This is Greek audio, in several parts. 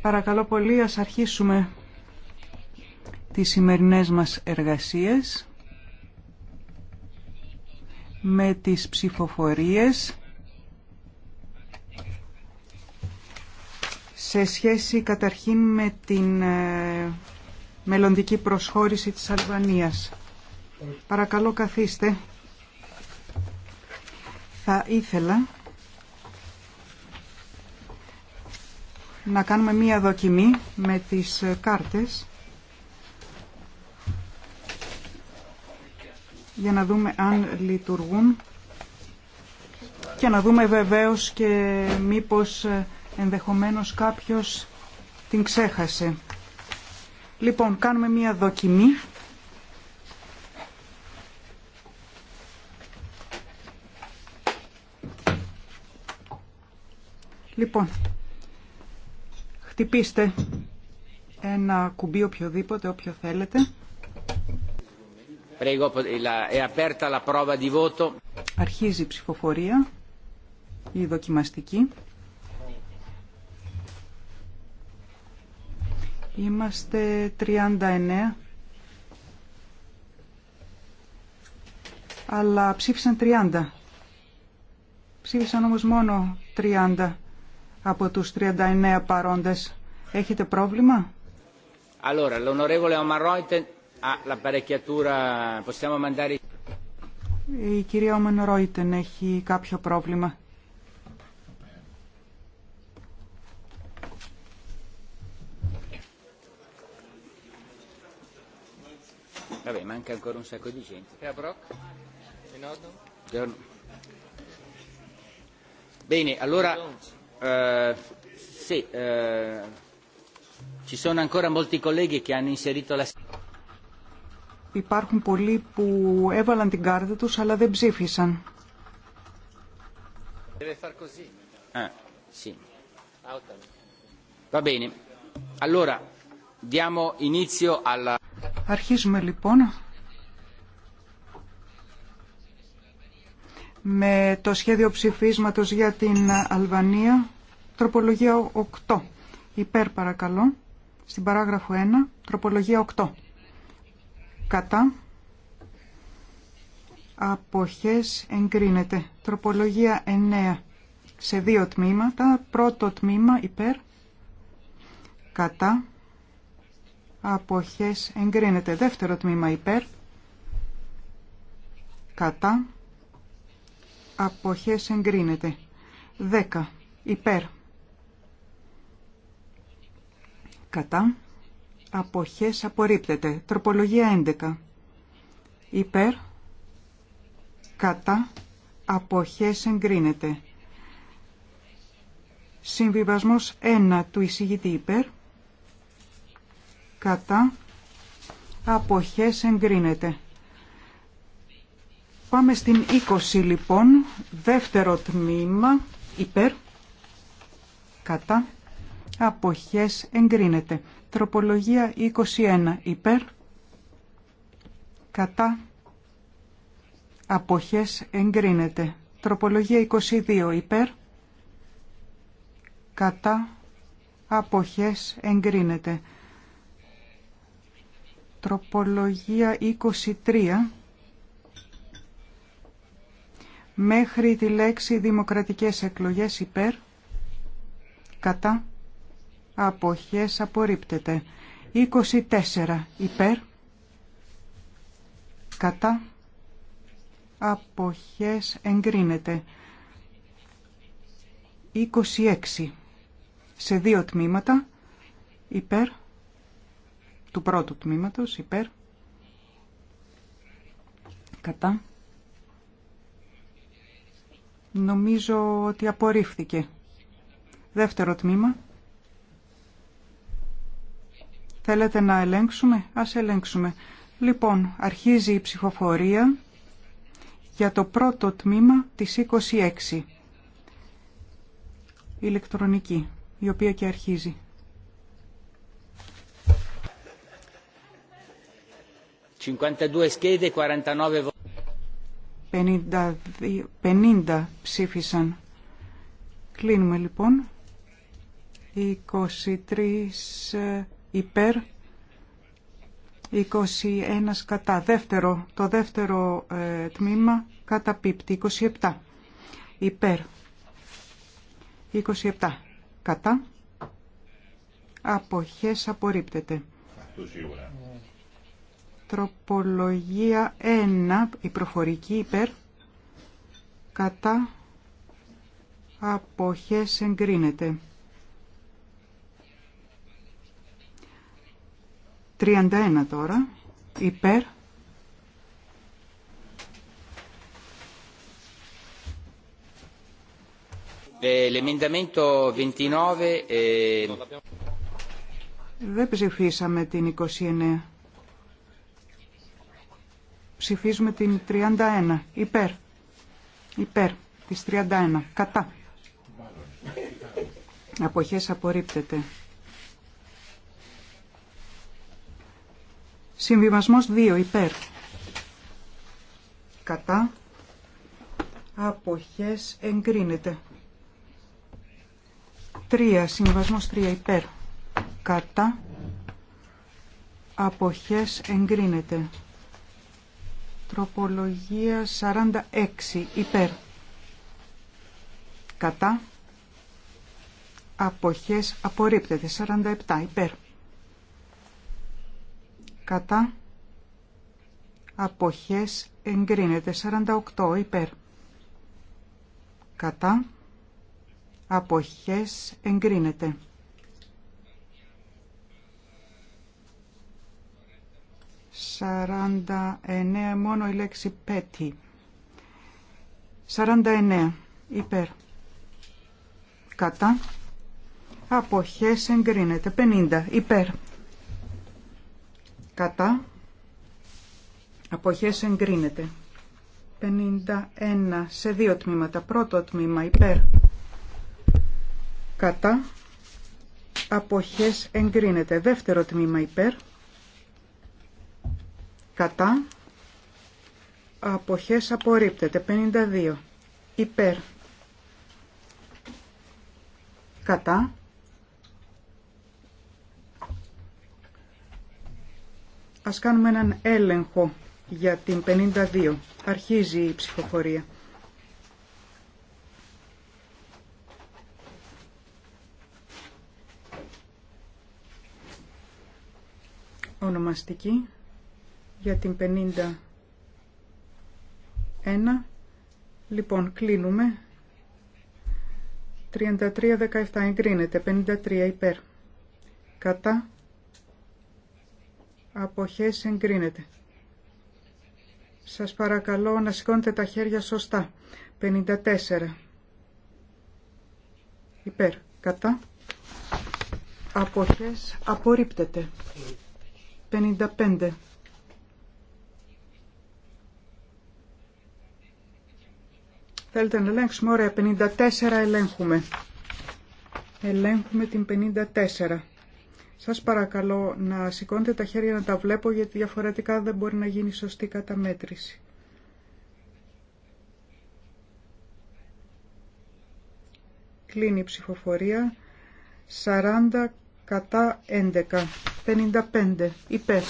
Παρακαλώ πολύ, ας αρχίσουμε τις σημερινές μας εργασίες με τις ψηφοφορίες σε σχέση καταρχήν με την ε, μελλοντική προσχώρηση της Αλβανίας. Παρακαλώ καθίστε. Θα ήθελα να κάνουμε μία δοκιμή με τις κάρτες για να δούμε αν λειτουργούν και να δούμε βεβαίως και μήπως ε, ενδεχομένως κάποιος την ξέχασε. Λοιπόν, κάνουμε μία δοκιμή. Λοιπόν, χτυπήστε ένα κουμπί οποιοδήποτε, όποιο θέλετε. Αρχίζει η ψηφοφορία, η δοκιμαστική. Είμαστε 39, αλλά ψήφισαν 30. Ψήφισαν όμως μόνο 30 από τους 39 παρόντες. Έχετε πρόβλημα? Allora, l'onorevole Omaroiten ha l'apparecchiatura, possiamo mandare... Η κυρία Ομενρόιτεν έχει κάποιο πρόβλημα. Vabbè, manca ancora un sacco di gente. E a Brock? Buongiorno. Bene, allora... Υπάρχουν πολλοί που έβαλαν την κάρτα τους αλλά δεν ψήφισαν. Ah, Αρχίζουμε λοιπόν με το σχέδιο ψηφίσματος για την Αλβανία. Τροπολογία 8. Υπέρ παρακαλώ. Στην παράγραφο 1. Τροπολογία 8. Κατά. Αποχές εγκρίνεται. Τροπολογία 9. Σε δύο τμήματα. Πρώτο τμήμα υπέρ. Κατά. Αποχές εγκρίνεται. Δεύτερο τμήμα υπέρ. Κατά. Αποχές εγκρίνεται. 10. Υπέρ. κατά, αποχές απορρίπτεται. Τροπολογία 11. Υπέρ, κατά, αποχές εγκρίνεται. Συμβιβασμός 1 του εισηγητή υπέρ, κατά, αποχές εγκρίνεται. Πάμε στην 20 λοιπόν, δεύτερο τμήμα, υπέρ, κατά, αποχές εγκρίνεται. Τροπολογία 21 υπέρ, κατά, αποχές εγκρίνεται. Τροπολογία 22 υπέρ, κατά, αποχές εγκρίνεται. Τροπολογία 23 μέχρι τη λέξη δημοκρατικές εκλογές υπέρ, κατά, αποχές απορρίπτεται. 24 υπέρ, κατά, αποχές εγκρίνεται. 26 σε δύο τμήματα υπέρ του πρώτου τμήματος υπέρ κατά νομίζω ότι απορρίφθηκε δεύτερο τμήμα Θέλετε να ελέγξουμε. Ας ελέγξουμε. Λοιπόν, αρχίζει η ψυχοφορία για το πρώτο τμήμα της 26. Ηλεκτρονική, η οποία και αρχίζει. 49... 50, 50 ψήφισαν. Κλείνουμε λοιπόν. 23 υπέρ 21 κατά. Δεύτερο, το δεύτερο ε, τμήμα καταπίπτει 27 υπέρ 27 κατά. Αποχές απορρίπτεται. Τροπολογία 1, η προφορική υπέρ, κατά αποχές εγκρίνεται. 31 τώρα. Υπέρ. Ε, l'emendamento 29. Ε, Δεν ψηφίσαμε την 29. Ψηφίζουμε την 31. Υπέρ. Υπέρ Τη 31. Κατά. Αποχές απορρίπτεται. Συμβιβασμός 2 υπέρ. Κατά. Αποχές εγκρίνεται. 3. Συμβασμός 3 υπέρ. Κατά. Αποχές εγκρίνεται. Τροπολογία 46 υπέρ. Κατά. Αποχές απορρίπτεται. 47 υπέρ κατά αποχές εγκρίνεται 48 υπέρ κατά αποχές εγκρίνεται 49 μόνο η λέξη πέτη 49 υπέρ κατά αποχές εγκρίνεται 50 υπέρ κατά αποχές εγκρίνεται 51 σε δύο τμήματα πρώτο τμήμα υπέρ κατά αποχές εγκρίνεται δεύτερο τμήμα υπέρ κατά αποχές απορρίπτεται 52 υπέρ κατά Ας κάνουμε έναν έλεγχο για την 52. Αρχίζει η ψηφοφορία. Ονομαστική για την 51. Λοιπόν, κλείνουμε. 33-17 εγκρίνεται. 53 υπέρ. Κατά αποχές εγκρίνεται. Σας παρακαλώ να σηκώνετε τα χέρια σωστά. 54. Υπέρ. Κατά. Αποχές απορρίπτεται. 55. Θέλετε να ελέγξουμε. Ωραία. 54 ελέγχουμε. Ελέγχουμε την 54. Σας παρακαλώ να σηκώνετε τα χέρια να τα βλέπω γιατί διαφορετικά δεν μπορεί να γίνει σωστή καταμέτρηση. Κλείνει η ψηφοφορία. 40 κατά 11. 55 υπέρ.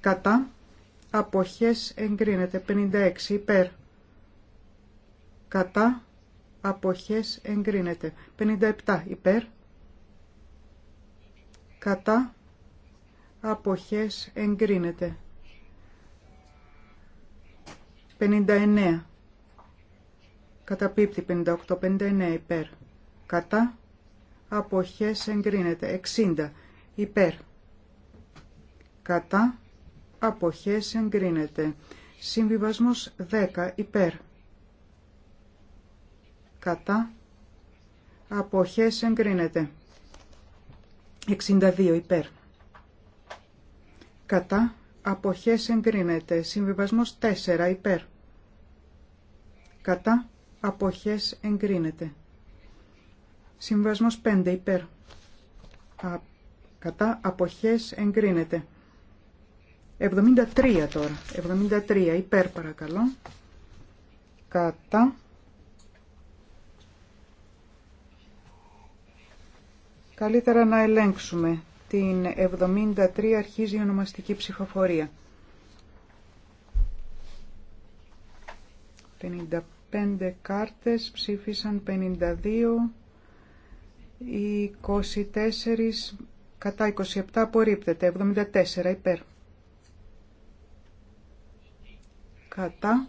Κατά. Αποχές εγκρίνεται. 56 υπέρ. Κατά. Αποχές εγκρίνεται. 57 υπέρ κατά αποχές εγκρίνεται. 59. Καταπίπτει 58, 59 υπέρ. Κατά αποχές εγκρίνεται. 60 υπέρ. Κατά αποχές εγκρίνεται. Συμβιβασμός 10 υπέρ. Κατά αποχές εγκρίνεται. 62 υπέρ. Κατά αποχές εγκρίνεται. Συμβιβασμός 4 υπέρ. Κατά αποχές εγκρίνεται. Συμβιβασμός 5 υπέρ. κατά αποχές εγκρίνεται. 73 τώρα. 73 υπέρ παρακαλώ. Κατά Καλύτερα να ελέγξουμε. Την 73 αρχίζει η ονομαστική ψηφοφορία. 55 κάρτες ψήφισαν 52, 24 κατά 27 απορρίπτεται, 74 υπέρ. Κατά.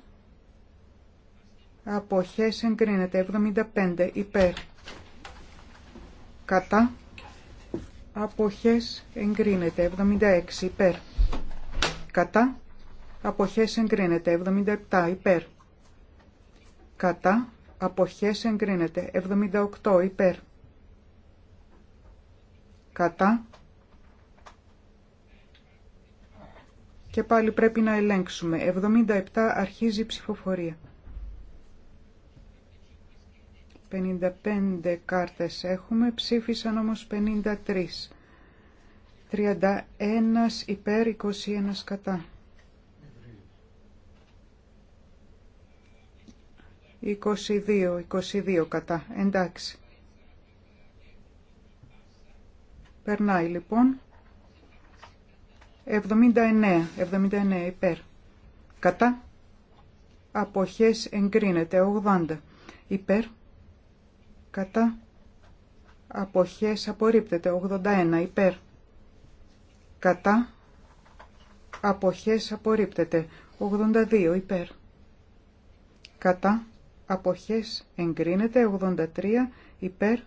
Αποχές εγκρίνεται, 75 υπέρ κατά αποχές εγκρίνεται 76 υπέρ κατά αποχές εγκρίνεται 77 υπέρ κατά αποχές εγκρίνεται 78 υπέρ κατά και πάλι πρέπει να ελέγξουμε 77 αρχίζει η ψηφοφορία 55 κάρτες έχουμε, ψήφισαν όμως 53. 31 υπέρ, 21 κατά. 22, 22 κατά. Εντάξει. Περνάει λοιπόν. 79, 79 υπέρ. Κατά. Αποχές εγκρίνεται. 80 υπέρ κατά αποχές απορρίπτεται 81 υπέρ κατά αποχές απορρίπτεται 82 υπέρ κατά αποχές εγκρίνεται 83 υπέρ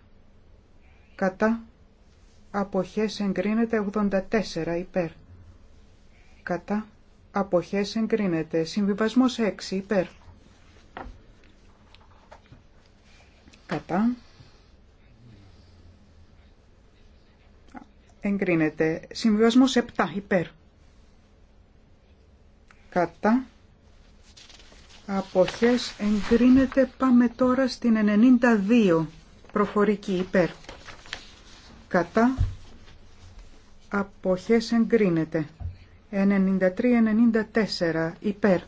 κατά αποχές εγκρίνεται 84 υπέρ κατά αποχές εγκρίνεται συμβιβασμός 6 υπέρ κατά εγκρίνεται. Συμβιβασμός 7 υπέρ κατά αποχές εγκρίνεται. Πάμε τώρα στην 92 προφορική υπέρ κατά αποχές εγκρίνεται. 93-94 υπέρ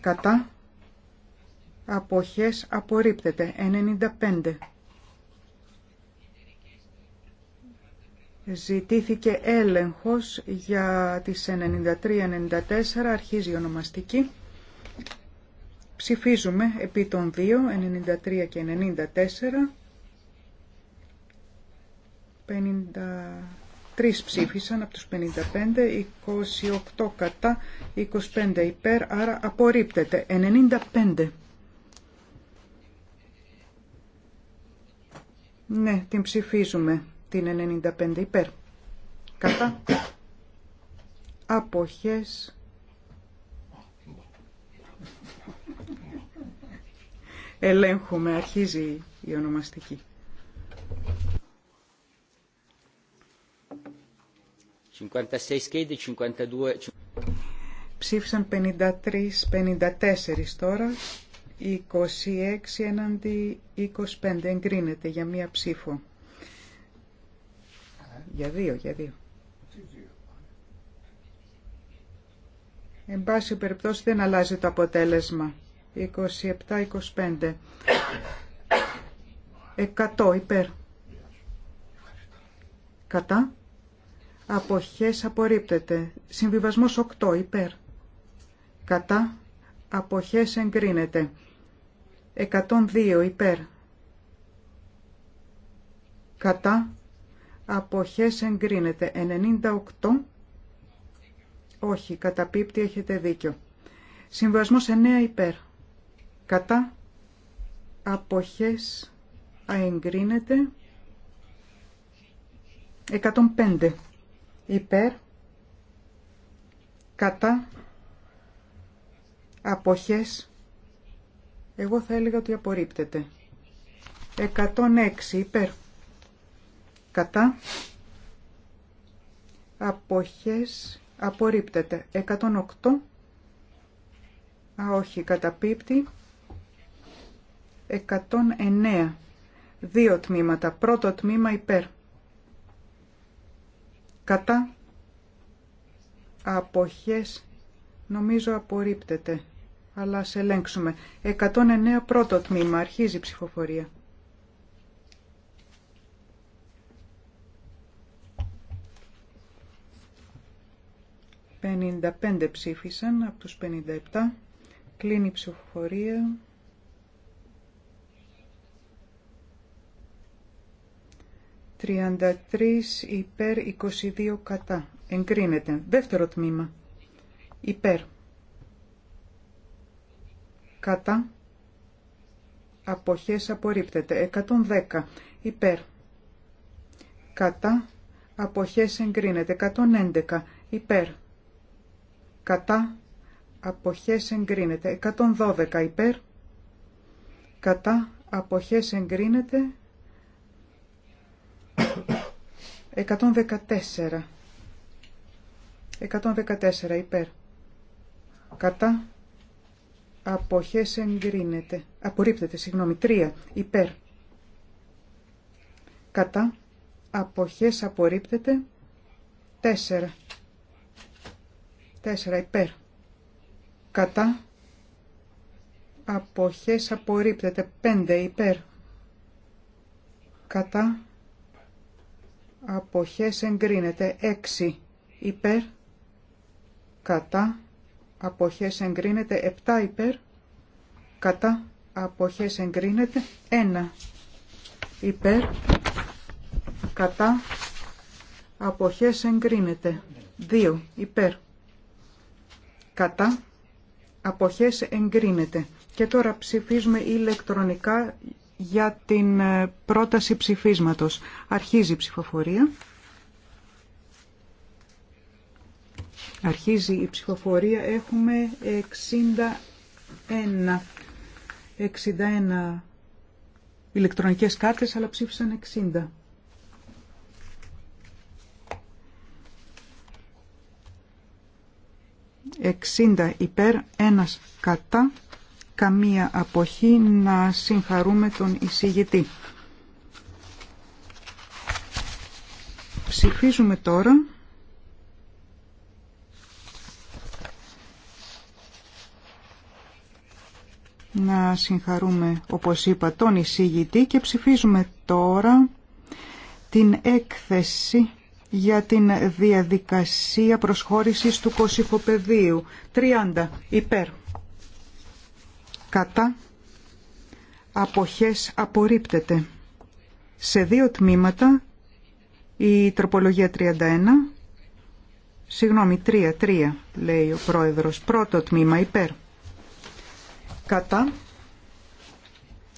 κατά αποχές απορρίπτεται 95 Ζητήθηκε έλεγχος για τις 93-94, αρχίζει η ονομαστική. Ψηφίζουμε επί των δύο 93 και 94. 53 ψήφισαν από τους 55, 28 κατά, 25 υπέρ, άρα απορρίπτεται. 95. Ναι, την ψηφίζουμε την 95 υπέρ. Κατά. Αποχές. Ελέγχουμε, αρχίζει η ονομαστική. Ψήφισαν 53-54 τώρα. 26 έναντι 25 εγκρίνεται για μία ψήφο. Για δύο, για δύο. Εν πάση περιπτώσει δεν αλλάζει το αποτέλεσμα. 27-25. 100 υπέρ. Κατά. Αποχές απορρίπτεται. Συμβιβασμός 8 υπέρ. Κατά. Αποχές εγκρίνεται. 102 υπέρ. Κατά αποχές εγκρίνεται. 98 όχι, κατά πίπτη έχετε δίκιο. Συμβασμός 9 υπέρ. Κατά αποχές αεγκρίνεται 105 υπέρ κατά αποχές εγώ θα έλεγα ότι απορρίπτεται. 106 υπέρ. Κατά. Αποχές απορρίπτεται. 108. Α, όχι, καταπίπτει. 109. Δύο τμήματα. Πρώτο τμήμα υπέρ. Κατά. Αποχές νομίζω απορρίπτεται αλλά ας ελέγξουμε. 109 πρώτο τμήμα, αρχίζει η ψηφοφορία. «55 ψήφισαν από τους 57, κλείνει η ψηφοφορία, «33 υπέρ 22 κατά». Εγκρίνεται. Δεύτερο τμήμα. Υπέρ κατά αποχές απορρίπτεται 110 υπέρ κατά αποχές εγκρίνεται 111 υπέρ κατά αποχές εγκρίνεται 112 υπέρ κατά αποχές εγκρίνεται 114 114 υπέρ κατά Αποχές εγκρίνεται. Απορρίπτεται, συγγνώμη. τρία. Υπέρ. Κατά. Αποχές απορρίπτεται. Τέσσερα. Τέσσερα Υπέρ. Κατά. Αποχές απορρίπτεται. πέντε Υπέρ. Κατά. Αποχές εγκρίνεται. έξι. Υπέρ. Κατά αποχές εγκρίνεται 7 υπέρ κατά αποχές εγκρίνεται 1 υπέρ κατά αποχές εγκρίνεται 2 υπέρ κατά αποχές εγκρίνεται και τώρα ψηφίζουμε ηλεκτρονικά για την ε, πρόταση ψηφίσματος αρχίζει η ψηφοφορία Αρχίζει η ψηφοφορία. Έχουμε 61, 61 ηλεκτρονικές κάρτες, αλλά ψήφισαν 60. 60 υπέρ, ένας κατά, καμία αποχή να συγχαρούμε τον εισηγητή. Ψηφίζουμε τώρα να συγχαρούμε, όπως είπα, τον εισηγητή και ψηφίζουμε τώρα την έκθεση για την διαδικασία προσχώρησης του Κωσυφοπεδίου. 30. Υπέρ. Κατά. Αποχές απορρίπτεται. Σε δύο τμήματα η τροπολογία 31. Συγγνώμη, 3, 3 λέει ο πρόεδρος. Πρώτο τμήμα υπέρ κατά,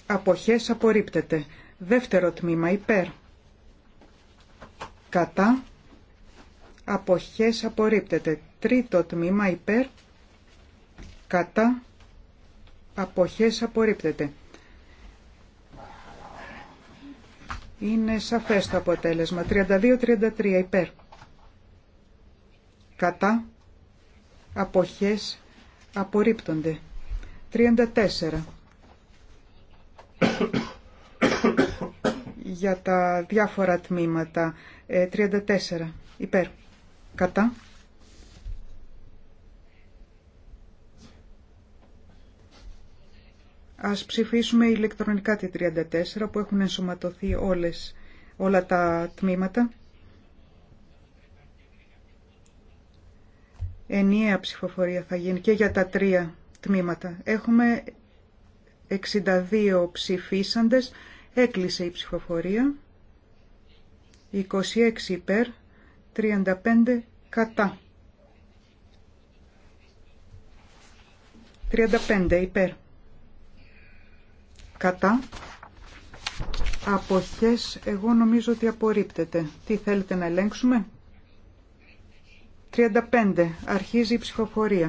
αποχές απορρίπτεται. Δεύτερο τμήμα υπέρ, κατά, αποχές απορρίπτεται. Τρίτο τμήμα υπέρ, κατά, αποχές απορρίπτεται. Είναι σαφές το αποτέλεσμα. 32-33 υπέρ. Κατά αποχές απορρίπτονται. 34 για τα διάφορα τμήματα. 34 ε, υπέρ. Κατά. Ας ψηφίσουμε ηλεκτρονικά τη 34 που έχουν ενσωματωθεί όλες, όλα τα τμήματα. Ενιαία ψηφοφορία θα γίνει και για τα τρία τμήματα. Έχουμε 62 ψηφίσαντες, έκλεισε η ψηφοφορία, 26 υπέρ, 35 κατά. 35 υπέρ. Κατά. Αποχές, εγώ νομίζω ότι απορρίπτεται. Τι θέλετε να ελέγξουμε. 35. Αρχίζει η ψηφοφορία.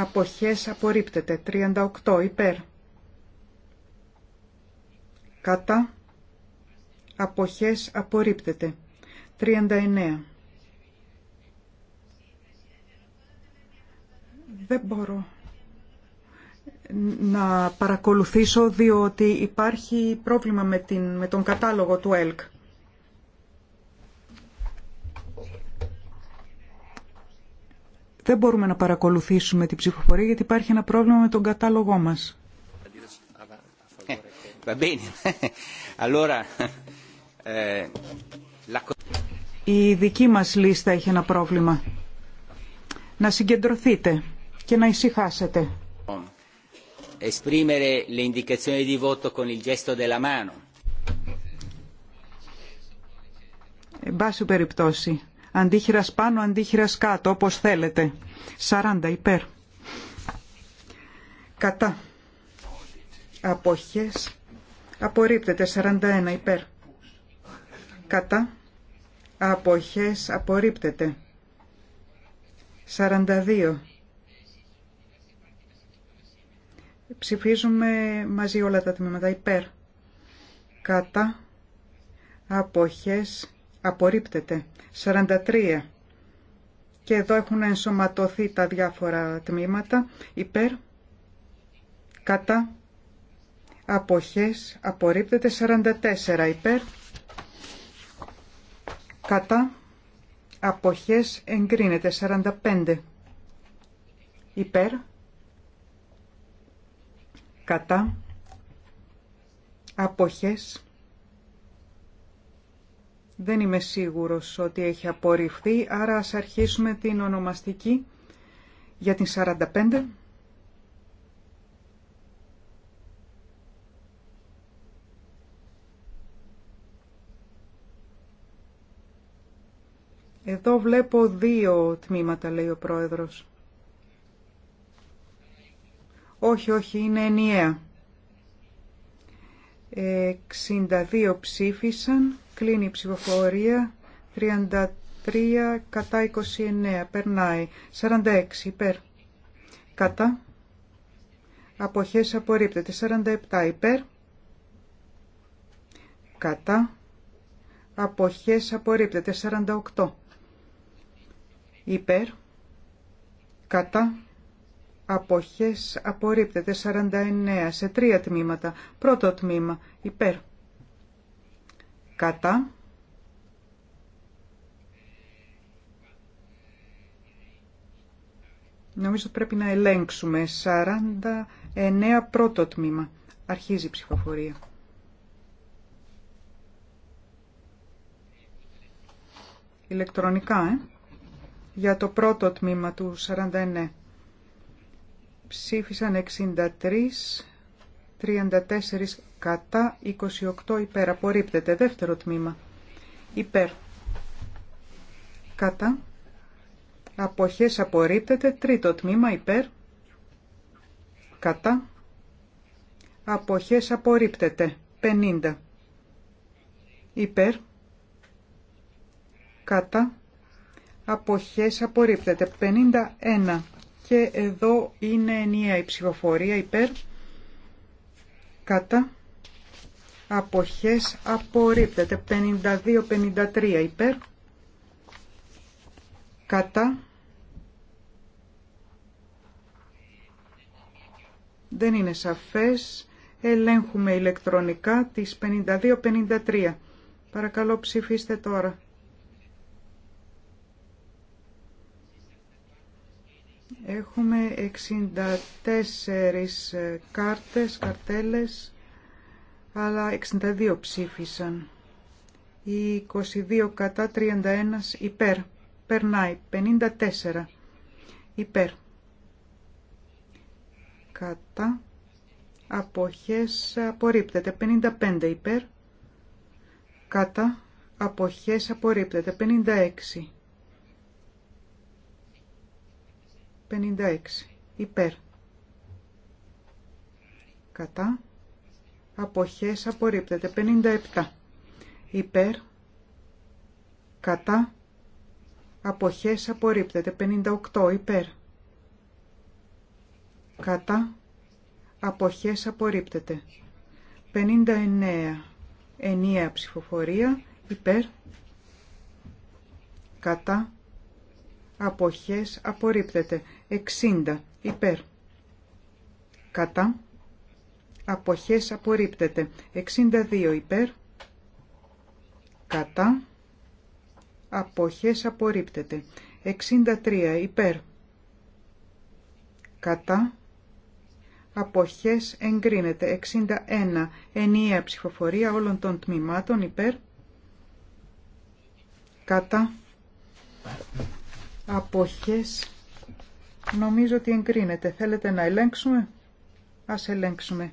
αποχές απορρίπτεται 38 υπέρ κατά αποχές απορρίπτεται 39 δεν μπορώ να παρακολουθήσω διότι υπάρχει πρόβλημα με, την, με τον κατάλογο του ΕΛΚ. Δεν μπορούμε να παρακολουθήσουμε την ψηφοφορία γιατί υπάρχει ένα πρόβλημα με τον κατάλογό μας. Ε, ε, Η δική μας λίστα έχει ένα πρόβλημα. Να συγκεντρωθείτε και να ησυχάσετε. Εν πάση περιπτώσει, αντίχειρας πάνω, αντίχειρα κάτω, όπως θέλετε. 40 υπέρ. Κατά. Αποχές. Απορρίπτεται. 41 υπέρ. Κατά. Αποχές. Απορρίπτεται. 42. Ψηφίζουμε μαζί όλα τα τμήματα υπέρ. Κατά. Αποχές απορρίπτεται. 43. Και εδώ έχουν ενσωματωθεί τα διάφορα τμήματα υπέρ, κατά, αποχές, απορρίπτεται. 44 υπέρ, κατά, αποχές, εγκρίνεται. 45 υπέρ, κατά, αποχές, δεν είμαι σίγουρος ότι έχει απορριφθεί, άρα ας αρχίσουμε την ονομαστική για την 45. Εδώ βλέπω δύο τμήματα, λέει ο πρόεδρος. Όχι, όχι, είναι ενιαία. 62 ψήφισαν, Κλείνει η ψηφοφορία. 33 κατά 29. Περνάει. 46 υπέρ. Κατά. Αποχές απορρίπτεται. 47 υπέρ. Κατά. Αποχές απορρίπτεται. 48 υπέρ. Κατά. Αποχές απορρίπτεται 49 σε τρία τμήματα. Πρώτο τμήμα υπέρ κατά νομίζω πρέπει να ελέγξουμε 49 πρώτο τμήμα αρχίζει η ψηφοφορία ηλεκτρονικά ε? για το πρώτο τμήμα του 49 ψήφισαν 63 34 κατά 28 υπέρ. Απορρίπτεται. Δεύτερο τμήμα. Υπέρ. Κατά. Αποχές απορρίπτεται. Τρίτο τμήμα. Υπέρ. Κατά. Αποχές απορρίπτεται. 50. Υπέρ. Κατά. Αποχές απορρίπτεται. 51. Και εδώ είναι ενιαία η ψηφοφορία υπέρ, κατά, αποχές απορρίπτεται 52-53 υπέρ κατά δεν είναι σαφές ελέγχουμε ηλεκτρονικά τις 52-53 παρακαλώ ψηφίστε τώρα Έχουμε 64 κάρτες, καρτέλες αλλά 62 ψήφισαν. Οι 22 κατά 31 υπέρ. Περνάει. 54 υπέρ. Κατά. Αποχές απορρίπτεται. 55 υπέρ. Κατά. Αποχές απορρίπτεται. 56. 56. Υπέρ. Κατά αποχές απορρίπτεται 57 υπέρ κατά αποχές απορρίπτεται 58 υπέρ κατά αποχές απορρίπτεται 59 Ενιά ψηφοφορία υπέρ κατά αποχές απορρίπτεται 60 υπέρ κατά αποχές απορρίπτεται. 62 υπέρ, κατά, αποχές απορρίπτεται. 63 υπέρ, κατά, αποχές εγκρίνεται. 61 ενιαία ψηφοφορία όλων των τμήματων υπέρ, κατά, αποχές Νομίζω ότι εγκρίνεται. Θέλετε να ελέγξουμε? Ας ελέγξουμε.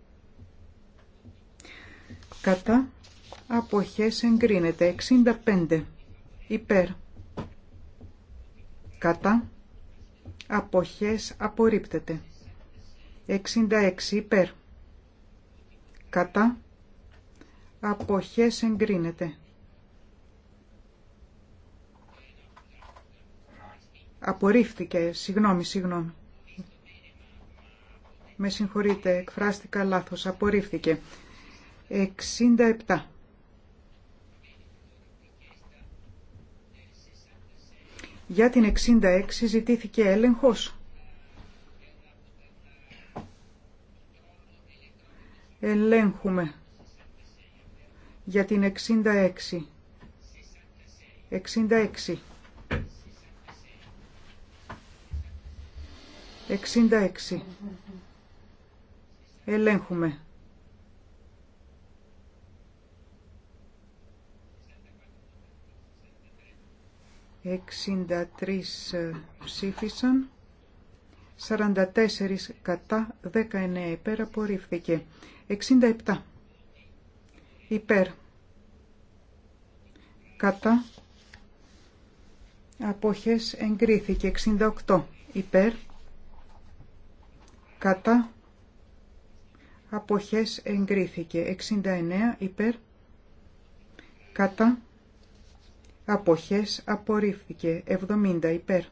κατά αποχές εγκρίνεται 65 υπέρ κατά αποχές απορρίπτεται 66 υπέρ κατά αποχές εγκρίνεται απορρίφθηκε συγγνώμη συγγνώμη με συγχωρείτε εκφράστηκα λάθος απορρίφθηκε 67. Για την 66 ζητήθηκε έλεγχος. Ελέγχουμε. Για την 66. 66. 66. Ελέγχουμε. 63 ε, ψήφισαν, 44 κατά, 19 υπέρ απορρίφθηκε. 67 υπέρ, κατά, απόχες εγκρίθηκε. 68 υπέρ, κατά, απόχες εγκρίθηκε. 69 υπέρ, κατά, Αποχές απορρίφθηκε. 70 υπέρ.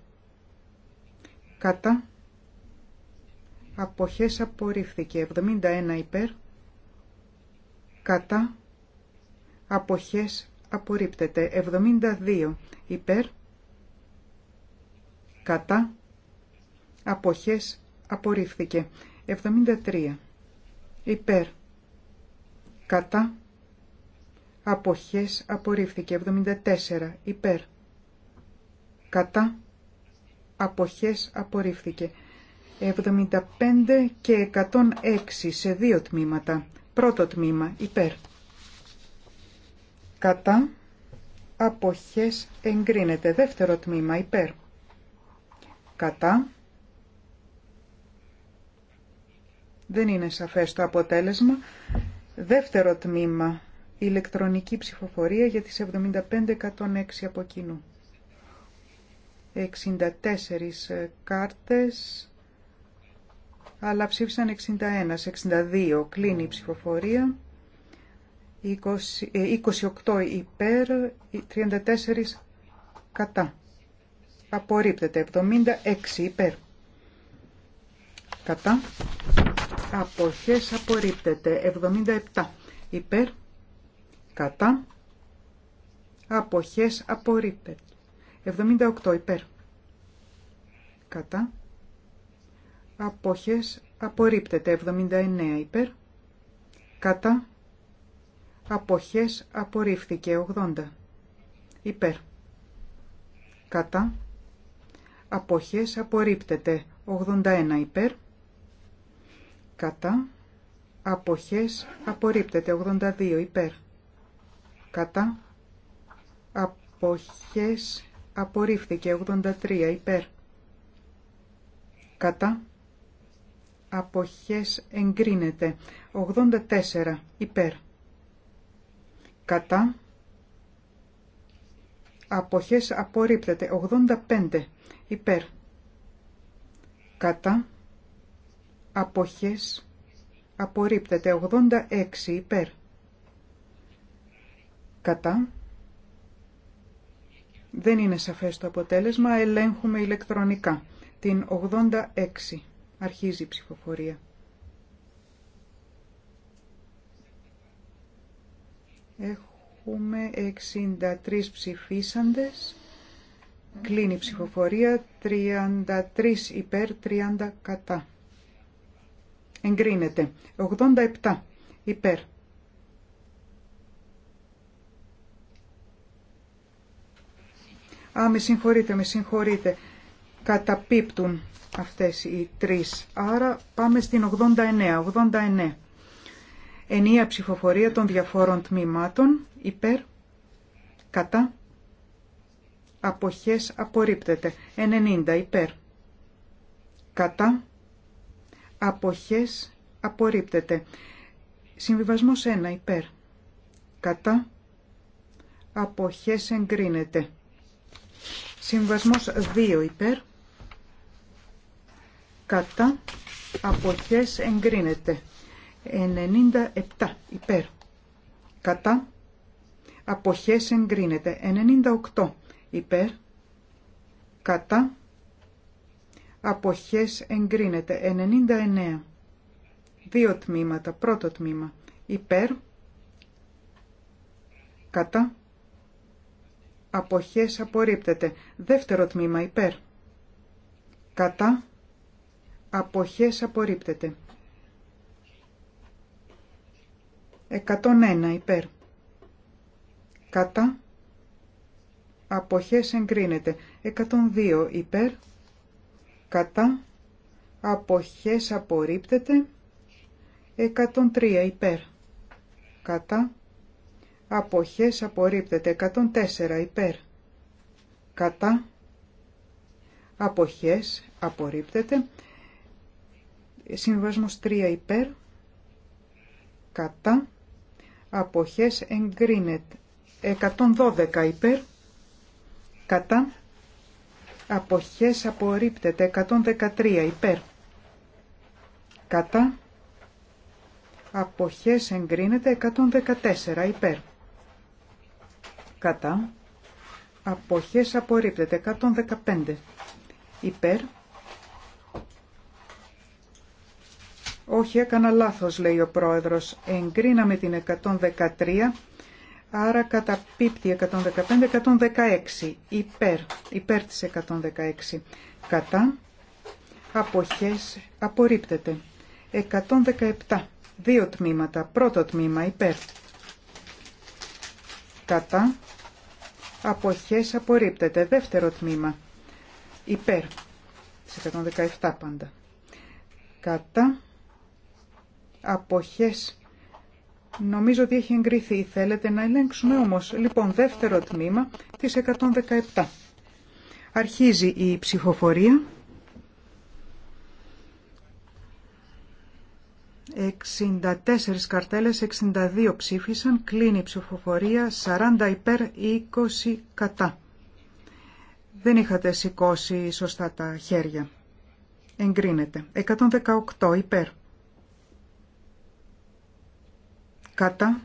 Κατά. Αποχές απορρίφθηκε. 71 υπέρ. Κατά. Αποχές απορρίπτεται. 72 υπέρ. Κατά. Αποχές απορρίφθηκε. 73 υπέρ. Κατά αποχές απορρίφθηκε 74 υπέρ κατά αποχές απορρίφθηκε 75 και 106 σε δύο τμήματα πρώτο τμήμα υπέρ κατά αποχές εγκρίνεται δεύτερο τμήμα υπέρ κατά δεν είναι σαφές το αποτέλεσμα δεύτερο τμήμα ηλεκτρονική ψηφοφορία για τις 75-106 από κοινού. 64 ε, κάρτες, αλλά ψήφισαν 61, 62. Κλείνει η ψηφοφορία. 20, 28 ε, υπέρ, 34 κατά. Απορρίπτεται. 76 υπέρ. Κατά. Αποχές απορρίπτεται. 77 υπέρ κατά, αποχές απορρίπτεται. 78 υπέρ, κατά, αποχές απορρίπτεται. 79 υπέρ, κατά, αποχές απορρίφθηκε. 80 υπέρ, κατά, αποχές απορρίπτεται. 81 υπέρ, κατά, αποχές απορρίπτεται. 82 υπέρ κατά αποχές απορρίφθηκε 83 υπέρ κατά αποχές εγκρίνεται 84 υπέρ κατά αποχές απορρίπτεται 85 υπέρ κατά αποχές απορρίπτεται 86 υπέρ κατά. Δεν είναι σαφές το αποτέλεσμα, ελέγχουμε ηλεκτρονικά. Την 86 αρχίζει η ψηφοφορία. Έχουμε 63 ψηφίσαντες. Κλείνει η ψηφοφορία 33 υπέρ 30 κατά. Εγκρίνεται. 87 υπέρ Α, με συγχωρείτε, με συγχωρείτε. Καταπίπτουν αυτές οι τρεις. Άρα πάμε στην 89. 89. Ενία ψηφοφορία των διαφόρων τμήματων υπέρ, κατά, αποχές απορρίπτεται. 90 υπέρ, κατά, αποχές απορρίπτεται. Συμβιβασμός 1 υπέρ, κατά, αποχές εγκρίνεται. Συμβασμός 2 υπέρ. Κατά. Αποχές εγκρίνεται. 97 υπέρ. Κατά. Αποχές εγκρίνεται. 98 υπέρ. Κατά. Αποχές εγκρίνεται. 99. Δύο τμήματα. Πρώτο τμήμα. Υπέρ. Κατά αποχές απορρίπτεται. Δεύτερο τμήμα υπέρ. Κατά αποχές απορρίπτεται. 101 υπέρ. Κατά αποχές εγκρίνεται. 102 υπέρ. Κατά αποχές απορρίπτεται. 103 υπέρ. Κατά αποχές απορρίπτεται 104 υπέρ κατά αποχές απορρίπτεται συμβασμός 3 υπέρ κατά αποχές εγκρίνεται 112 υπέρ κατά αποχές απορρίπτεται 113 υπέρ κατά αποχές εγκρίνεται 114 υπέρ κατά, αποχές απορρίπτεται 115 υπέρ, όχι έκανα λάθος λέει ο πρόεδρος, εγκρίναμε την 113, άρα καταπίπτει 115-116 υπέρ, υπέρ της 116 κατά, αποχές απορρίπτεται 117, δύο τμήματα, πρώτο τμήμα υπέρ, κατά, αποχές απορρίπτεται. Δεύτερο τμήμα υπέρ της 117 πάντα. Κατά αποχές νομίζω ότι έχει εγκριθεί. Θέλετε να ελέγξουμε όμως. Λοιπόν, δεύτερο τμήμα της 117. Αρχίζει η ψηφοφορία. 64 καρτέλες, 62 ψήφισαν, κλείνει η ψηφοφορία, 40 υπέρ, 20 κατά. Δεν είχατε σηκώσει σωστά τα χέρια. Εγκρίνεται. 118 υπέρ. Κατά.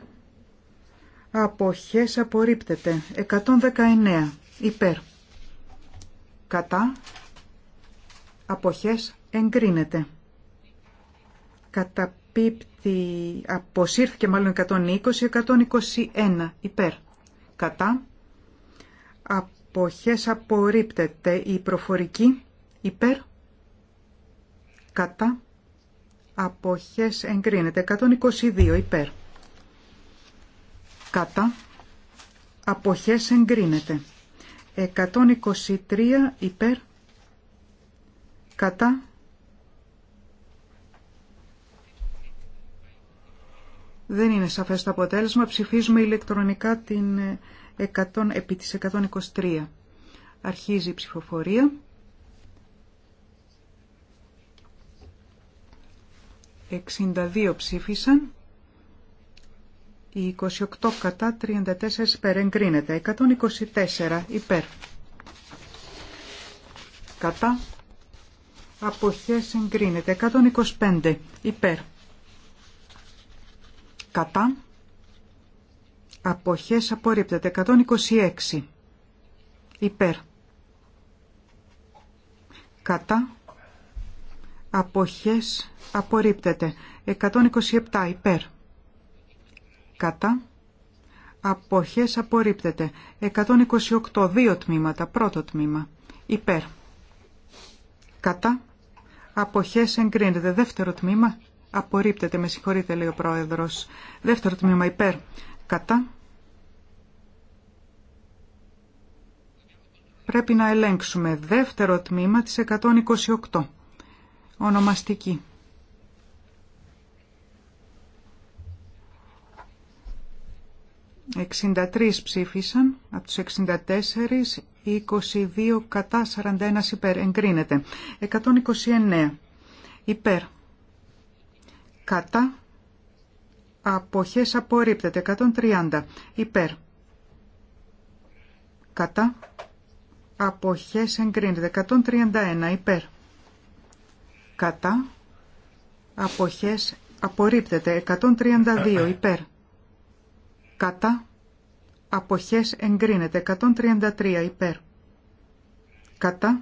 Αποχές απορρίπτεται. 119 υπέρ. Κατά. Αποχές εγκρίνεται καταπίπτει, αποσύρθηκε μάλλον 120, 121 υπέρ. Κατά. Αποχές απορρίπτεται η προφορική υπέρ. Κατά. Αποχές εγκρίνεται 122 υπέρ. Κατά. Αποχές εγκρίνεται. 123 υπέρ. Κατά Δεν είναι σαφές το αποτέλεσμα. Ψηφίζουμε ηλεκτρονικά την 100, ε, επί της 123. Αρχίζει η ψηφοφορία. ...62 ψήφισαν, οι 28 κατά 34 υπέρ εγκρίνεται, 124 υπέρ, κατά αποχές εγκρίνεται, 125 υπέρ κατά, αποχές απορρίπτεται. 126 υπέρ, κατά, αποχές απορρίπτεται. 127 υπέρ, κατά, αποχές απορρίπτεται. 128 δύο τμήματα, πρώτο τμήμα, υπέρ, κατά, αποχές εγκρίνεται. Δεύτερο τμήμα, Απορρίπτεται, με συγχωρείτε, λέει ο Πρόεδρος. Δεύτερο τμήμα υπέρ. Κατά. Πρέπει να ελέγξουμε δεύτερο τμήμα της 128. Ονομαστική. ...63 ψήφισαν, από τους 64, 22 κατά 41 υπέρ, εγκρίνεται. 129 υπέρ, κατά αποχές απορρίπτεται 130 υπέρ κατά αποχές εγκρίνεται 131 υπέρ κατά αποχές απορρίπτεται 132 υπέρ κατά αποχές εγκρίνεται 133 υπέρ κατά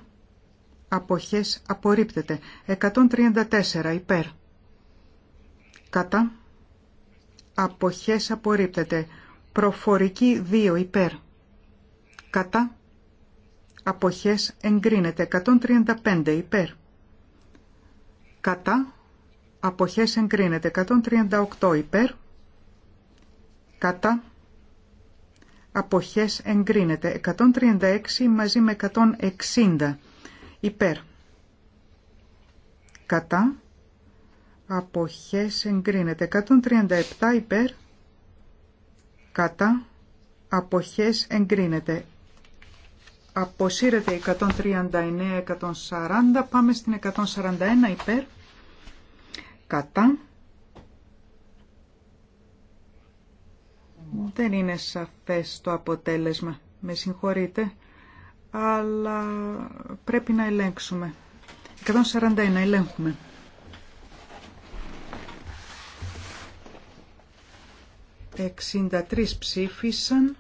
αποχές απορρίπτεται 134 υπέρ κατά αποχές απορρίπτεται προφορική 2 υπέρ κατά αποχές εγκρίνεται 135 υπέρ κατά αποχές εγκρίνεται 138 υπέρ κατά αποχές εγκρίνεται 136 μαζί με 160 υπέρ κατά αποχές εγκρίνεται. 137 υπέρ κατά αποχές εγκρίνεται. Αποσύρεται 139-140, πάμε στην 141 υπέρ κατά. Δεν είναι σαφές το αποτέλεσμα, με συγχωρείτε, αλλά πρέπει να ελέγξουμε. 141 ελέγχουμε. 63 ψήφισαν,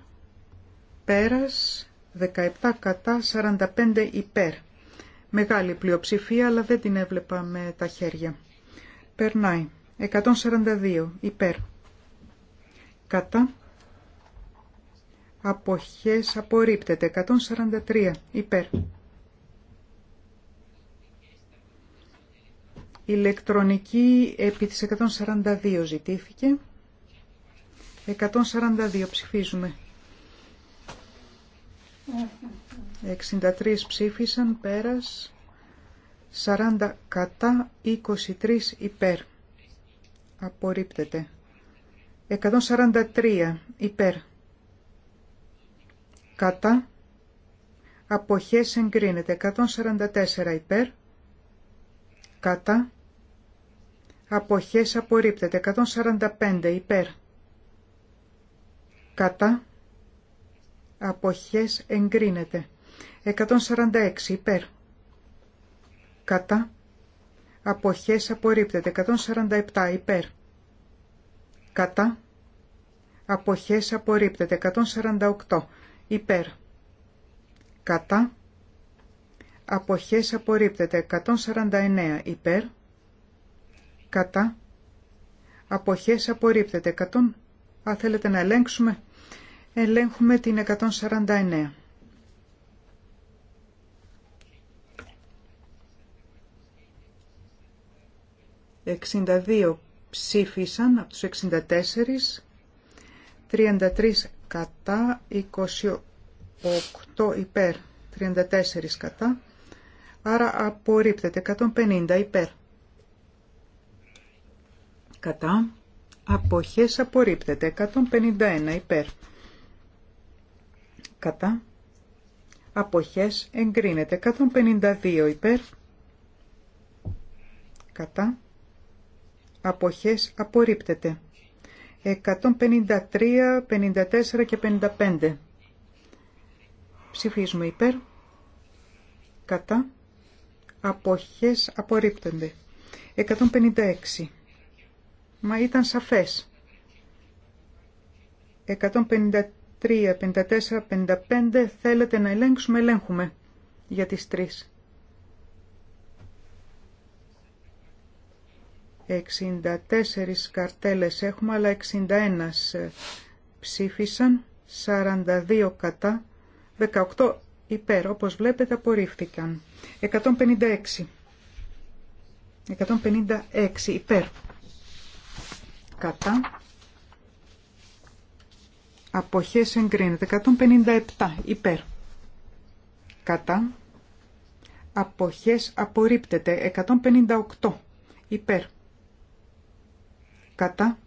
πέρας 17 κατά 45 υπέρ. Μεγάλη πλειοψηφία, αλλά δεν την έβλεπα με τα χέρια. Περνάει. 142 υπέρ. Κατά. Αποχές απορρίπτεται. 143 υπέρ. Ηλεκτρονική επί της 142 ζητήθηκε. 142 ψηφίζουμε. 63 ψήφισαν, πέρας, 40 κατά, 23 υπέρ. Απορρίπτεται. 143 υπέρ. Κατά. Αποχές εγκρίνεται. 144 υπέρ. Κατά. Αποχές απορρίπτεται. 145 υπέρ κατά αποχές εγκρίνεται 146 υπέρ κατά αποχές απορρίπτεται 147 υπέρ κατά αποχές απορρίπτεται 148 υπέρ κατά αποχές απορρίπτεται 149 υπέρ κατά αποχές απορρίπτεται 100 αν θέλετε να ελέγξουμε, ελέγχουμε την 149. ...62 ψήφισαν από τους 64, 33 κατά, 28 υπέρ, 34 κατά, άρα απορρίπτεται 150 υπέρ. Κατά, Αποχές απορρίπτεται. 151 υπέρ. Κατά. Αποχές εγκρίνεται. 152 υπέρ. Κατά. Αποχές απορρίπτεται. 153, 54 και 55. Ψηφίζουμε υπέρ. Κατά. Αποχές απορρίπτονται. 156 Μα ήταν σαφές. 153, 54, 55 θέλετε να ελέγξουμε, ελέγχουμε για τις τρεις. 64 καρτέλες έχουμε, αλλά 61 ε, ψήφισαν, 42 κατά, 18 υπέρ, όπως βλέπετε απορρίφθηκαν. 156. 156 υπέρ κατά αποχές εγκρίνεται 157 υπέρ κατά αποχές απορρίπτεται 158 υπέρ κατά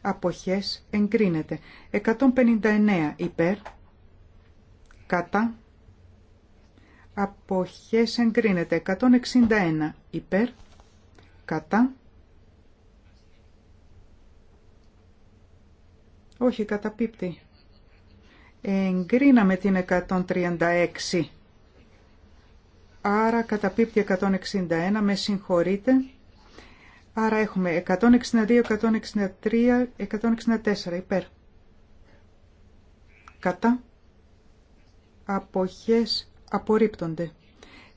αποχές εγκρίνεται 159 υπέρ κατά αποχές εγκρίνεται 161 υπέρ κατά Όχι, καταπίπτει. Εγκρίναμε την 136. Άρα καταπίπτει 161, με συγχωρείτε. Άρα έχουμε 162, 163, 164 υπέρ. Κατά. Αποχές απορρίπτονται.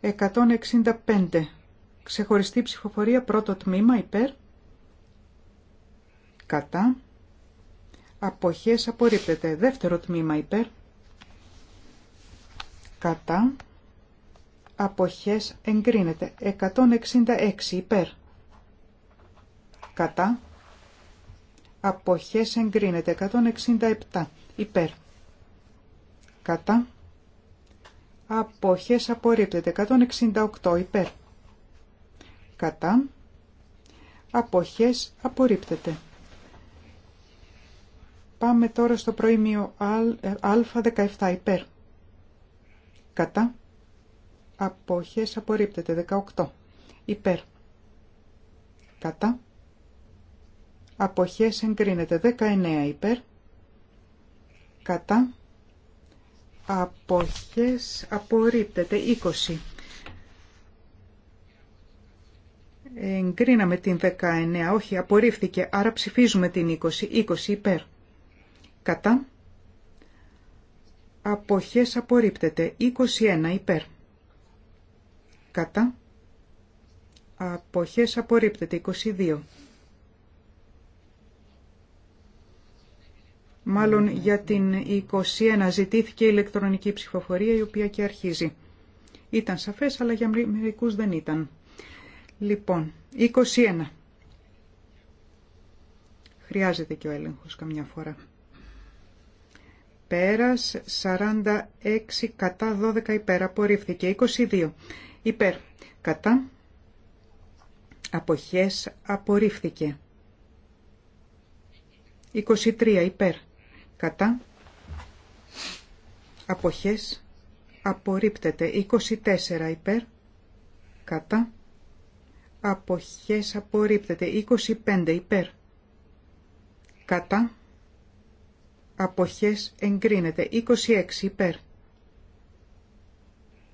165. Ξεχωριστή ψηφοφορία πρώτο τμήμα υπέρ. Κατά αποχές απορρίπτεται. Δεύτερο τμήμα υπέρ, κατά, αποχές εγκρίνεται. 166 υπέρ, κατά, αποχές εγκρίνεται. 167 υπέρ, κατά, αποχές απορρίπτεται. 168 υπέρ, κατά, αποχές απορρίπτεται. Πάμε τώρα στο προήμιο α17 ε, υπέρ. Κατά. Αποχές απορρίπτεται 18 υπέρ. Κατά. Αποχές εγκρίνεται 19 υπέρ. Κατά. Αποχές απορρίπτεται 20. Εγκρίναμε την 19, όχι, απορρίφθηκε, άρα ψηφίζουμε την 20, 20 υπέρ κατά, αποχές απορρίπτεται 21 υπέρ, κατά, αποχές απορρίπτεται 22. Μάλλον για την 21 ζητήθηκε η ηλεκτρονική ψηφοφορία η οποία και αρχίζει. Ήταν σαφές αλλά για μερικούς δεν ήταν. Λοιπόν, 21. Χρειάζεται και ο έλεγχος καμιά φορά πέρας 46 κατά 12 υπέρ απορρίφθηκε 22 υπέρ κατά αποχές απορρίφθηκε 23 υπέρ κατά αποχές απορρίπτεται 24 υπέρ κατά αποχές απορρίπτεται 25 υπέρ κατά αποχές εγκρίνεται. 26 υπέρ.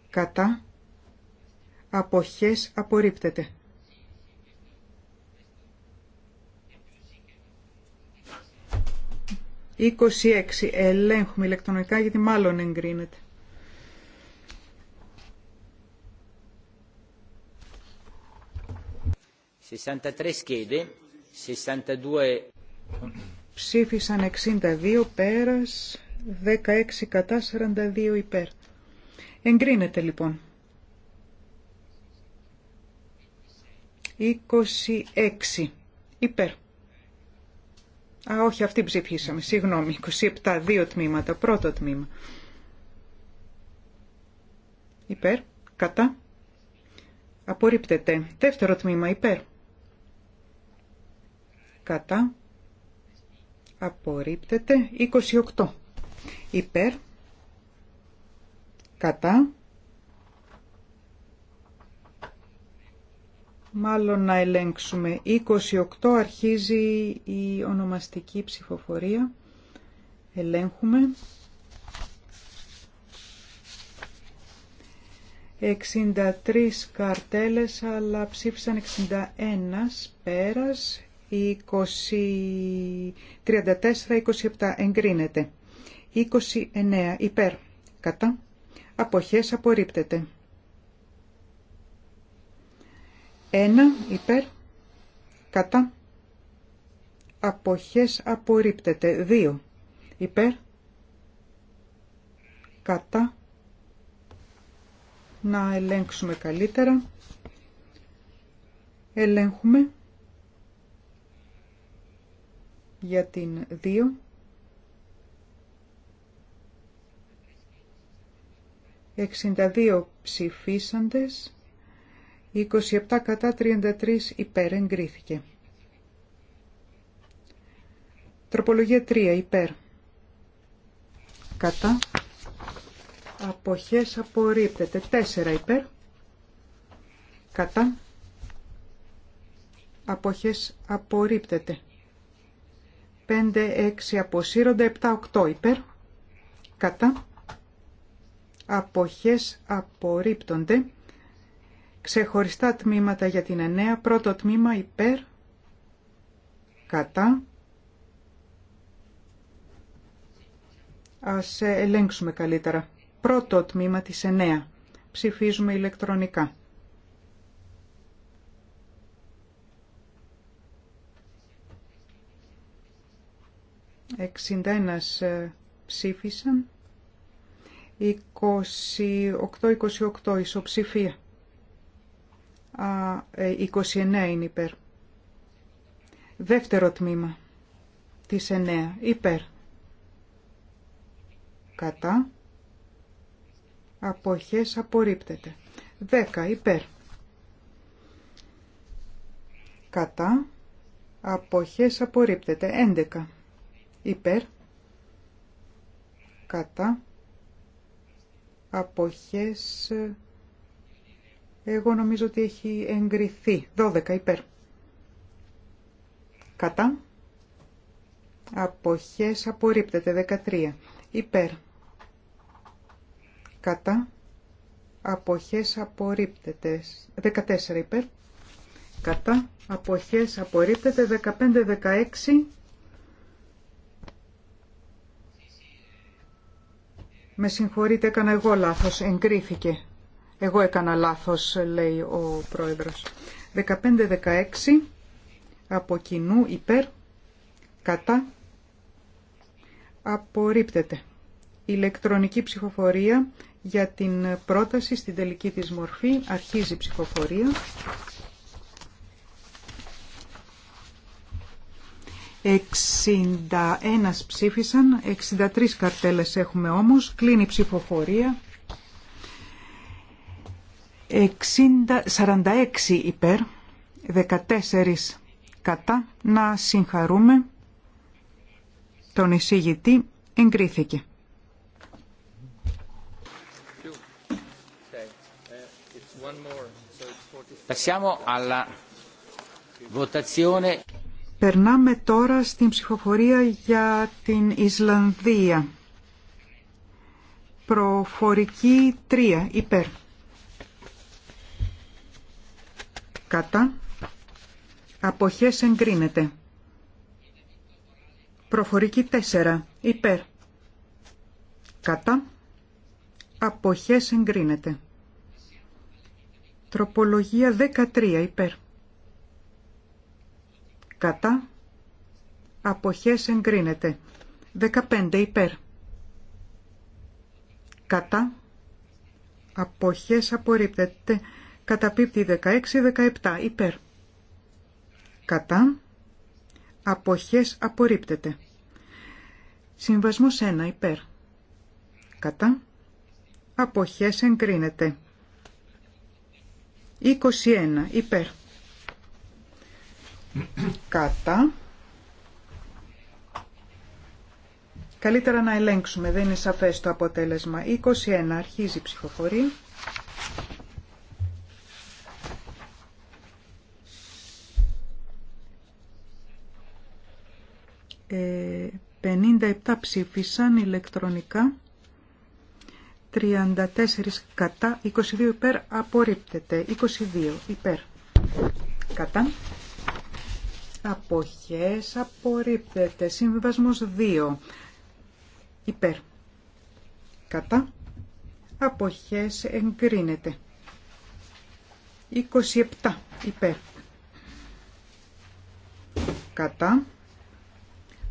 Κατά αποχές απορρίπτεται. «26. Ελέγχουμε ηλεκτρονικά γιατί μάλλον εγκρίνεται». «63 σεσάντα 62...» ψήφισαν 62 πέρας, 16 κατά 42 υπέρ. Εγκρίνεται λοιπόν. 26 υπέρ. Α, όχι, αυτή ψηφίσαμε. Συγγνώμη, 27, δύο τμήματα. Πρώτο τμήμα. Υπέρ, κατά. Απορρίπτεται. Δεύτερο τμήμα, υπέρ. Κατά απορρίπτεται 28 υπέρ κατά μάλλον να ελέγξουμε 28 αρχίζει η ονομαστική ψηφοφορία ελέγχουμε 63 καρτέλες αλλά ψήφισαν 61 πέρας 34-27 εγκρίνεται. 29 υπέρ. Κατά. Αποχές απορρίπτεται. 1 υπέρ. Κατά. Αποχές απορρίπτεται. 2 υπέρ. Κατά. Να ελέγξουμε καλύτερα. Ελέγχουμε για την 2. ...62 ψηφίσαντες, 27 κατά 33 υπέρ εγκρίθηκε. Τροπολογία 3 υπέρ. Κατά. Αποχές απορρίπτεται. 4 υπέρ. Κατά. Αποχές απορρίπτεται. 5, 6 αποσύρονται, 7, 8 υπέρ, κατά, αποχές απορρίπτονται, ξεχωριστά τμήματα για την 9, πρώτο τμήμα υπέρ, κατά, ας ελέγξουμε καλύτερα, πρώτο τμήμα της 9, ψηφίζουμε ηλεκτρονικά. 61 ε, ψήφισαν. 28-28 ισοψηφία. 29 ε, είναι υπέρ. Δεύτερο τμήμα της 9 υπέρ. Κατά. Αποχές απορρίπτεται. 10 υπέρ. Κατά. Αποχές απορρίπτεται. 11 υπέρ κατά αποχές εγώ νομίζω ότι έχει εγκριθεί 12 υπέρ κατά αποχές απορρίπτεται 13 υπέρ κατά αποχές απορρίπτεται 14 υπέρ κατά αποχές απορρίπτεται 15-16 Με συγχωρείτε, έκανα εγώ λάθος. Εγκρίθηκε. Εγώ έκανα λάθος, λέει ο πρόεδρος. 15-16 από κοινού υπέρ, κατά, απορρίπτεται. Ηλεκτρονική ψηφοφορία για την πρόταση στην τελική της μορφή. Αρχίζει η ψηφοφορία. 61 ψήφισαν, 63 καρτέλες έχουμε όμως, κλείνει η ψηφοφορία. 46 υπέρ, 14 κατά. Να συγχαρούμε τον εισηγητή, εγκρίθηκε. Passiamo alla votazione. Περνάμε τώρα στην ψηφοφορία για την Ισλανδία. Προφορική 3. Υπέρ. Κατά. Αποχές εγκρίνεται. Προφορική 4. Υπέρ. Κατά. Αποχές εγκρίνεται. Τροπολογία 13. Υπέρ κατά, αποχές εγκρίνεται. 15 υπέρ, κατά, αποχές απορρίπτεται. Καταπίπτει 16-17 υπέρ, κατά, αποχές απορρίπτεται. Συμβασμός 1 υπέρ, κατά, αποχές εγκρίνεται. 21 υπέρ Κατά. Καλύτερα να ελέγξουμε, δεν είναι σαφές το αποτέλεσμα. 21 αρχίζει η ψυχοφορία Ε, 57 ψήφισαν ηλεκτρονικά. 34 κατά, 22 υπέρ, απορρίπτεται. 22 υπέρ, κατά αποχές απορρίπτεται. Συμβιβασμός 2 υπέρ. Κατά αποχές εγκρίνεται. 27 υπέρ. Κατά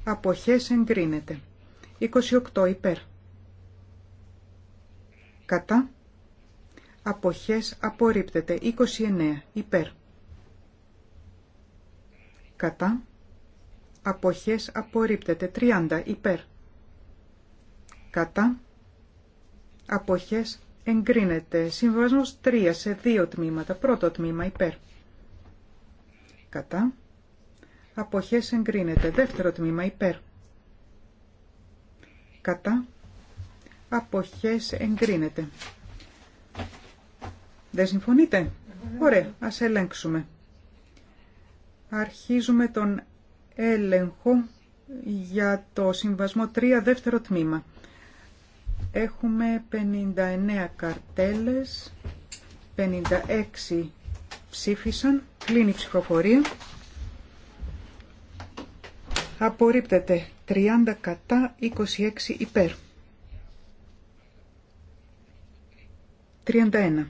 αποχές εγκρίνεται. 28 υπέρ. Κατά αποχές απορρίπτεται. 29 υπέρ κατά, αποχές απορρίπτεται. 30 υπέρ, κατά, αποχές εγκρίνεται. Συμβασμός 3 σε δύο τμήματα. Πρώτο τμήμα υπέρ, κατά, αποχές εγκρίνεται. Δεύτερο τμήμα υπέρ, κατά, αποχές εγκρίνεται. Δεν συμφωνείτε? Ωραία, ας ελέγξουμε. Αρχίζουμε τον έλεγχο για το συμβασμό 3 δεύτερο τμήμα. Έχουμε 59 καρτέλες, 56 ψήφισαν, κλείνει η ψηφοφορία. Απορρίπτεται 30 κατά, 26 υπέρ. 31.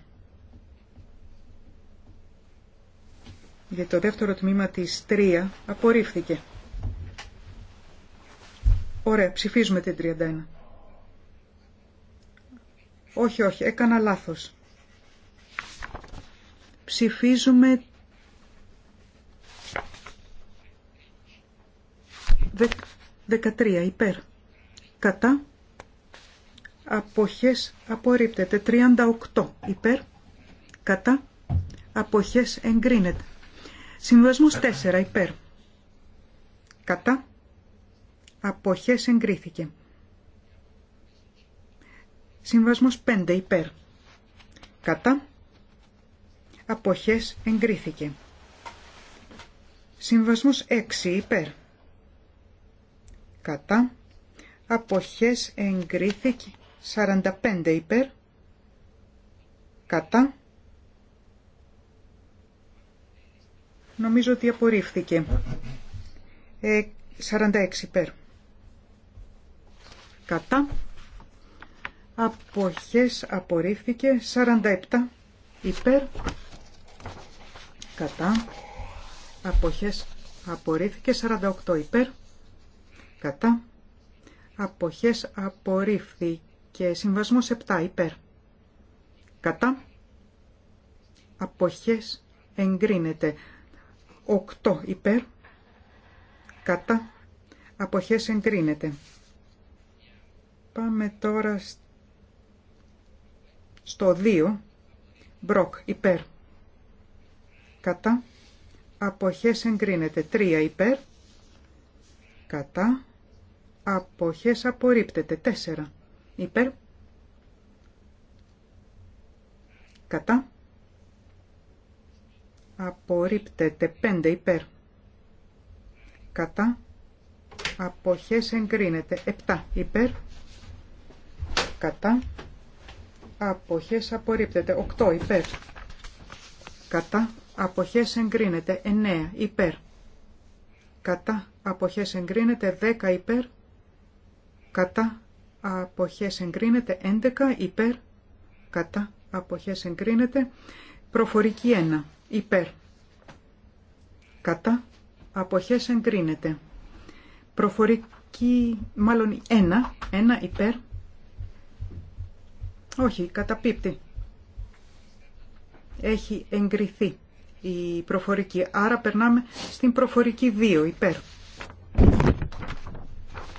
γιατί το δεύτερο τμήμα της 3 απορρίφθηκε. Ωραία, ψηφίζουμε την 31. Όχι, όχι, έκανα λάθος. Ψηφίζουμε... 13 υπέρ. Κατά. Αποχές απορρίπτεται. 38 υπέρ. Κατά. Αποχές εγκρίνεται. Συμβασμό 4 υπέρ. Κατά. Αποχέ εγκρίθηκε. Συμβασμός 5 υπέρ. Κατά. απόχέ εγκρίθηκε. Συμβασμός 6 υπέρ. Κατά. Αποχές εγκρίθηκε. 45 υπέρ. Κατά. Νομίζω ότι απορρίφθηκε. Ε, 46 υπέρ. Κατά. Αποχές απορρίφθηκε. 47 υπέρ. Κατά. Αποχές απορρίφθηκε. 48 υπέρ. Κατά. Αποχές απορρίφθηκε. Συμβασμός 7 υπέρ. Κατά. Αποχές εγκρίνεται. 8 υπέρ, κατά, αποχές εγκρίνεται. Πάμε τώρα στο 2, μπροκ υπέρ, κατά, αποχές εγκρίνεται. 3 υπέρ, κατά, αποχές απορρίπτεται. 4 υπέρ, κατά, απορρίπτεται 5 υπέρ κατά αποχές εγκρίνεται 7 υπέρ κατά αποχές απορρίπτεται 8 υπέρ κατά αποχές εγκρίνεται 9 υπέρ κατά αποχές εγκρίνεται 10 υπέρ κατά αποχές εγκρίνεται 11 υπέρ κατά αποχές εγκρίνεται προφορική 1 υπέρ. Κατά αποχές εγκρίνεται. Προφορική, μάλλον ένα, ένα υπέρ. Όχι, καταπίπτει. Έχει εγκριθεί η προφορική. Άρα περνάμε στην προφορική 2 υπέρ.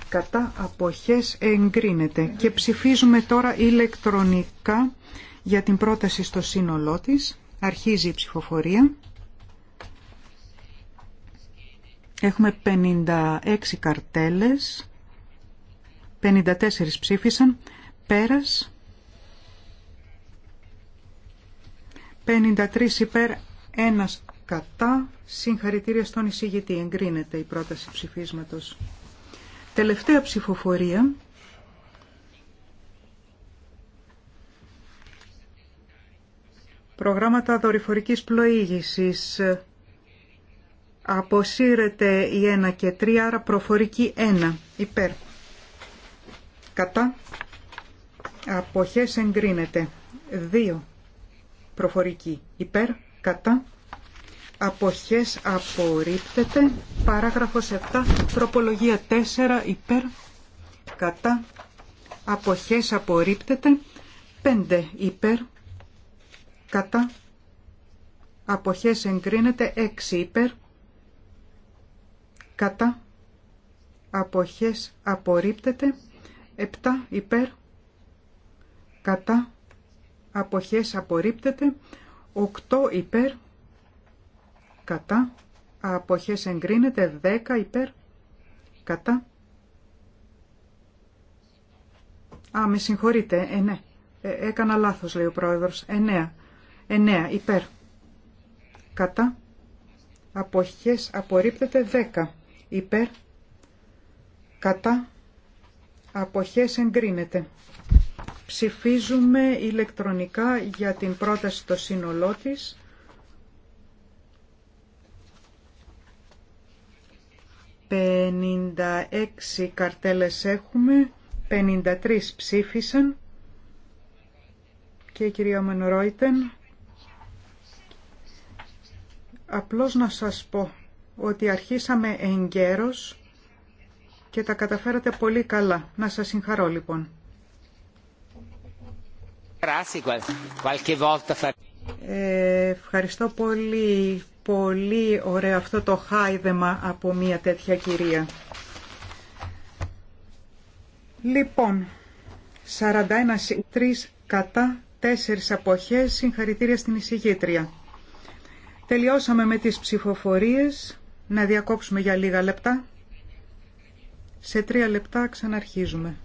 Κατά αποχές εγκρίνεται. Και ψηφίζουμε τώρα ηλεκτρονικά για την πρόταση στο σύνολό της. Αρχίζει η ψηφοφορία. Έχουμε 56 καρτέλες. 54 ψήφισαν. Πέρας. 53 υπέρ, 1 κατά. Συγχαρητήρια στον εισηγητή. Εγκρίνεται η πρόταση ψηφίσματος. Τελευταία ψηφοφορία Προγράμματα δορυφορικής πλοήγησης. Αποσύρεται η 1 και 3, άρα προφορική 1. Υπέρ. Κατά. Αποχές εγκρίνεται. 2. Προφορική. Υπέρ. Κατά. Αποχές απορρίπτεται. Παράγραφος 7. Προπολογία 4. Υπέρ. Κατά. Αποχές απορρίπτεται. 5. Υπέρ κατά αποχές εγκρίνεται 6 υπέρ κατά αποχές απορρίπτεται 7 υπέρ κατά αποχές απορρίπτεται 8 υπέρ κατά αποχές εγκρίνεται 10 υπέρ κατά Α, με συγχωρείτε, ε, ναι. Ε, έκανα λάθος, λέει ο πρόεδρος. 9. 9 υπέρ. Κατά. Αποχές απορρίπτεται 10 υπέρ. Κατά. Αποχές εγκρίνεται. Ψηφίζουμε ηλεκτρονικά για την πρόταση στο σύνολό της. «56 καρτέλες έχουμε, 53 ψήφισαν και η κυρία Μενρόιτεν Απλώς να σας πω ότι αρχίσαμε εγκαίρος και τα καταφέρατε πολύ καλά. Να σας συγχαρώ λοιπόν. Ε, ευχαριστώ πολύ. Πολύ ωραίο αυτό το χάιδεμα από μια τέτοια κυρία. Λοιπόν, 41 3 κατά 4 αποχές. Συγχαρητήρια στην εισηγήτρια. Τελειώσαμε με τις ψηφοφορίες. Να διακόψουμε για λίγα λεπτά. Σε τρία λεπτά ξαναρχίζουμε.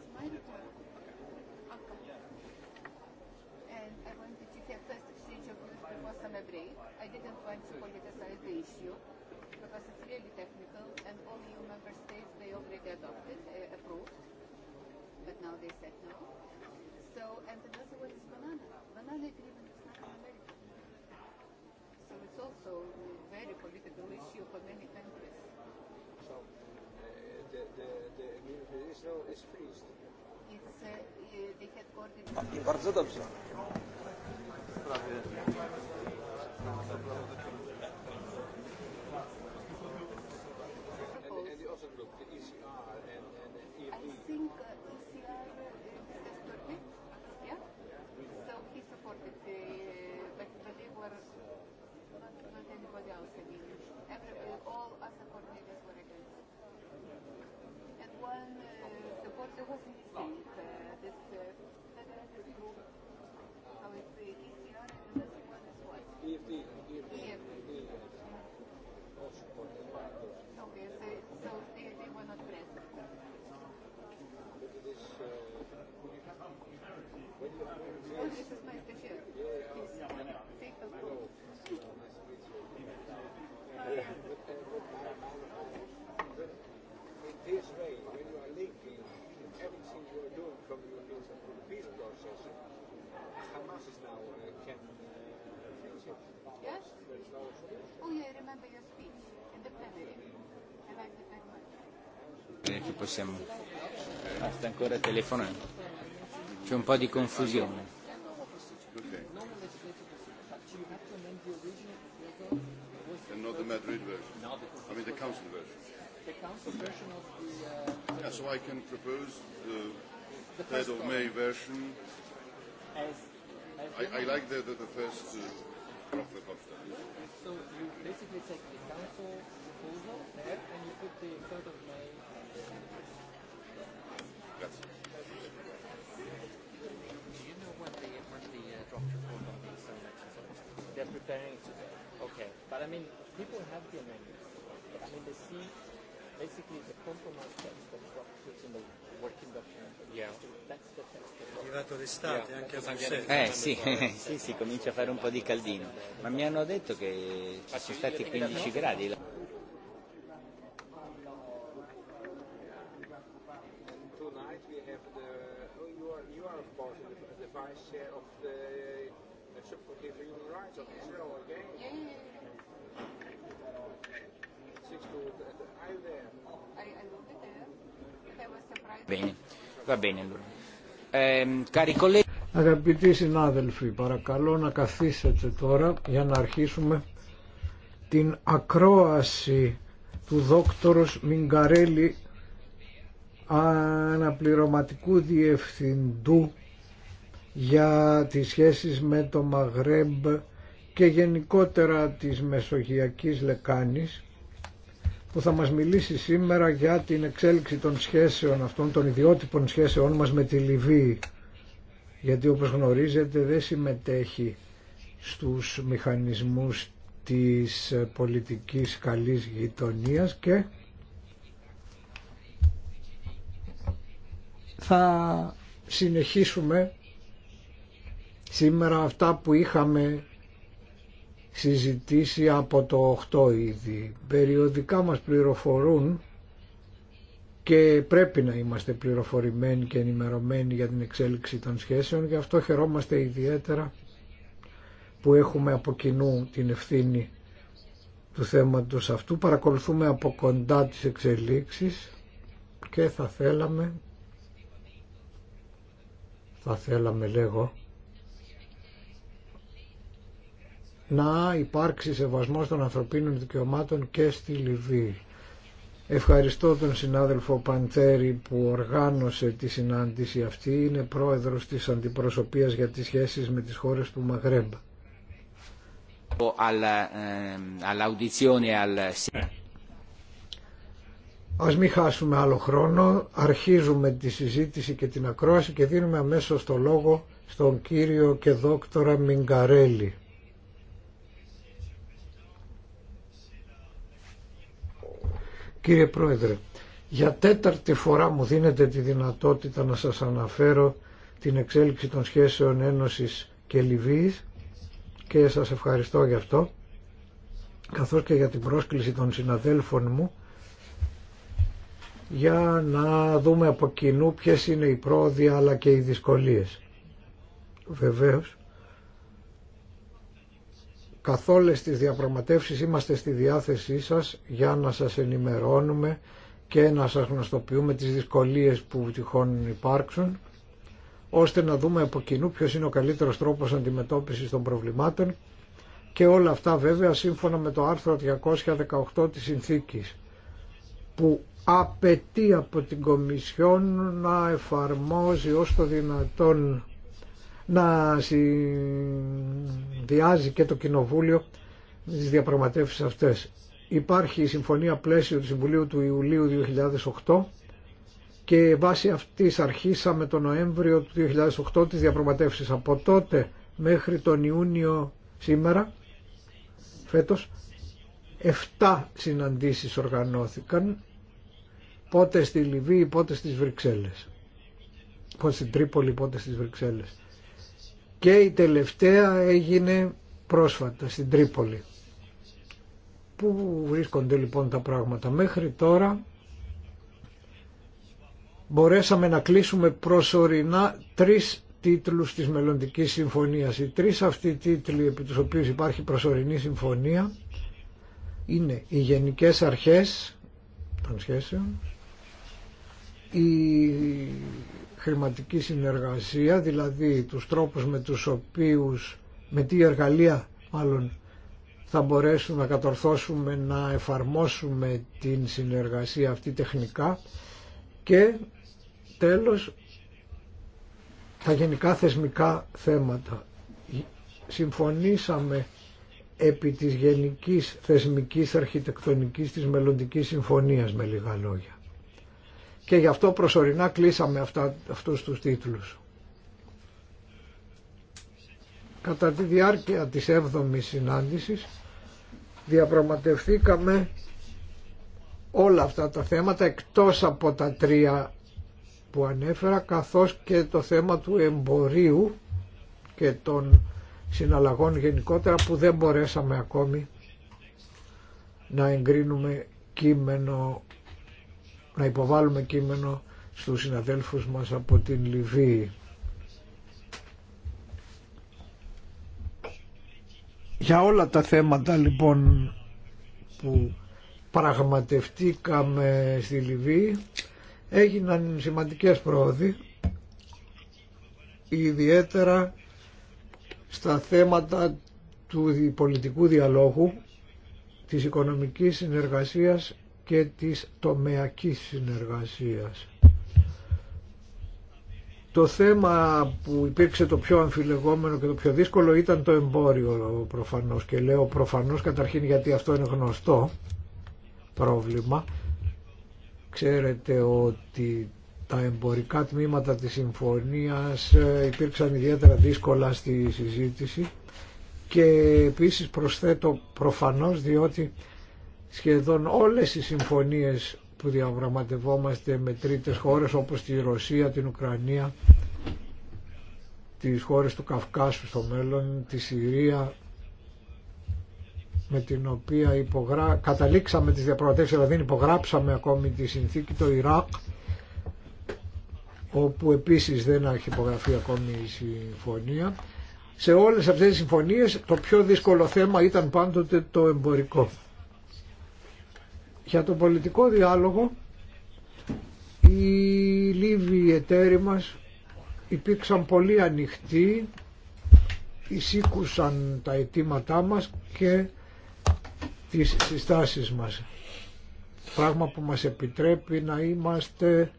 was my And I wanted to see first exchange of views before summer break. I didn't want to politicize the issue because it's really technical and all EU member states, they already adopted, uh, approved. But now they said no. So, and another one is banana. Banana agreement is not in America. So it's also a very political issue for many countries. Bardzo dobrze. possiamo. sta ancora telefonando. C'è un po' di confusione. And not the Madrid version. I mean the council version. The council version of the. yeah, so I can propose the 3rd of May version. As, I, I like the, the, the first. Uh, So you basically take the council proposal there and you put the 3rd of May. Grazie. Do you know when the, when the uh, draft report on these elections They're preparing it today. Okay. But I mean, people have the amendments. I mean, they see basically the compromise text that was in the working document. Yeah. That's the text. arrivato l'estate anche a Bruxelles. Eh sì, sì, sì, comincia a fare un po' di caldino. Ma mi hanno detto che ci sono stati 15 gradi. Ehm, Αγαπητοί συνάδελφοι, παρακαλώ να καθίσετε τώρα για να αρχίσουμε την ακρόαση του δόκτωρος Μιγκαρέλη αναπληρωματικού διευθυντού για τις σχέσεις με το Μαγρέμπ και γενικότερα της Μεσογειακής Λεκάνης που θα μας μιλήσει σήμερα για την εξέλιξη των σχέσεων αυτών, των ιδιότυπων σχέσεών μας με τη Λιβύη. Γιατί όπως γνωρίζετε δεν συμμετέχει στους μηχανισμούς της πολιτικής καλής γειτονίας και θα συνεχίσουμε σήμερα αυτά που είχαμε συζητήσει από το 8 ήδη. Περιοδικά μας πληροφορούν και πρέπει να είμαστε πληροφορημένοι και ενημερωμένοι για την εξέλιξη των σχέσεων. Γι' αυτό χαιρόμαστε ιδιαίτερα που έχουμε από κοινού την ευθύνη του θέματος αυτού. Παρακολουθούμε από κοντά τις εξελίξεις και θα θέλαμε, θα θέλαμε λέγω, να υπάρξει σεβασμός των ανθρωπίνων δικαιωμάτων και στη Λιβύη. Ευχαριστώ τον συνάδελφο παντέρη που οργάνωσε τη συνάντηση αυτή. Είναι πρόεδρος της Αντιπροσωπείας για τις σχέσεις με τις χώρες του Μαγρέμπ. Ehm, e ε. Ας μην χάσουμε άλλο χρόνο. Αρχίζουμε τη συζήτηση και την ακρόαση και δίνουμε αμέσως το λόγο στον κύριο και δόκτορα Μιγκαρέλη. Κύριε Πρόεδρε, για τέταρτη φορά μου δίνετε τη δυνατότητα να σας αναφέρω την εξέλιξη των σχέσεων Ένωσης και Λιβύης και σας ευχαριστώ γι' αυτό καθώς και για την πρόσκληση των συναδέλφων μου για να δούμε από κοινού ποιες είναι οι πρόοδοι αλλά και οι δυσκολίες. Βεβαίως καθ' όλες τις διαπραγματεύσεις είμαστε στη διάθεσή σας για να σας ενημερώνουμε και να σας γνωστοποιούμε τις δυσκολίες που τυχόν υπάρξουν ώστε να δούμε από κοινού ποιος είναι ο καλύτερος τρόπος αντιμετώπισης των προβλημάτων και όλα αυτά βέβαια σύμφωνα με το άρθρο 218 της συνθήκης που απαιτεί από την Κομισιόν να εφαρμόζει ως το δυνατόν να συνδυάζει και το Κοινοβούλιο τις διαπραγματεύσεις αυτές. Υπάρχει η Συμφωνία Πλαίσιο του Συμβουλίου του Ιουλίου 2008 και βάσει αυτής αρχίσαμε τον Νοέμβριο του 2008 τις διαπραγματεύσεις. Από τότε μέχρι τον Ιούνιο σήμερα, φέτος, 7 συναντήσεις οργανώθηκαν, πότε στη Λιβύη, πότε στις Βρυξέλλες. Πότε στην Τρίπολη, πότε στις Βρυξέλλες και η τελευταία έγινε πρόσφατα στην Τρίπολη. Πού βρίσκονται λοιπόν τα πράγματα. Μέχρι τώρα μπορέσαμε να κλείσουμε προσωρινά τρεις τίτλους της μελλοντική συμφωνίας. Οι τρεις αυτοί τίτλοι επί τους οποίους υπάρχει προσωρινή συμφωνία είναι οι γενικές αρχές των σχέσεων, η χρηματική συνεργασία, δηλαδή τους τρόπους με τους οποίους, με τι εργαλεία μάλλον θα μπορέσουμε να κατορθώσουμε να εφαρμόσουμε την συνεργασία αυτή τεχνικά και τέλος τα γενικά θεσμικά θέματα. Συμφωνήσαμε επί της γενικής θεσμικής αρχιτεκτονικής της μελλοντικής συμφωνίας με λίγα λόγια και γι' αυτό προσωρινά κλείσαμε αυτά, αυτούς τους τίτλους. Κατά τη διάρκεια της 7ης συνάντησης διαπραγματευθήκαμε όλα αυτά τα θέματα εκτός από τα τρία που ανέφερα καθώς και το θέμα του εμπορίου και των συναλλαγών γενικότερα που δεν μπορέσαμε ακόμη να εγκρίνουμε κείμενο να υποβάλουμε κείμενο στους συναδέλφους μας από την Λιβύη. Για όλα τα θέματα λοιπόν που πραγματευτήκαμε στη Λιβύη έγιναν σημαντικές πρόοδοι ιδιαίτερα στα θέματα του πολιτικού διαλόγου της οικονομικής συνεργασίας και της τομεακής συνεργασίας. Το θέμα που υπήρξε το πιο αμφιλεγόμενο και το πιο δύσκολο ήταν το εμπόριο προφανώς και λέω προφανώς καταρχήν γιατί αυτό είναι γνωστό πρόβλημα. Ξέρετε ότι τα εμπορικά τμήματα της συμφωνίας ε, υπήρξαν ιδιαίτερα δύσκολα στη συζήτηση και επίσης προσθέτω προφανώς διότι σχεδόν όλες οι συμφωνίες που διαπραγματευόμαστε με τρίτες χώρες όπως τη Ρωσία, την Ουκρανία, τις χώρες του Καυκάσου στο μέλλον, τη Συρία, με την οποία υπογρά... καταλήξαμε τις διαπραγματεύσεις αλλά δεν υπογράψαμε ακόμη τη συνθήκη, το Ιράκ, όπου επίσης δεν έχει υπογραφεί ακόμη η συμφωνία. Σε όλες αυτές τις συμφωνίες το πιο δύσκολο θέμα ήταν πάντοτε το εμπορικό. Για τον πολιτικό διάλογο οι Λίβοι εταίροι μας υπήρξαν πολύ ανοιχτοί, εισήκουσαν τα αιτήματά μας και τις συστάσεις μας. Πράγμα που μας επιτρέπει να είμαστε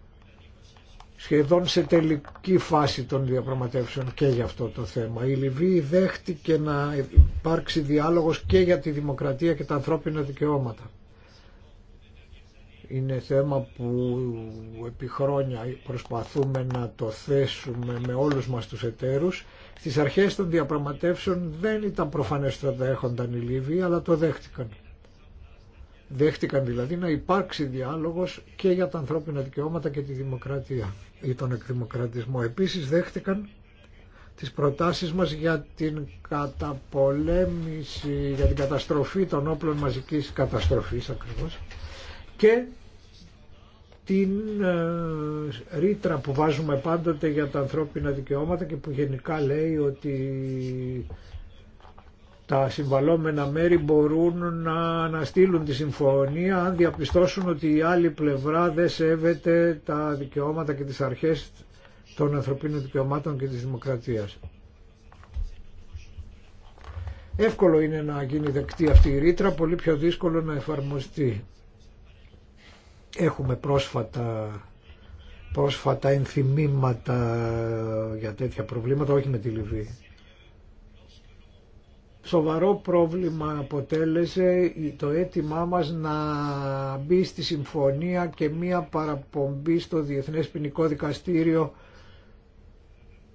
σχεδόν σε τελική φάση των διαπραγματεύσεων και για αυτό το θέμα. Η Λιβύη δέχτηκε να υπάρξει διάλογος και για τη δημοκρατία και τα ανθρώπινα δικαιώματα είναι θέμα που επί χρόνια προσπαθούμε να το θέσουμε με όλους μας τους εταίρους. Στις αρχές των διαπραγματεύσεων δεν ήταν προφανές ότι θα έχονταν οι Λίβοι, αλλά το δέχτηκαν. Δέχτηκαν δηλαδή να υπάρξει διάλογος και για τα ανθρώπινα δικαιώματα και τη δημοκρατία ή τον εκδημοκρατισμό. Επίσης δέχτηκαν τις προτάσεις μας για την καταπολέμηση, για την καταστροφή των όπλων μαζικής καταστροφής ακριβώς και την ε, ρήτρα που βάζουμε πάντοτε για τα ανθρώπινα δικαιώματα και που γενικά λέει ότι τα συμβαλώμενα μέρη μπορούν να αναστείλουν τη συμφωνία αν διαπιστώσουν ότι η άλλη πλευρά δεν σέβεται τα δικαιώματα και τις αρχές των ανθρωπίνων δικαιωμάτων και της δημοκρατίας. Εύκολο είναι να γίνει δεκτή αυτή η ρήτρα, πολύ πιο δύσκολο να εφαρμοστεί. Έχουμε πρόσφατα, πρόσφατα ενθυμήματα για τέτοια προβλήματα, όχι με τη Λιβύη. Σοβαρό πρόβλημα αποτέλεσε το αίτημά μας να μπει στη συμφωνία και μία παραπομπή στο Διεθνές Ποινικό Δικαστήριο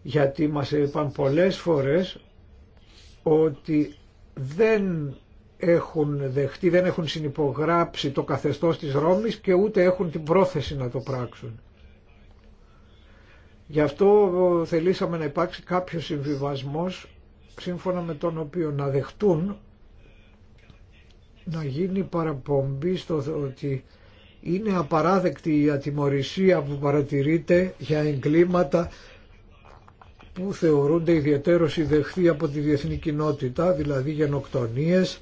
γιατί μας είπαν πολλές φορές ότι δεν έχουν δεχτεί, δεν έχουν συνυπογράψει το καθεστώς της Ρώμης και ούτε έχουν την πρόθεση να το πράξουν. Γι' αυτό θελήσαμε να υπάρξει κάποιος συμβιβασμός σύμφωνα με τον οποίο να δεχτούν να γίνει παραπομπή στο ότι είναι απαράδεκτη η ατιμορρησία που παρατηρείται για εγκλήματα που θεωρούνται ιδιαίτερως ιδεχθεί από τη διεθνή κοινότητα, δηλαδή γενοκτονίες,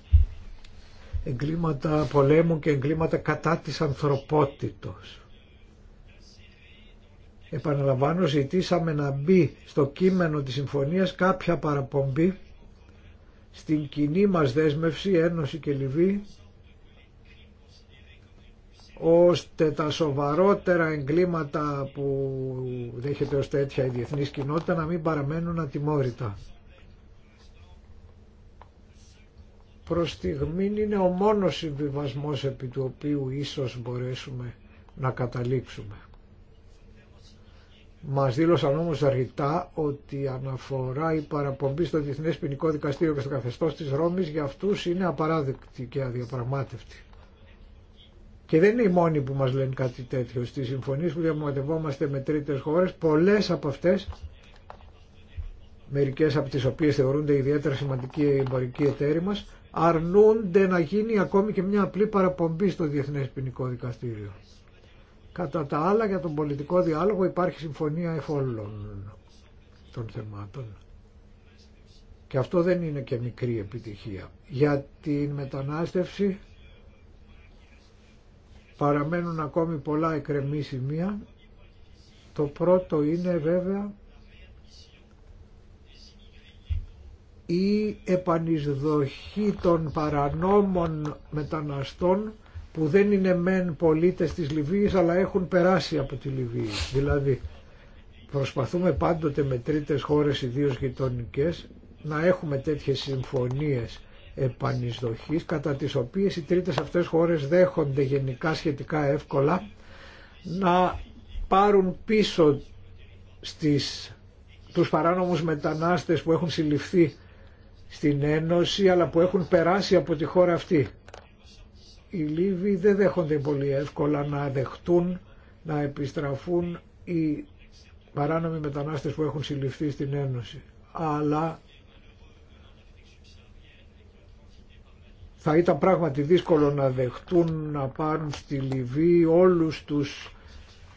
εγκλήματα πολέμου και εγκλήματα κατά της ανθρωπότητος. Επαναλαμβάνω, ζητήσαμε να μπει στο κείμενο της συμφωνίας κάποια παραπομπή στην κοινή μας δέσμευση, Ένωση και Λιβύη, ώστε τα σοβαρότερα εγκλήματα που δέχεται ως τέτοια η διεθνής κοινότητα να μην παραμένουν ατιμόρυτα. προς στιγμή είναι ο μόνος συμβιβασμός επί του οποίου ίσως μπορέσουμε να καταλήξουμε. Μας δήλωσαν όμως αρχιτά ότι η αναφορά η παραπομπή στο διεθνέ Ποινικό Δικαστήριο και στο καθεστώς της Ρώμης για αυτούς είναι απαράδεκτη και αδιαπραγμάτευτη. Και δεν είναι οι μόνοι που μας λένε κάτι τέτοιο. στι συμφωνίε που διαμορφωνόμαστε με τρίτες χώρες, πολλές από αυτές, μερικές από τις οποίες θεωρούνται ιδιαίτερα σημαντική οι εμπορικοί εταίροι μα, αρνούνται να γίνει ακόμη και μια απλή παραπομπή στο Διεθνές Ποινικό Δικαστήριο. Κατά τα άλλα για τον πολιτικό διάλογο υπάρχει συμφωνία εφόλων των θεμάτων. Και αυτό δεν είναι και μικρή επιτυχία. Για την μετανάστευση παραμένουν ακόμη πολλά εκρεμή σημεία. Το πρώτο είναι βέβαια η επανεισδοχή των παρανόμων μεταναστών που δεν είναι μεν πολίτες της Λιβύης αλλά έχουν περάσει από τη Λιβύη. Δηλαδή προσπαθούμε πάντοτε με τρίτες χώρες ιδίω γειτονικέ να έχουμε τέτοιες συμφωνίες επανεισδοχής κατά τις οποίες οι τρίτες αυτές χώρες δέχονται γενικά σχετικά εύκολα να πάρουν πίσω στις, τους παράνομους μετανάστες που έχουν συλληφθεί στην Ένωση αλλά που έχουν περάσει από τη χώρα αυτή. Οι Λίβοι δεν δέχονται πολύ εύκολα να δεχτούν να επιστραφούν οι παράνομοι μετανάστες που έχουν συλληφθεί στην Ένωση. Αλλά θα ήταν πράγματι δύσκολο να δεχτούν να πάρουν στη Λιβύη όλους τους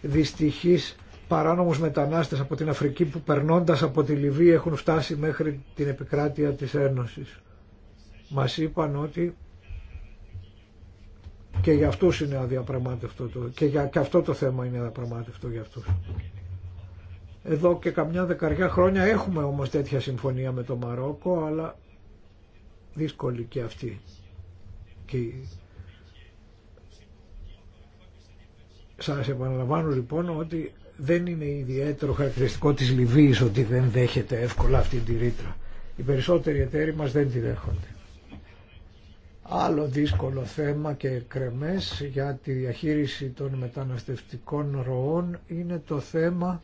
δυστυχείς παράνομους μετανάστες από την Αφρική που περνώντας από τη Λιβύη έχουν φτάσει μέχρι την επικράτεια της Ένωσης. Μας είπαν ότι και για αυτούς είναι αδιαπραγμάτευτο το, και, για, και αυτό το θέμα είναι αδιαπραγμάτευτο για αυτούς. Εδώ και καμιά δεκαριά χρόνια έχουμε όμως τέτοια συμφωνία με το Μαρόκο αλλά δύσκολη και αυτή. Και σας επαναλαμβάνω λοιπόν ότι δεν είναι ιδιαίτερο χαρακτηριστικό της Λιβύης ότι δεν δέχεται εύκολα αυτή τη ρήτρα. Οι περισσότεροι εταίροι μας δεν τη δέχονται. Άλλο δύσκολο θέμα και κρεμές για τη διαχείριση των μεταναστευτικών ροών είναι το θέμα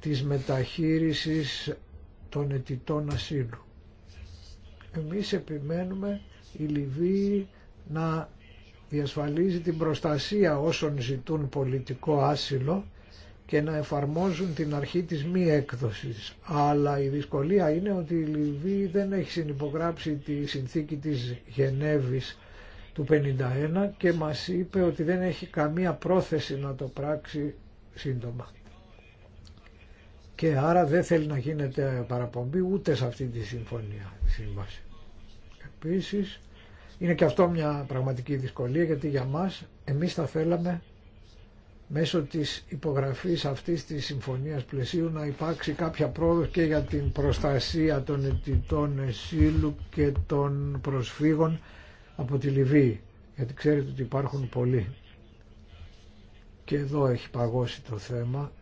της μεταχείρισης των αιτητών ασύλου. Εμείς επιμένουμε η Λιβύη να διασφαλίζει την προστασία όσων ζητούν πολιτικό άσυλο και να εφαρμόζουν την αρχή της μη έκδοσης. Αλλά η δυσκολία είναι ότι η Λιβύη δεν έχει συνυπογράψει τη συνθήκη της Γενέβης του 51 και μας είπε ότι δεν έχει καμία πρόθεση να το πράξει σύντομα. Και άρα δεν θέλει να γίνεται παραπομπή ούτε σε αυτή τη συμφωνία, Επίσης, είναι και αυτό μια πραγματική δυσκολία γιατί για μας εμείς θα θέλαμε μέσω της υπογραφής αυτής της συμφωνίας πλαισίου να υπάρξει κάποια πρόοδος και για την προστασία των αιτητών εσύλου και των προσφύγων από τη Λιβύη γιατί ξέρετε ότι υπάρχουν πολλοί και εδώ έχει παγώσει το θέμα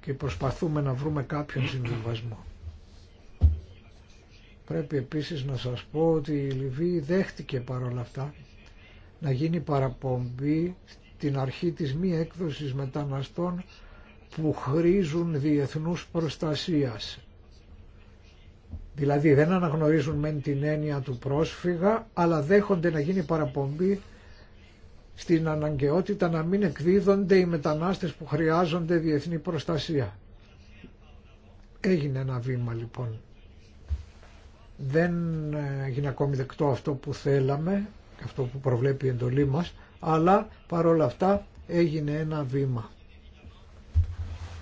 και προσπαθούμε να βρούμε κάποιον συμβιβασμό. Πρέπει επίσης να σας πω ότι η Λιβύη δέχτηκε παρόλα αυτά να γίνει παραπομπή στην αρχή της μη έκδοσης μεταναστών που χρήζουν διεθνούς προστασίας. Δηλαδή δεν αναγνωρίζουν μεν την έννοια του πρόσφυγα, αλλά δέχονται να γίνει παραπομπή στην αναγκαιότητα να μην εκδίδονται οι μετανάστες που χρειάζονται διεθνή προστασία. Έγινε ένα βήμα λοιπόν δεν ε, έγινε ακόμη δεκτό αυτό που θέλαμε, αυτό που προβλέπει η εντολή μας, αλλά παρόλα αυτά έγινε ένα βήμα.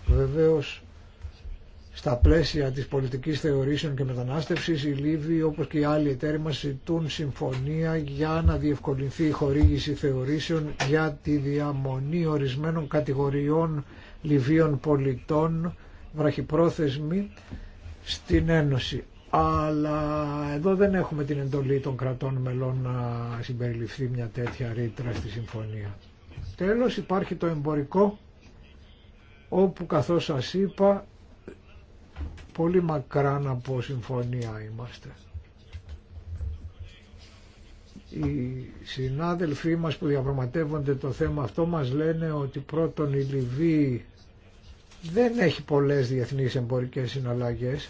Βεβαίως στα πλαίσια της πολιτικής θεωρήσεων και μετανάστευσης η Λίβοι όπως και οι άλλοι εταίροι μας ζητούν συμφωνία για να διευκολυνθεί η χορήγηση θεωρήσεων για τη διαμονή ορισμένων κατηγοριών Λιβύων πολιτών βραχυπρόθεσμη στην Ένωση αλλά εδώ δεν έχουμε την εντολή των κρατών μελών να συμπεριληφθεί μια τέτοια ρήτρα στη συμφωνία. Τέλος υπάρχει το εμπορικό όπου καθώς σας είπα πολύ μακράν από συμφωνία είμαστε. Οι συνάδελφοί μας που διαπραγματεύονται το θέμα αυτό μας λένε ότι πρώτον η Λιβύη δεν έχει πολλές διεθνείς εμπορικές συναλλαγές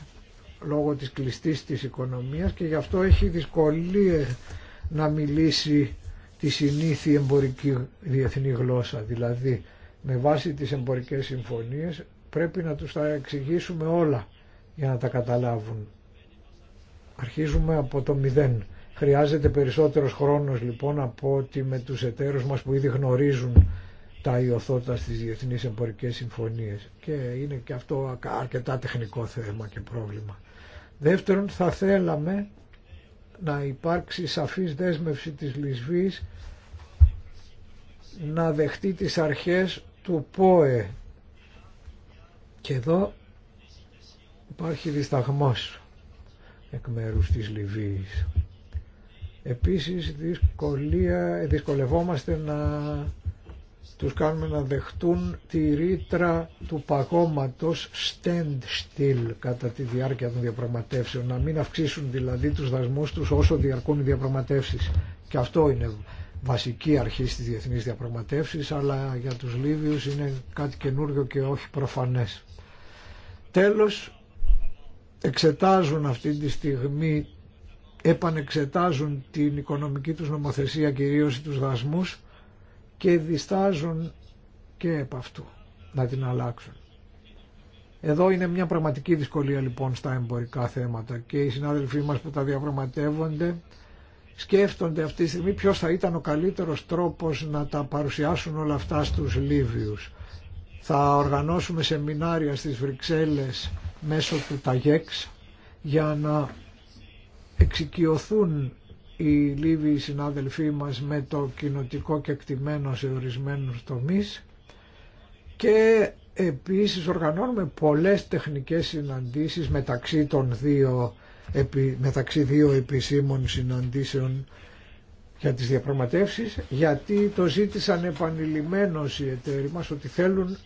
λόγω της κλειστής της οικονομίας και γι' αυτό έχει δυσκολία να μιλήσει τη συνήθη εμπορική διεθνή γλώσσα. Δηλαδή με βάση τις εμπορικές συμφωνίες πρέπει να τους τα εξηγήσουμε όλα για να τα καταλάβουν. Αρχίζουμε από το μηδέν. Χρειάζεται περισσότερος χρόνος λοιπόν από ότι με τους εταίρους μας που ήδη γνωρίζουν τα ιωθώτα στις διεθνείς εμπορικές συμφωνίες. Και είναι και αυτό αρκετά τεχνικό θέμα και πρόβλημα. Δεύτερον, θα θέλαμε να υπάρξει σαφής δέσμευση της Λισβής να δεχτεί τις αρχές του ΠΟΕ. Και εδώ υπάρχει δισταγμός εκ μέρους της Λιβύης. Επίσης δυσκολία, δυσκολευόμαστε να τους κάνουμε να δεχτούν τη ρήτρα του παγώματος standstill κατά τη διάρκεια των διαπραγματεύσεων, να μην αυξήσουν δηλαδή τους δασμούς τους όσο διαρκούν οι διαπραγματεύσεις. Και αυτό είναι βασική αρχή στις διεθνείς διαπραγματεύσεις, αλλά για τους Λίβιους είναι κάτι καινούργιο και όχι προφανές. Τέλος, εξετάζουν αυτή τη στιγμή, επανεξετάζουν την οικονομική τους νομοθεσία, κυρίως τους δασμούς, και διστάζουν και επ' αυτού να την αλλάξουν. Εδώ είναι μια πραγματική δυσκολία λοιπόν στα εμπορικά θέματα και οι συνάδελφοί μας που τα διαπραγματεύονται σκέφτονται αυτή τη στιγμή ποιος θα ήταν ο καλύτερος τρόπος να τα παρουσιάσουν όλα αυτά στους Λίβιους. Θα οργανώσουμε σεμινάρια στις Βρυξέλλες μέσω του ΤΑΓΕΞ για να εξοικειωθούν οι Λίβοι συνάδελφοί μας με το κοινοτικό εκτιμένο σε ορισμένους τομείς και επίσης οργανώνουμε πολλές τεχνικές συναντήσεις μεταξύ των δύο, μεταξύ δύο επισήμων συναντήσεων για τις διαπραγματεύσεις γιατί το ζήτησαν επανειλημμένως οι εταίροι μας ότι θέλουν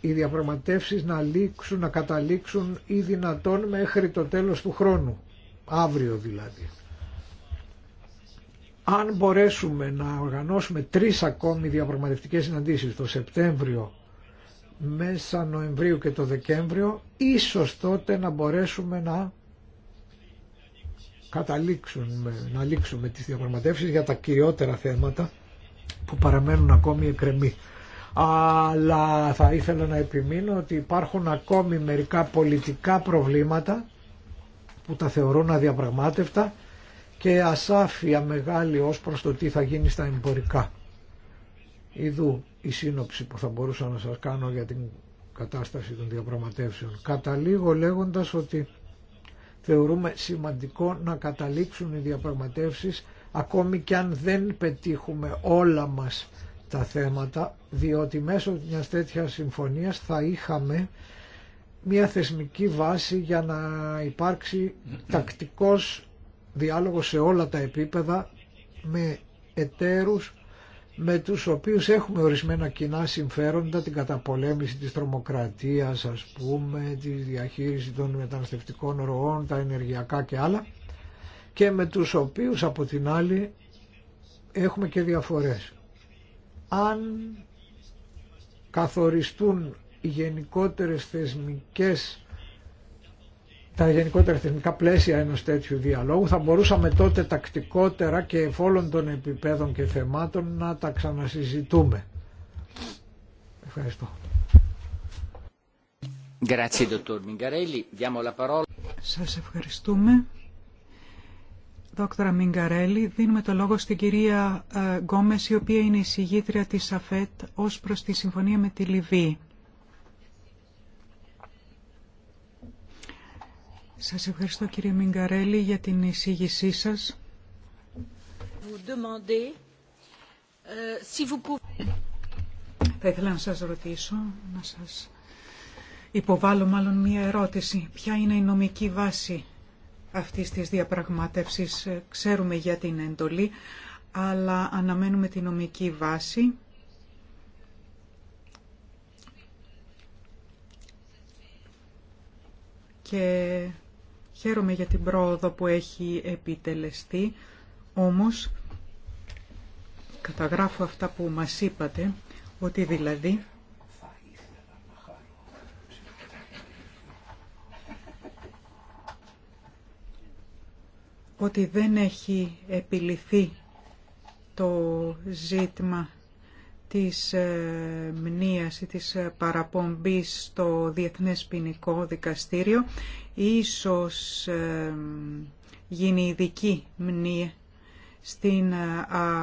οι διαπραγματεύσεις να λήξουν, να καταλήξουν ή δυνατόν μέχρι το τέλος του χρόνου, αύριο δηλαδή. Αν μπορέσουμε να οργανώσουμε τρεις ακόμη διαπραγματευτικές συναντήσεις το Σεπτέμβριο, μέσα Νοεμβρίου και το Δεκέμβριο, ίσως τότε να μπορέσουμε να καταλήξουμε, να λήξουμε τις διαπραγματεύσεις για τα κυριότερα θέματα που παραμένουν ακόμη εκκρεμοί. Αλλά θα ήθελα να επιμείνω ότι υπάρχουν ακόμη μερικά πολιτικά προβλήματα που τα θεωρούν αδιαπραγμάτευτα και ασάφεια μεγάλη ως προς το τι θα γίνει στα εμπορικά. Ιδού η σύνοψη που θα μπορούσα να σας κάνω για την κατάσταση των διαπραγματεύσεων. Καταλήγω λέγοντας ότι θεωρούμε σημαντικό να καταλήξουν οι διαπραγματεύσεις ακόμη και αν δεν πετύχουμε όλα μας τα θέματα, διότι μέσω μιας τέτοιας συμφωνίας θα είχαμε μια θεσμική βάση για να υπάρξει τακτικός διάλογο σε όλα τα επίπεδα με εταίρους με τους οποίους έχουμε ορισμένα κοινά συμφέροντα, την καταπολέμηση της τρομοκρατίας, ας πούμε, τη διαχείριση των μεταναστευτικών ροών, τα ενεργειακά και άλλα, και με τους οποίους από την άλλη έχουμε και διαφορές. Αν καθοριστούν οι γενικότερες θεσμικές τα γενικότερα θεσμικά πλαίσια ενός τέτοιου διαλόγου θα μπορούσαμε τότε τακτικότερα και εφόλων των επιπέδων και θεμάτων να τα ξανασυζητούμε. Ευχαριστώ. Σας ευχαριστούμε. Δόκτωρα Μιγκαρέλη, δίνουμε το λόγο στην κυρία ε, Γκόμες, η οποία είναι η συγγήτρια της ΑΦΕΤ ως προς τη συμφωνία με τη Λιβύη. Σας ευχαριστώ κύριε Μιγκαρέλη για την εισήγησή σας. Euh, Θα ήθελα να σας ρωτήσω, να σας υποβάλω μάλλον μία ερώτηση. Ποια είναι η νομική βάση αυτής της διαπραγμάτευσης. Ξέρουμε για την εντολή, αλλά αναμένουμε τη νομική βάση. Και Χαίρομαι για την πρόοδο που έχει επιτελεστεί, όμως καταγράφω αυτά που μας είπατε, ότι δηλαδή ότι δεν έχει επιληθεί το ζήτημα της ε, μνήας ή της ε, παραπομπής στο Διεθνές Ποινικό Δικαστήριο. Ίσως ε, γίνει ειδική μνήα στην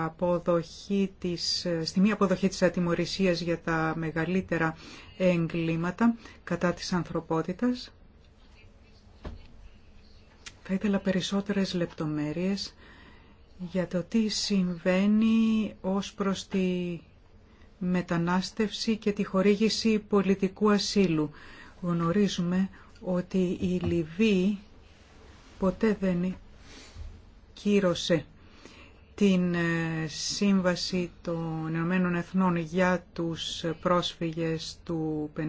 αποδοχή της, στη μία αποδοχή της ατιμορρησίας για τα μεγαλύτερα εγκλήματα κατά της ανθρωπότητας. Θα ήθελα περισσότερες λεπτομέρειες για το τι συμβαίνει ως προς τη μετανάστευση και τη χορήγηση πολιτικού ασύλου. Γνωρίζουμε ότι η Λιβύη ποτέ δεν κύρωσε την ε, Σύμβαση των Ηνωμένων Εθνών για τους πρόσφυγες του 1951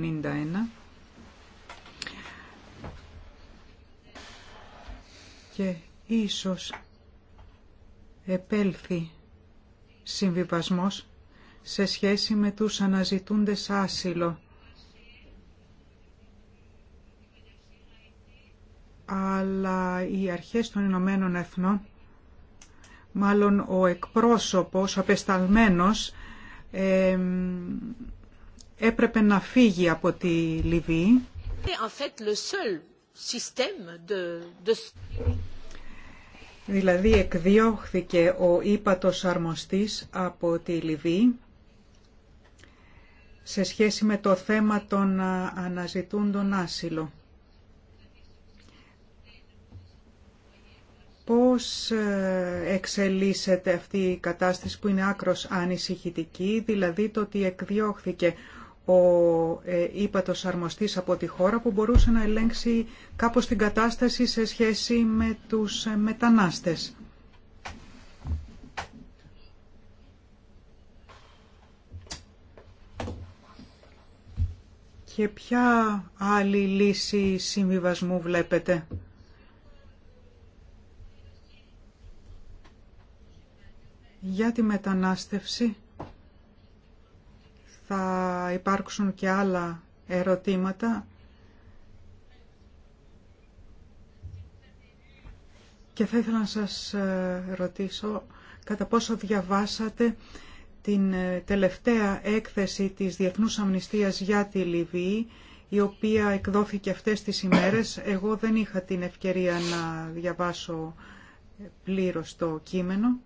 και ίσως επέλθει συμβιβασμός σε σχέση με τους αναζητούντες άσυλο. Αλλά οι αρχές των Ηνωμένων Εθνών, μάλλον ο εκπρόσωπος, ο απεσταλμένος, έπρεπε να φύγει από τη Λιβύη. Δηλαδή εκδιώχθηκε ο ύπατος αρμοστής από τη Λιβύη σε σχέση με το θέμα των αναζητούντων άσυλο. Πώς ε, εξελίσσεται αυτή η κατάσταση που είναι άκρος ανησυχητική, δηλαδή το ότι εκδιώχθηκε ο ε, ύπατος αρμοστής από τη χώρα που μπορούσε να ελέγξει κάπως την κατάσταση σε σχέση με τους ε, μετανάστες. Και ποια άλλη λύση συμβιβασμού βλέπετε. Για τη μετανάστευση θα υπάρξουν και άλλα ερωτήματα και θα ήθελα να σας ε, ρωτήσω κατά πόσο διαβάσατε την ε, τελευταία έκθεση της Διεθνούς Αμνηστίας για τη Λιβύη, η οποία εκδόθηκε αυτές τις ημέρες. Εγώ δεν είχα την ευκαιρία να διαβάσω πλήρως το κείμενο.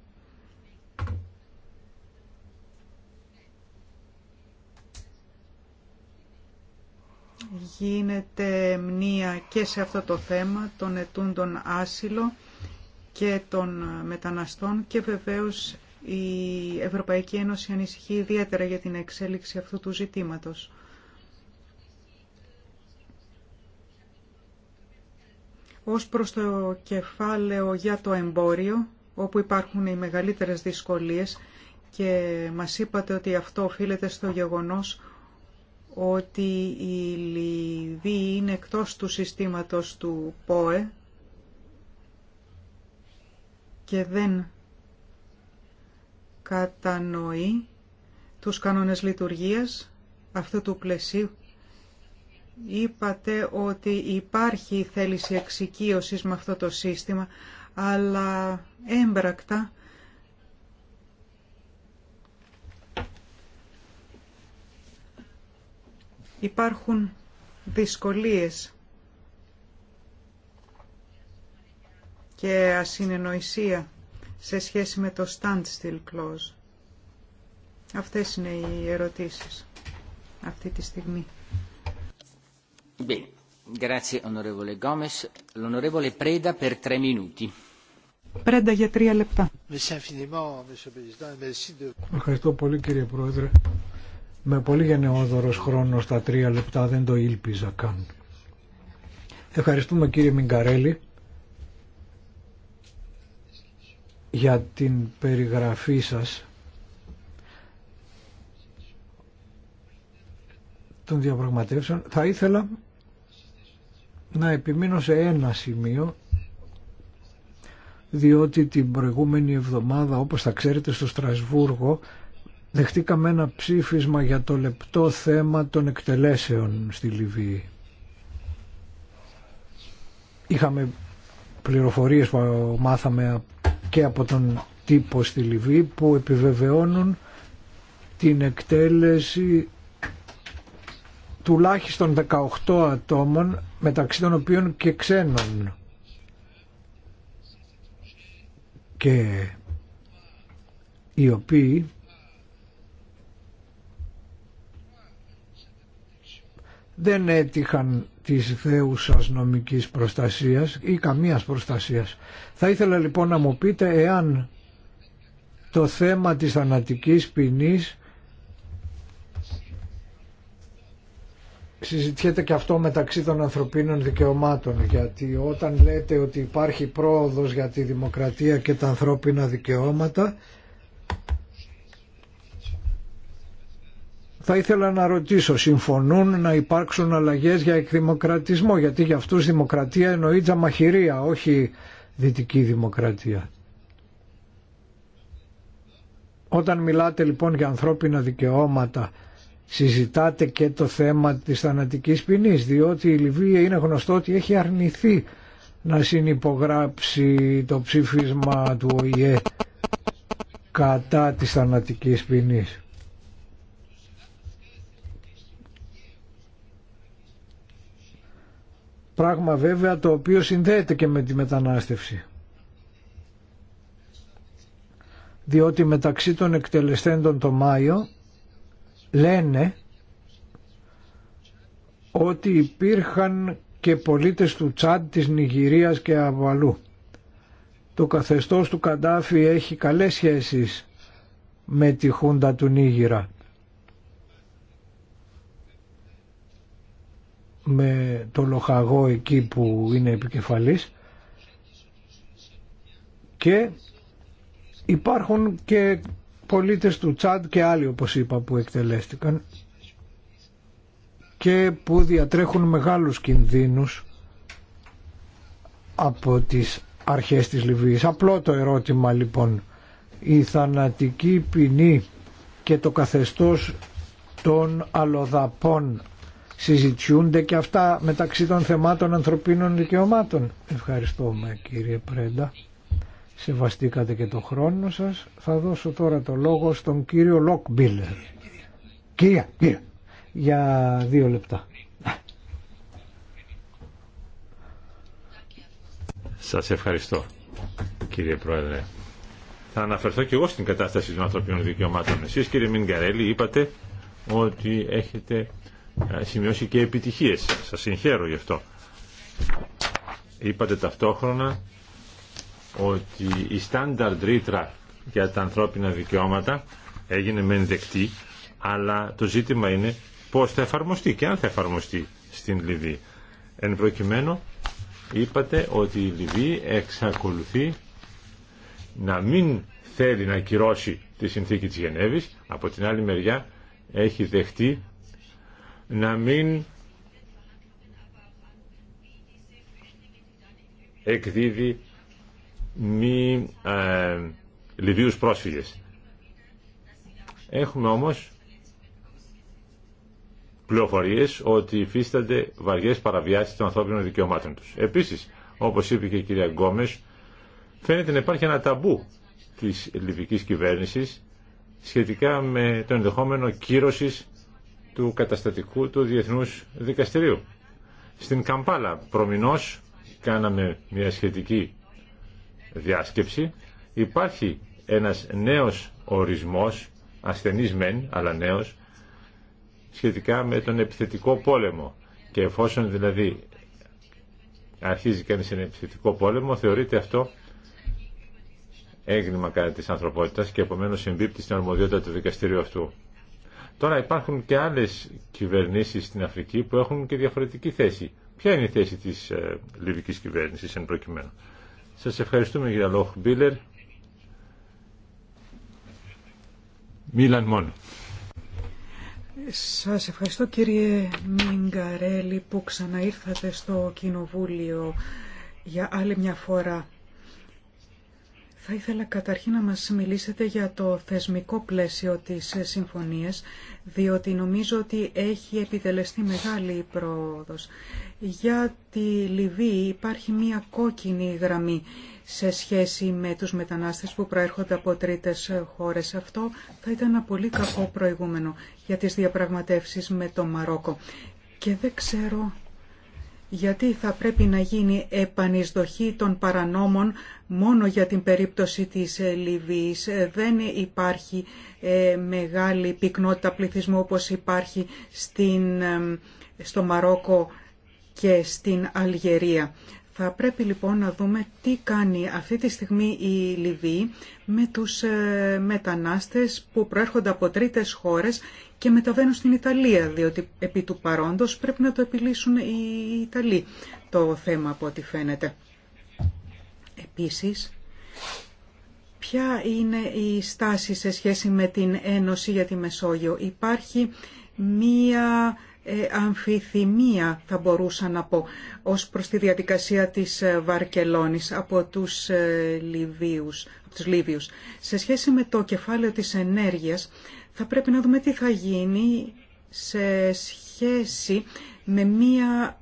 Γίνεται μνήα και σε αυτό το θέμα των ετούντων άσυλο και των μεταναστών και βεβαίως η Ευρωπαϊκή Ένωση ανησυχεί ιδιαίτερα για την εξέλιξη αυτού του ζητήματος. Ως προς το κεφάλαιο για το εμπόριο, όπου υπάρχουν οι μεγαλύτερες δυσκολίες και μας είπατε ότι αυτό οφείλεται στο γεγονός ότι η Λιβύη είναι εκτός του συστήματος του ΠΟΕ και δεν κατανοεί τους κανόνες λειτουργίας αυτού του πλαισίου. Είπατε ότι υπάρχει θέληση εξοικείωσης με αυτό το σύστημα, αλλά έμπρακτα υπάρχουν δυσκολίες και ασυνενοησία σε σχέση με το standstill clause. Αυτές είναι οι ερωτήσεις αυτή τη στιγμή. Πρέντα για τρία λεπτά. Ευχαριστώ πολύ κύριε Πρόεδρε. Με πολύ γενναιόδωρος χρόνο στα τρία λεπτά δεν το ήλπιζα καν. Ευχαριστούμε κύριε Μιγκαρέλη για την περιγραφή σας των διαπραγματεύσεων. Θα ήθελα να επιμείνω σε ένα σημείο διότι την προηγούμενη εβδομάδα όπως θα ξέρετε στο Στρασβούργο δεχτήκαμε ένα ψήφισμα για το λεπτό θέμα των εκτελέσεων στη Λιβύη. Είχαμε πληροφορίες που μάθαμε και από τον τύπο στη Λιβύη που επιβεβαιώνουν την εκτέλεση τουλάχιστον 18 ατόμων μεταξύ των οποίων και ξένων. Και οι οποίοι δεν έτυχαν της θεούσας νομικής προστασίας ή καμίας προστασίας. Θα ήθελα λοιπόν να μου πείτε εάν το θέμα της θανατικής ποινή συζητιέται και αυτό μεταξύ των ανθρωπίνων δικαιωμάτων γιατί όταν λέτε ότι υπάρχει πρόοδος για τη δημοκρατία και τα ανθρώπινα δικαιώματα θα ήθελα να ρωτήσω, συμφωνούν να υπάρξουν αλλαγές για εκδημοκρατισμό, γιατί για αυτούς δημοκρατία εννοεί τζαμαχηρία, όχι δυτική δημοκρατία. Όταν μιλάτε λοιπόν για ανθρώπινα δικαιώματα, συζητάτε και το θέμα της θανατικής ποινή, διότι η Λιβύη είναι γνωστό ότι έχει αρνηθεί να συνυπογράψει το ψήφισμα του ΟΗΕ κατά της θανατικής ποινής. Πράγμα βέβαια το οποίο συνδέεται και με τη μετανάστευση. Διότι μεταξύ των εκτελεστέντων το Μάιο λένε ότι υπήρχαν και πολίτες του Τσάντ, της Νιγηρίας και από Το καθεστώς του Καντάφη έχει καλές σχέσεις με τη Χούντα του Νίγηρα με το λοχαγό εκεί που είναι επικεφαλής και υπάρχουν και πολίτες του Τσάντ και άλλοι όπως είπα που εκτελέστηκαν και που διατρέχουν μεγάλους κινδύνους από τις αρχές της Λιβύης. Απλό το ερώτημα λοιπόν. Η θανατική ποινή και το καθεστώς των αλλοδαπών συζητιούνται και αυτά μεταξύ των θεμάτων ανθρωπίνων δικαιωμάτων. Ευχαριστούμε κύριε Πρέντα. Σεβαστήκατε και το χρόνο σας. Θα δώσω τώρα το λόγο στον κύριο Λόκμπιλερ. Κυρία, για δύο λεπτά. Σας ευχαριστώ κύριε Πρόεδρε. Θα αναφερθώ και εγώ στην κατάσταση των ανθρωπίνων δικαιωμάτων. Εσείς κύριε Μινγκαρέλη, είπατε ότι έχετε σημειώσει και επιτυχίες. Σας συγχαίρω γι' αυτό. Είπατε ταυτόχρονα ότι η στάνταρντ ρήτρα για τα ανθρώπινα δικαιώματα έγινε μεν δεκτή, αλλά το ζήτημα είναι πώς θα εφαρμοστεί και αν θα εφαρμοστεί στην Λιβύη. Εν προκειμένου είπατε ότι η Λιβύη εξακολουθεί να μην θέλει να κυρώσει τη συνθήκη της Γενέβης, από την άλλη μεριά έχει δεχτεί να μην εκδίδει μη ε, Λιβύους πρόσφυγες. Έχουμε όμως πληροφορίες ότι υφίστανται βαριές παραβιάσεις των ανθρώπινων δικαιωμάτων τους. Επίσης, όπως είπε και η κυρία Γκόμες, φαίνεται να υπάρχει ένα ταμπού της λιβικής κυβέρνησης σχετικά με το ενδεχόμενο κύρωσης του καταστατικού του Διεθνούς Δικαστηρίου. Στην Καμπάλα προμηνώς κάναμε μια σχετική διάσκεψη. Υπάρχει ένας νέος ορισμός, ασθενής μεν, αλλά νέος, σχετικά με τον επιθετικό πόλεμο. Και εφόσον δηλαδή αρχίζει κανείς ένα επιθετικό πόλεμο, θεωρείται αυτό έγκλημα κατά της ανθρωπότητας και επομένως εμπίπτει στην αρμοδιότητα του δικαστηρίου αυτού. Τώρα υπάρχουν και άλλες κυβερνήσεις στην Αφρική που έχουν και διαφορετική θέση. Ποια είναι η θέση της ε, λιβικής κυβέρνησης εν προκειμένου. Σας ευχαριστούμε για Λόχ Μπίλερ. Μίλαν μόνο. Σας ευχαριστώ κύριε Μιγκαρέλη που ξαναήρθατε στο Κοινοβούλιο για άλλη μια φορά. Θα ήθελα καταρχήν να μας μιλήσετε για το θεσμικό πλαίσιο της συμφωνίας, διότι νομίζω ότι έχει επιτελεστεί μεγάλη πρόοδος. Για τη Λιβύη υπάρχει μία κόκκινη γραμμή σε σχέση με τους μετανάστες που προέρχονται από τρίτες χώρες. Αυτό θα ήταν ένα πολύ κακό προηγούμενο για τις διαπραγματεύσεις με το Μαρόκο. Και δεν ξέρω γιατί θα πρέπει να γίνει επανεισδοχή των παρανόμων μόνο για την περίπτωση της ε, Λιβύης. Ε, δεν υπάρχει ε, μεγάλη πυκνότητα πληθυσμού όπως υπάρχει στην, στο Μαρόκο και στην Αλγερία. Θα πρέπει λοιπόν να δούμε τι κάνει αυτή τη στιγμή η Λιβύη με τους ε, μετανάστες που προέρχονται από τρίτες χώρες και μεταβαίνουν στην Ιταλία, διότι επί του παρόντος πρέπει να το επιλύσουν οι Ιταλοί το θέμα από ό,τι φαίνεται. Επίσης, ποια είναι η στάση σε σχέση με την Ένωση για τη Μεσόγειο. Υπάρχει μία ε, αμφιθυμία θα μπορούσα να πω ως προς τη διαδικασία της ε, Βαρκελόνης από τους ε, Λιβύους, από τους Λίβιους. Σε σχέση με το κεφάλαιο της ενέργειας θα πρέπει να δούμε τι θα γίνει σε σχέση με μία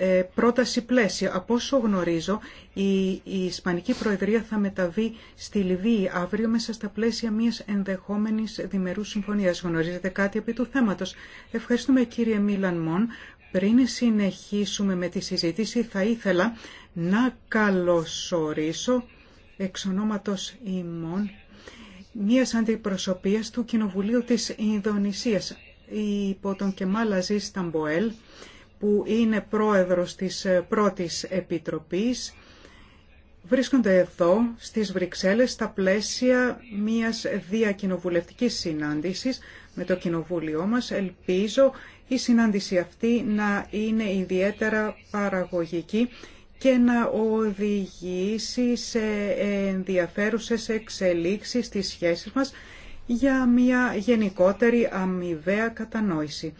ε, πρόταση πλαίσια. Από όσο γνωρίζω, η, Ισπανική Προεδρία θα μεταβεί στη Λιβύη αύριο μέσα στα πλαίσια μιας ενδεχόμενη διμερού συμφωνίας. Γνωρίζετε κάτι επί του θέματος. Ευχαριστούμε κύριε Μίλαν Μον. Πριν συνεχίσουμε με τη συζήτηση, θα ήθελα να καλωσορίσω εξ ονόματος ημών μίας αντιπροσωπείας του Κοινοβουλίου της Ινδονησίας υπό τον Κεμάλα Ζη Ταμποέλ που είναι πρόεδρος της ε, πρώτης επιτροπής βρίσκονται εδώ στις Βρυξέλλες στα πλαίσια μιας διακοινοβουλευτικής συνάντησης με το κοινοβούλιο μας. Ελπίζω η συνάντηση αυτή να είναι ιδιαίτερα παραγωγική και να οδηγήσει σε ενδιαφέρουσες εξελίξεις στις σχέσεις μας για μια γενικότερη αμοιβαία κατανόηση.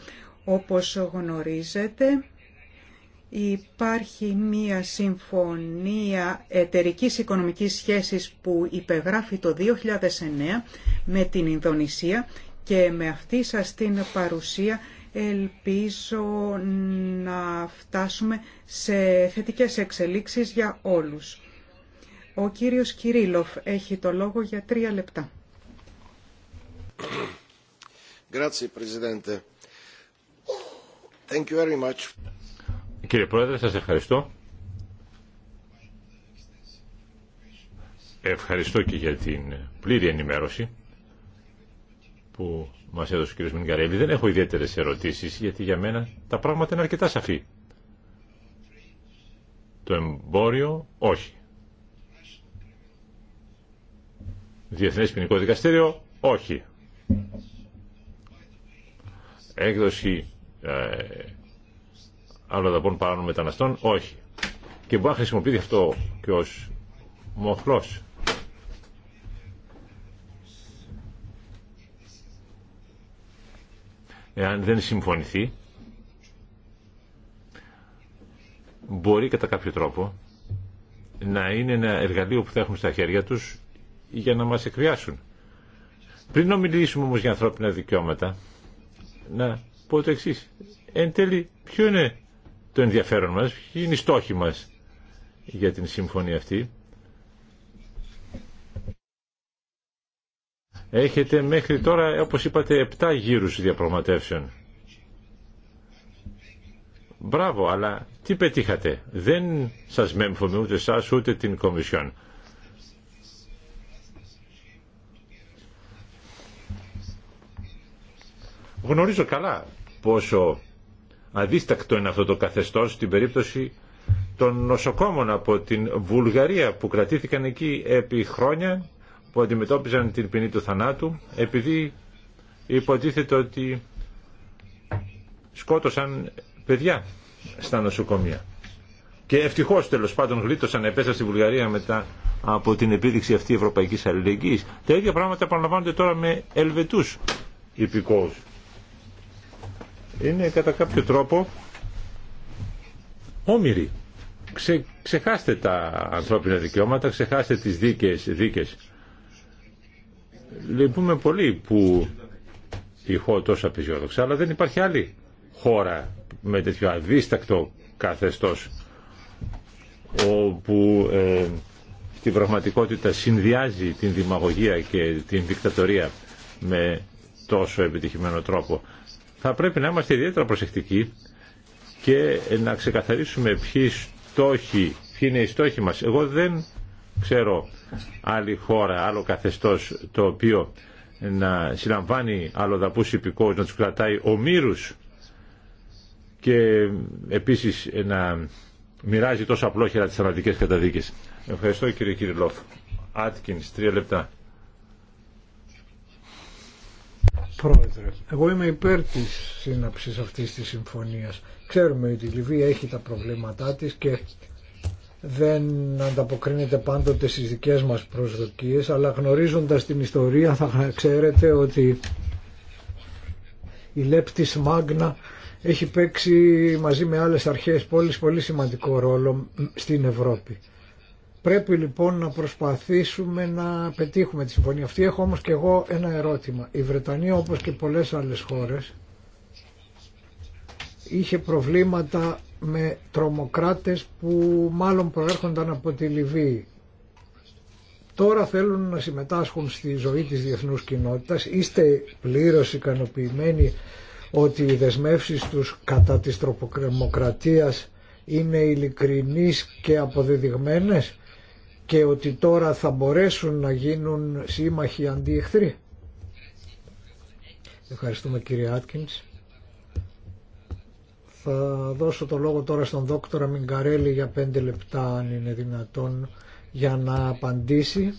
Όπως γνωρίζετε, υπάρχει μία συμφωνία εταιρικής οικονομικής σχέσης που υπεγράφει το 2009 με την Ινδονησία και με αυτή σας την παρουσία ελπίζω να φτάσουμε σε θετικές εξελίξεις για όλους. Ο κύριος Κυρίλοφ έχει το λόγο για τρία λεπτά. Grazie, Κύριε Πρόεδρε, σας ευχαριστώ. Ευχαριστώ και για την πλήρη ενημέρωση που μας έδωσε ο κ. Μινγκαρέλη. Δεν έχω ιδιαίτερες ερωτήσεις γιατί για μένα τα πράγματα είναι αρκετά σαφή. Το εμπόριο όχι. Διεθνές ποινικό δικαστήριο όχι. Έκδοση ε, αλλοδαπών παράνομων μεταναστών, όχι. Και μπορεί να χρησιμοποιείται αυτό και ως μοχλός. Εάν δεν συμφωνηθεί, μπορεί κατά κάποιο τρόπο να είναι ένα εργαλείο που θα έχουν στα χέρια τους για να μας εκβιάσουν. Πριν να μιλήσουμε όμως για ανθρώπινα δικαιώματα, να πω το εξή. Εν τέλει, ποιο είναι το ενδιαφέρον μας, ποιοι είναι οι στόχοι μας για την συμφωνία αυτή. Έχετε μέχρι τώρα, όπως είπατε, επτά γύρους διαπραγματεύσεων. Μπράβο, αλλά τι πετύχατε. Δεν σας μέμφωμαι ούτε εσάς ούτε την Κομισιόν. Γνωρίζω καλά πόσο αδίστακτο είναι αυτό το καθεστώς στην περίπτωση των νοσοκόμων από την Βουλγαρία που κρατήθηκαν εκεί επί χρόνια που αντιμετώπιζαν την ποινή του θανάτου επειδή υποτίθεται ότι σκότωσαν παιδιά στα νοσοκομεία. Και ευτυχώς τέλος πάντων γλίτωσαν, επέστρεψαν στη Βουλγαρία μετά από την επίδειξη αυτή ευρωπαϊκής αλληλεγγύης. Τα ίδια πράγματα επαναλαμβάνονται τώρα με Ελβετούς υπηκόους είναι κατά κάποιο τρόπο όμοιροι. Ξε, ξεχάστε τα ανθρώπινα δικαιώματα, ξεχάστε τις δίκες, δίκες. Λυπούμε πολύ που η χώρα τόσο απεισιόδοξα, αλλά δεν υπάρχει άλλη χώρα με τέτοιο αδίστακτο καθεστώς όπου ε, στην πραγματικότητα συνδυάζει την δημαγωγία και την δικτατορία με τόσο επιτυχημένο τρόπο θα πρέπει να είμαστε ιδιαίτερα προσεκτικοί και να ξεκαθαρίσουμε ποιοι στόχοι, ποιοι είναι οι στόχοι μας. Εγώ δεν ξέρω άλλη χώρα, άλλο καθεστώς το οποίο να συλλαμβάνει αλλοδαπούς υπηκόους, να τους κρατάει ομήρους και επίσης να μοιράζει τόσο απλόχερα τις θανατικές καταδίκες. Ευχαριστώ κύριε Κυριλόφ. Άτκινς, τρία λεπτά. Πρόεδρε, εγώ είμαι υπέρ της σύναψης αυτής της συμφωνίας. Ξέρουμε ότι η Λιβύη έχει τα προβλήματά της και δεν ανταποκρίνεται πάντοτε στις δικές μας προσδοκίες, αλλά γνωρίζοντας την ιστορία θα ξέρετε ότι η Λέπτης Μάγνα έχει παίξει μαζί με άλλες αρχές πόλεις πολύ σημαντικό ρόλο στην Ευρώπη. Πρέπει λοιπόν να προσπαθήσουμε να πετύχουμε τη συμφωνία αυτή. Έχω όμως και εγώ ένα ερώτημα. Η Βρετανία όπως και πολλές άλλες χώρες είχε προβλήματα με τρομοκράτες που μάλλον προέρχονταν από τη Λιβύη. Τώρα θέλουν να συμμετάσχουν στη ζωή της διεθνούς κοινότητας. Είστε πλήρως ικανοποιημένοι ότι οι δεσμεύσεις τους κατά της τρομοκρατίας είναι ειλικρινείς και αποδεδειγμένες και ότι τώρα θα μπορέσουν να γίνουν σύμμαχοι αντί εχθροί. Ευχαριστούμε κύριε Άτκινς. Θα δώσω το λόγο τώρα στον δόκτωρα Μιγκαρέλη για πέντε λεπτά αν είναι δυνατόν για να απαντήσει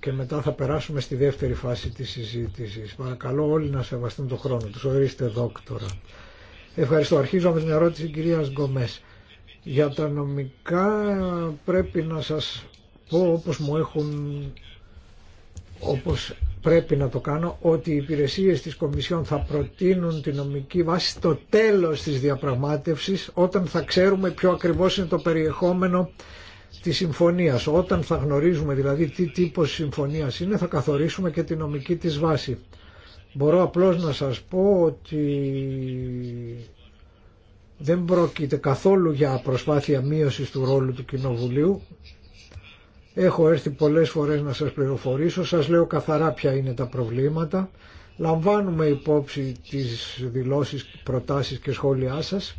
και μετά θα περάσουμε στη δεύτερη φάση της συζήτησης. Παρακαλώ όλοι να σεβαστούν το χρόνο τους. Ορίστε δόκτωρα. Ευχαριστώ. Αρχίζω με την ερώτηση κυρίας Γκομές. Για τα νομικά πρέπει να σας πω όπως μου όπως πρέπει να το κάνω ότι οι υπηρεσίες της Κομισιόν θα προτείνουν τη νομική βάση στο τέλος της διαπραγμάτευσης όταν θα ξέρουμε ποιο ακριβώς είναι το περιεχόμενο της συμφωνίας. Όταν θα γνωρίζουμε δηλαδή τι τύπος συμφωνίας είναι θα καθορίσουμε και τη νομική της βάση. Μπορώ απλώς να σας πω ότι δεν πρόκειται καθόλου για προσπάθεια μείωσης του ρόλου του Κοινοβουλίου Έχω έρθει πολλές φορές να σας πληροφορήσω, σας λέω καθαρά ποια είναι τα προβλήματα. Λαμβάνουμε υπόψη τις δηλώσεις, προτάσεις και σχόλιά σας,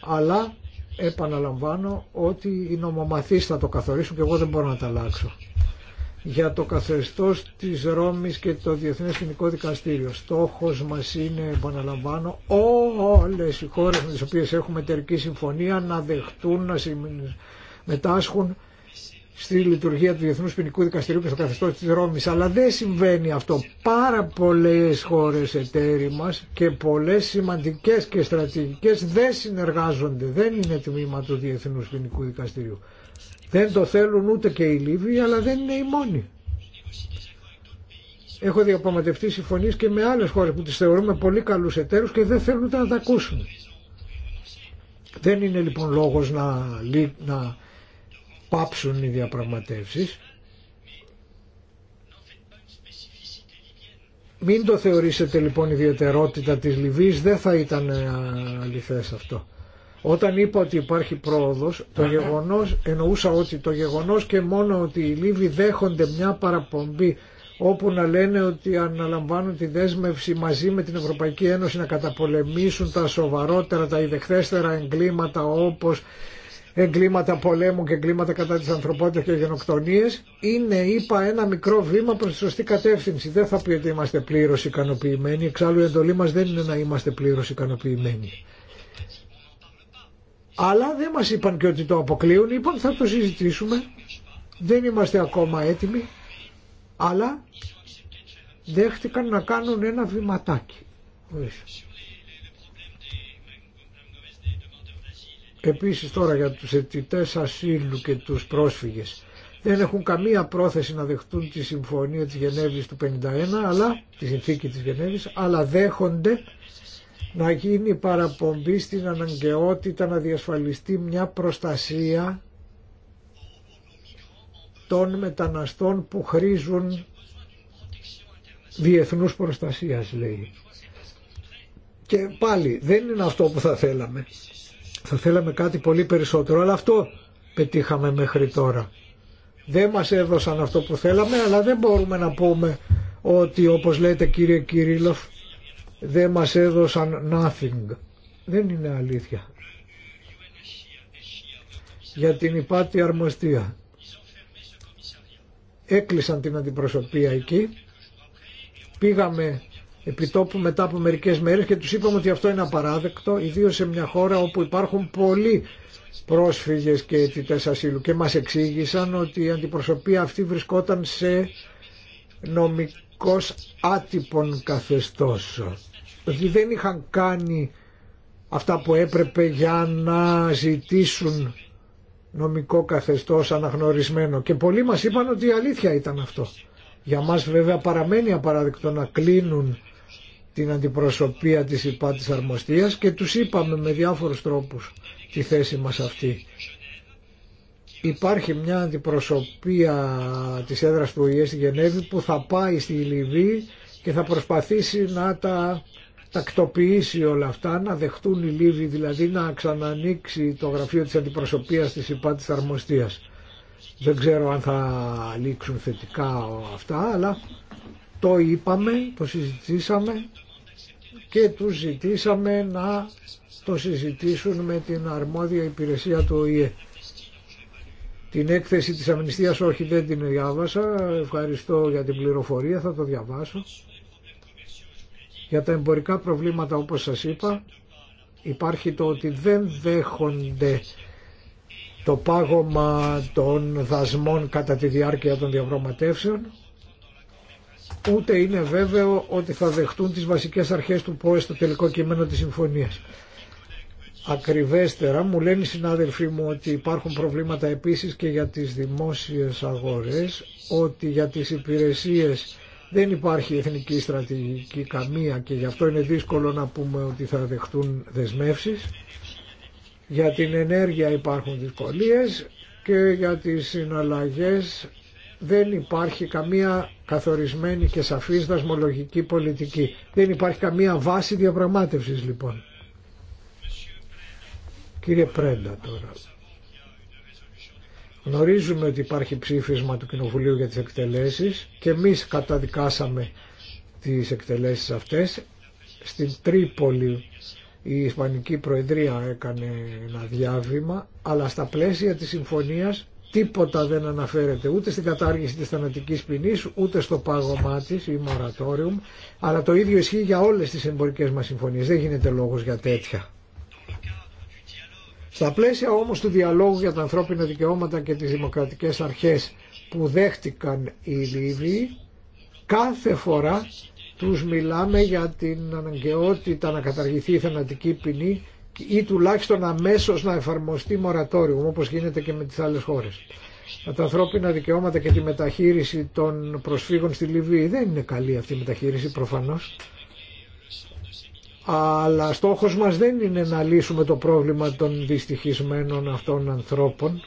αλλά επαναλαμβάνω ότι οι νομομαθείς θα το καθορίσουν και εγώ δεν μπορώ να τα αλλάξω. Για το καθεστώς της Ρώμης και το Διεθνές Ποινικό Δικαστήριο. Στόχος μας είναι, επαναλαμβάνω, όλες οι χώρες με τις οποίες έχουμε εταιρική συμφωνία να δεχτούν, να συμμετάσχουν στη λειτουργία του Διεθνούς Ποινικού Δικαστηρίου και στο καθεστώς της Ρώμης. Αλλά δεν συμβαίνει αυτό. Πάρα πολλές χώρες εταίροι μας και πολλές σημαντικές και στρατηγικές δεν συνεργάζονται, δεν είναι τμήμα του Διεθνούς Ποινικού Δικαστηρίου. Δεν το θέλουν ούτε και οι Λίβοι, αλλά δεν είναι οι μόνοι. Έχω διαπραγματευτεί συμφωνίε και με άλλες χώρες που τις θεωρούμε πολύ καλούς εταίρους και δεν θέλουν ούτε να τα ακούσουν. Δεν είναι λοιπόν λόγος να, να πάψουν οι διαπραγματεύσεις Μην το θεωρήσετε λοιπόν ιδιαιτερότητα της Λιβύης, δεν θα ήταν ε, αληθές αυτό. Όταν είπα ότι υπάρχει πρόοδος, το γεγονός, εννοούσα ότι το γεγονός και μόνο ότι οι Λίβοι δέχονται μια παραπομπή όπου να λένε ότι αναλαμβάνουν τη δέσμευση μαζί με την Ευρωπαϊκή Ένωση να καταπολεμήσουν τα σοβαρότερα, τα ιδεχθέστερα εγκλήματα όπως εγκλήματα πολέμου και εγκλήματα κατά της ανθρωπότητας και γενοκτονίες είναι είπα ένα μικρό βήμα προς τη σωστή κατεύθυνση δεν θα πει ότι είμαστε πλήρως ικανοποιημένοι εξάλλου η εντολή μας δεν είναι να είμαστε πλήρως ικανοποιημένοι αλλά δεν μας είπαν και ότι το αποκλείουν είπαν λοιπόν, θα το συζητήσουμε δεν είμαστε ακόμα έτοιμοι αλλά δέχτηκαν να κάνουν ένα βηματάκι. Επίσης τώρα για τους αιτητές ασύλου και τους πρόσφυγες δεν έχουν καμία πρόθεση να δεχτούν τη συμφωνία της Γενέβης του 51 αλλά, τη συνθήκη της Γενέβης, αλλά δέχονται να γίνει παραπομπή στην αναγκαιότητα να διασφαλιστεί μια προστασία των μεταναστών που χρήζουν διεθνούς προστασίας λέει. Και πάλι δεν είναι αυτό που θα θέλαμε. Θα θέλαμε κάτι πολύ περισσότερο, αλλά αυτό πετύχαμε μέχρι τώρα. Δεν μας έδωσαν αυτό που θέλαμε, αλλά δεν μπορούμε να πούμε ότι όπως λέτε κύριε Κυρίλοφ δεν μας έδωσαν nothing. Δεν είναι αλήθεια. Για την υπάτη αρμοστία. Έκλεισαν την αντιπροσωπεία εκεί. Πήγαμε επιτόπου μετά από μερικές μέρες και τους είπαμε ότι αυτό είναι απαράδεκτο, ιδίως σε μια χώρα όπου υπάρχουν πολλοί πρόσφυγες και αιτητές ασύλου και μας εξήγησαν ότι η αντιπροσωπεία αυτή βρισκόταν σε νομικός άτυπον καθεστώς. ότι δηλαδή δεν είχαν κάνει αυτά που έπρεπε για να ζητήσουν νομικό καθεστώς αναγνωρισμένο και πολλοί μας είπαν ότι η αλήθεια ήταν αυτό. Για μας βέβαια παραμένει απαράδεκτο να κλείνουν την αντιπροσωπεία της ΥΠΑ της Αρμοστίας και τους είπαμε με διάφορους τρόπους τη θέση μας αυτή. Υπάρχει μια αντιπροσωπεία της έδρας του ΟΗΕ στη Γενέβη που θα πάει στη Λιβύη και θα προσπαθήσει να τα τακτοποιήσει όλα αυτά, να δεχτούν οι Λίβοι, δηλαδή να ξανανοίξει το γραφείο της αντιπροσωπείας της ΥΠΑ της Αρμοστίας. Δεν ξέρω αν θα λήξουν θετικά αυτά, αλλά το είπαμε, το συζητήσαμε και τους ζητήσαμε να το συζητήσουν με την αρμόδια υπηρεσία του ΟΗΕ. Την έκθεση της αμνηστίας όχι δεν την διάβασα, ευχαριστώ για την πληροφορία, θα το διαβάσω. Για τα εμπορικά προβλήματα όπως σας είπα υπάρχει το ότι δεν δέχονται το πάγωμα των δασμών κατά τη διάρκεια των διαπραγματεύσεων ούτε είναι βέβαιο ότι θα δεχτούν τις βασικές αρχές του ΠΟΕ στο τελικό κείμενο της συμφωνίας. Ακριβέστερα μου λένε οι συνάδελφοί μου ότι υπάρχουν προβλήματα επίσης και για τις δημόσιες αγορές, ότι για τις υπηρεσίες δεν υπάρχει εθνική στρατηγική καμία και γι' αυτό είναι δύσκολο να πούμε ότι θα δεχτούν δεσμεύσεις. Για την ενέργεια υπάρχουν δυσκολίες και για τις συναλλαγές δεν υπάρχει καμία καθορισμένη και σαφής δασμολογική πολιτική. Δεν υπάρχει καμία βάση διαπραγμάτευσης λοιπόν. Κύριε Πρέντα τώρα. Γνωρίζουμε ότι υπάρχει ψήφισμα του Κοινοβουλίου για τις εκτελέσεις και εμείς καταδικάσαμε τις εκτελέσεις αυτές. Στην Τρίπολη η Ισπανική Προεδρία έκανε ένα διάβημα, αλλά στα πλαίσια της συμφωνίας τίποτα δεν αναφέρεται ούτε στην κατάργηση της θανατικής ποινή, ούτε στο πάγωμά της ή μορατόριουμ αλλά το ίδιο ισχύει για όλες τις εμπορικές μας συμφωνίες δεν γίνεται λόγος για τέτοια στα πλαίσια όμως του διαλόγου για τα ανθρώπινα δικαιώματα και τις δημοκρατικές αρχές που δέχτηκαν οι Λίβοι κάθε φορά τους μιλάμε για την αναγκαιότητα να καταργηθεί η θανατική ποινή ή τουλάχιστον αμέσως να εφαρμοστεί μορατόριο όπως γίνεται και με τις άλλες χώρες. Τα ανθρώπινα δικαιώματα και τη μεταχείριση των προσφύγων στη Λιβύη δεν είναι καλή αυτή η μεταχείριση προφανώς. Αλλά στόχος μας δεν είναι να λύσουμε το πρόβλημα των δυστυχισμένων αυτών ανθρώπων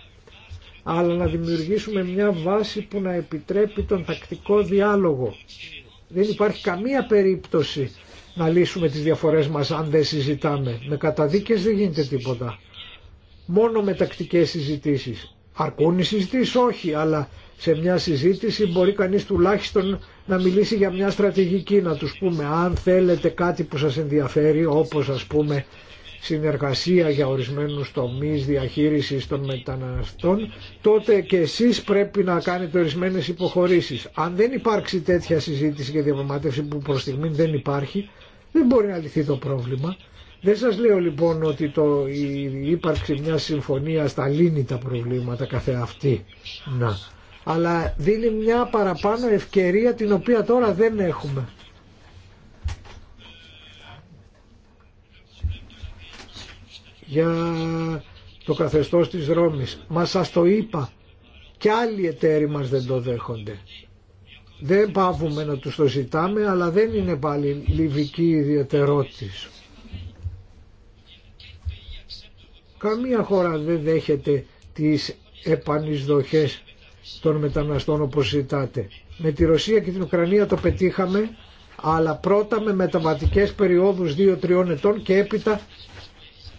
αλλά να δημιουργήσουμε μια βάση που να επιτρέπει τον τακτικό διάλογο. Δεν υπάρχει καμία περίπτωση να λύσουμε τις διαφορές μας αν δεν συζητάμε. Με καταδίκες δεν γίνεται τίποτα. Μόνο με τακτικές συζητήσεις. Αρκούν οι συζητήσεις όχι, αλλά σε μια συζήτηση μπορεί κανείς τουλάχιστον να μιλήσει για μια στρατηγική, να τους πούμε αν θέλετε κάτι που σας ενδιαφέρει, όπως ας πούμε συνεργασία για ορισμένους τομείς διαχείρισης των μεταναστών, τότε και εσείς πρέπει να κάνετε ορισμένες υποχωρήσεις. Αν δεν υπάρξει τέτοια συζήτηση και διαπραγματεύση που προς στιγμή δεν υπάρχει, δεν μπορεί να λυθεί το πρόβλημα. Δεν σας λέω λοιπόν ότι το, η ύπαρξη μια συμφωνία θα λύνει τα προβλήματα καθεαυτή. Να. Αλλά δίνει μια παραπάνω ευκαιρία την οποία τώρα δεν έχουμε. Για το καθεστώς της Ρώμης. Μα σας το είπα. Κι άλλοι εταίροι μας δεν το δέχονται. Δεν πάβουμε να τους το ζητάμε, αλλά δεν είναι πάλι λιβική ιδιαιτερότης. Καμία χώρα δεν δέχεται τις επανεισδοχές των μεταναστών όπως ζητάτε. Με τη Ρωσία και την Ουκρανία το πετύχαμε, αλλά πρώτα με μεταβατικές περιόδους 2-3 ετών και έπειτα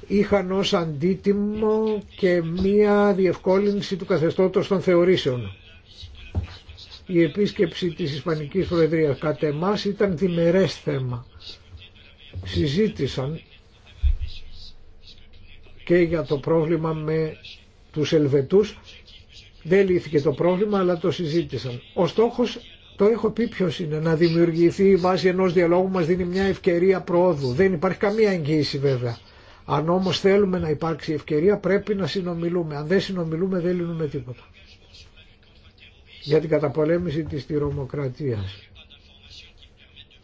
είχαν ως αντίτιμο και μία διευκόλυνση του καθεστώτος των θεωρήσεων η επίσκεψη της Ισπανικής Προεδρίας κατά εμάς ήταν διμερές θέμα. Συζήτησαν και για το πρόβλημα με τους Ελβετούς. Δεν λύθηκε το πρόβλημα αλλά το συζήτησαν. Ο στόχος το έχω πει ποιο είναι, να δημιουργηθεί η βάση ενός διαλόγου μας δίνει μια ευκαιρία προόδου. Δεν υπάρχει καμία εγγύηση βέβαια. Αν όμως θέλουμε να υπάρξει ευκαιρία πρέπει να συνομιλούμε. Αν δεν συνομιλούμε δεν λύνουμε τίποτα για την καταπολέμηση της τυρομοκρατίας.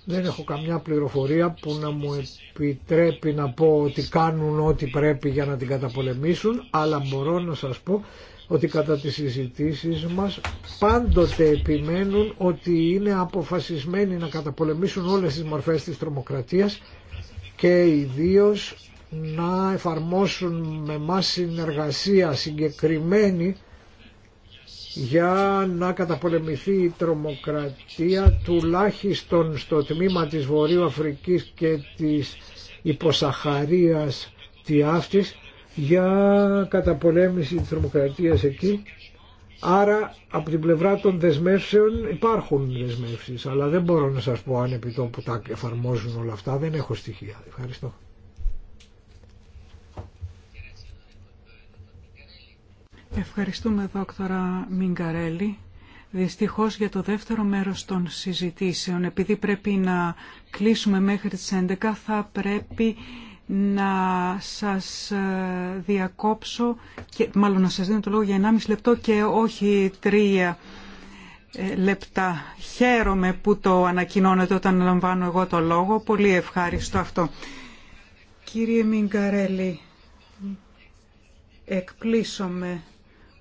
Δεν έχω καμιά πληροφορία που να μου επιτρέπει να πω ότι κάνουν ό,τι πρέπει για να την καταπολεμήσουν, αλλά μπορώ να σας πω ότι κατά τις συζητήσεις μας πάντοτε επιμένουν ότι είναι αποφασισμένοι να καταπολεμήσουν όλες τις μορφές της τρομοκρατίας και ιδίως να εφαρμόσουν με μας συνεργασία συγκεκριμένη για να καταπολεμηθεί η τρομοκρατία τουλάχιστον στο τμήμα της Βορείου Αφρικής και της υποσαχαρίας τη αυτής για καταπολέμηση της τρομοκρατίας εκεί. Άρα από την πλευρά των δεσμεύσεων υπάρχουν δεσμεύσεις αλλά δεν μπορώ να σας πω αν επί που τα εφαρμόζουν όλα αυτά δεν έχω στοιχεία. Ευχαριστώ. Ευχαριστούμε, δόκτωρα Μιγκαρέλη. Δυστυχώς για το δεύτερο μέρος των συζητήσεων, επειδή πρέπει να κλείσουμε μέχρι τις 11, θα πρέπει να σας ε, διακόψω, και, μάλλον να σας δίνω το λόγο για 1,5 λεπτό και όχι 3 ε, λεπτά. Χαίρομαι που το ανακοινώνετε όταν λαμβάνω εγώ το λόγο. Πολύ ευχάριστο αυτό. Κύριε Μιγκαρέλη, εκπλήσωμε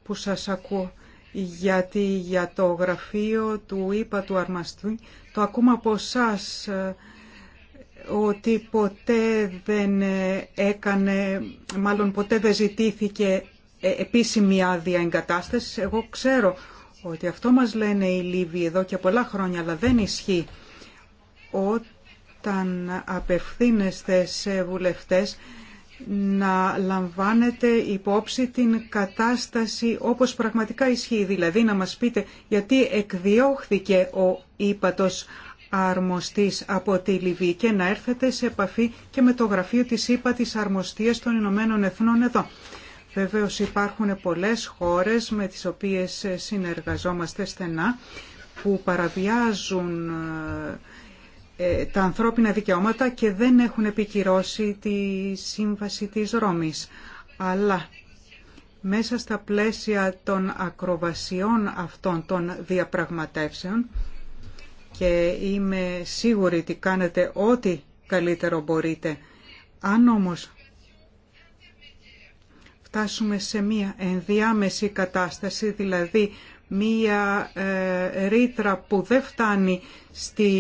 που σας ακούω γιατί για το γραφείο του ΙΠΑ του Αρμαστού το ακούμε από εσά ε, ότι ποτέ δεν ε, έκανε, μάλλον ποτέ δεν ζητήθηκε ε, επίσημη άδεια εγκατάστασης. Εγώ ξέρω ότι αυτό μας λένε οι Λίβοι εδώ και πολλά χρόνια, αλλά δεν ισχύει. Όταν απευθύνεστε σε βουλευτές, να λαμβάνετε υπόψη την κατάσταση όπως πραγματικά ισχύει. Δηλαδή να μας πείτε γιατί εκδιώχθηκε ο ύπατος αρμοστής από τη Λιβύη και να έρθετε σε επαφή και με το γραφείο της ύπατης Αρμοστίας των Ηνωμένων Εθνών εδώ. Βεβαίως υπάρχουν πολλές χώρες με τις οποίες συνεργαζόμαστε στενά που παραβιάζουν ε, ε, τα ανθρώπινα δικαιώματα και δεν έχουν επικυρώσει τη σύμβαση της Ρώμης. Αλλά μέσα στα πλαίσια των ακροβασιών αυτών των διαπραγματεύσεων και είμαι σίγουρη ότι κάνετε ό,τι καλύτερο μπορείτε. Αν όμως φτάσουμε σε μία ενδιάμεση κατάσταση, δηλαδή μία ε, ρήτρα που δεν φτάνει στη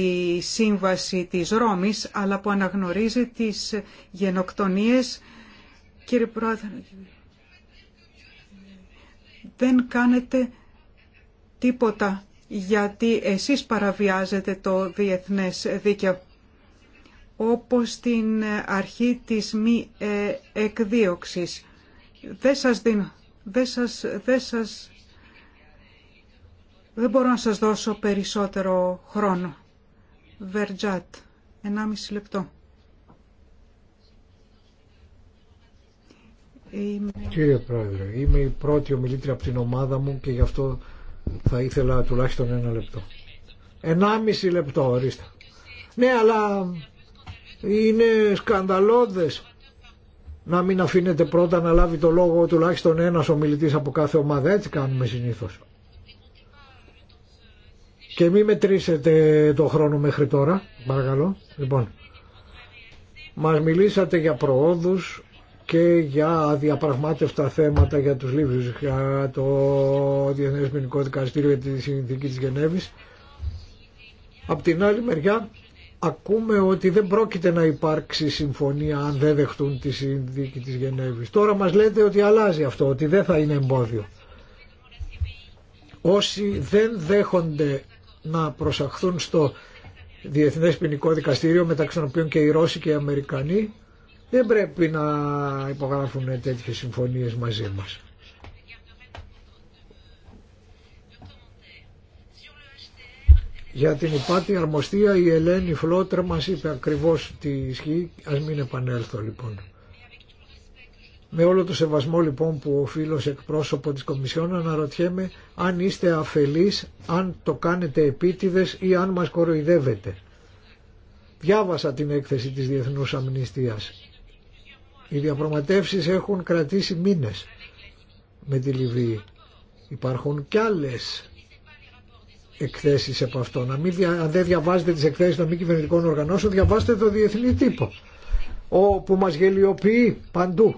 σύμβαση της Ρώμης, αλλά που αναγνωρίζει τις γενοκτονίες. Κύριε Πρόεδρε, δεν κάνετε τίποτα γιατί εσείς παραβιάζετε το διεθνές δίκαιο όπως την αρχή της μη ε, εκδίωξης. Δεν σας δίνω, δεν δεν μπορώ να σας δώσω περισσότερο χρόνο. Βερτζάτ, 1,5 λεπτό. Κύριε Πρόεδρε, είμαι η πρώτη ομιλήτρια από την ομάδα μου και γι' αυτό θα ήθελα τουλάχιστον ένα λεπτό. 1,5 λεπτό, ορίστε. Ναι, αλλά είναι σκανδαλώδες να μην αφήνετε πρώτα να λάβει το λόγο τουλάχιστον ένας ομιλητής από κάθε ομάδα. Έτσι κάνουμε συνήθως. Και μη μετρήσετε το χρόνο μέχρι τώρα, παρακαλώ. Λοιπόν, μας μιλήσατε για προόδους και για αδιαπραγμάτευτα θέματα για τους Λίβιους, για το Διεθνές Ποινικό Δικαστήριο για τη Συνθήκη της Γενέβης. Απ' την άλλη μεριά ακούμε ότι δεν πρόκειται να υπάρξει συμφωνία αν δεν δεχτούν τη Συνθήκη της Γενέβης. Τώρα μα λέτε ότι αλλάζει αυτό, ότι δεν θα είναι εμπόδιο. Όσοι δεν δέχονται να προσαχθούν στο Διεθνές Ποινικό Δικαστήριο μεταξύ των οποίων και οι Ρώσοι και οι Αμερικανοί δεν πρέπει να υπογράφουν τέτοιες συμφωνίες μαζί μας. Για την υπάτη αρμοστία η Ελένη Φλότρα μας είπε ακριβώς τι ισχύει, ας μην επανέλθω λοιπόν. Με όλο το σεβασμό λοιπόν που ο φίλος εκπρόσωπο της Κομισιόν αναρωτιέμαι αν είστε αφελείς, αν το κάνετε επίτηδες ή αν μας κοροϊδεύετε. Διάβασα την έκθεση της Διεθνούς Αμνηστίας. Οι διαπραγματεύσεις έχουν κρατήσει μήνες με τη Λιβύη. Υπάρχουν κι άλλες εκθέσεις από αυτό. αν δεν διαβάζετε τις εκθέσεις των μη κυβερνητικών οργανώσεων, διαβάστε το διεθνή τύπο που μας γελιοποιεί παντού.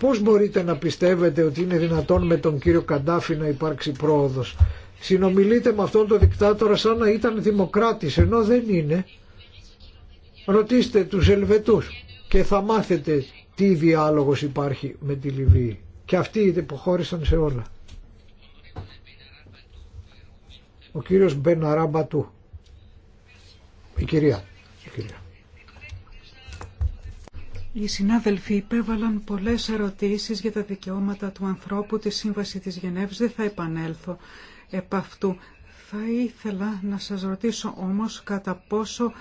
Πώς μπορείτε να πιστεύετε ότι είναι δυνατόν με τον κύριο Καντάφη να υπάρξει πρόοδος. Συνομιλείτε με αυτόν τον δικτάτορα σαν να ήταν δημοκράτης, ενώ δεν είναι. Ρωτήστε τους Ελβετούς και θα μάθετε τι διάλογος υπάρχει με τη Λιβύη. Και αυτοί υποχώρησαν σε όλα. Ο κύριος Μπεναράμπα του. Η κυρία. Η κυρία. Οι συνάδελφοι υπέβαλαν πολλές ερωτήσεις για τα δικαιώματα του ανθρώπου, τη Σύμβαση της Γενέβης. Δεν θα επανέλθω επ' αυτού. Θα ήθελα να σας ρωτήσω όμως κατά πόσο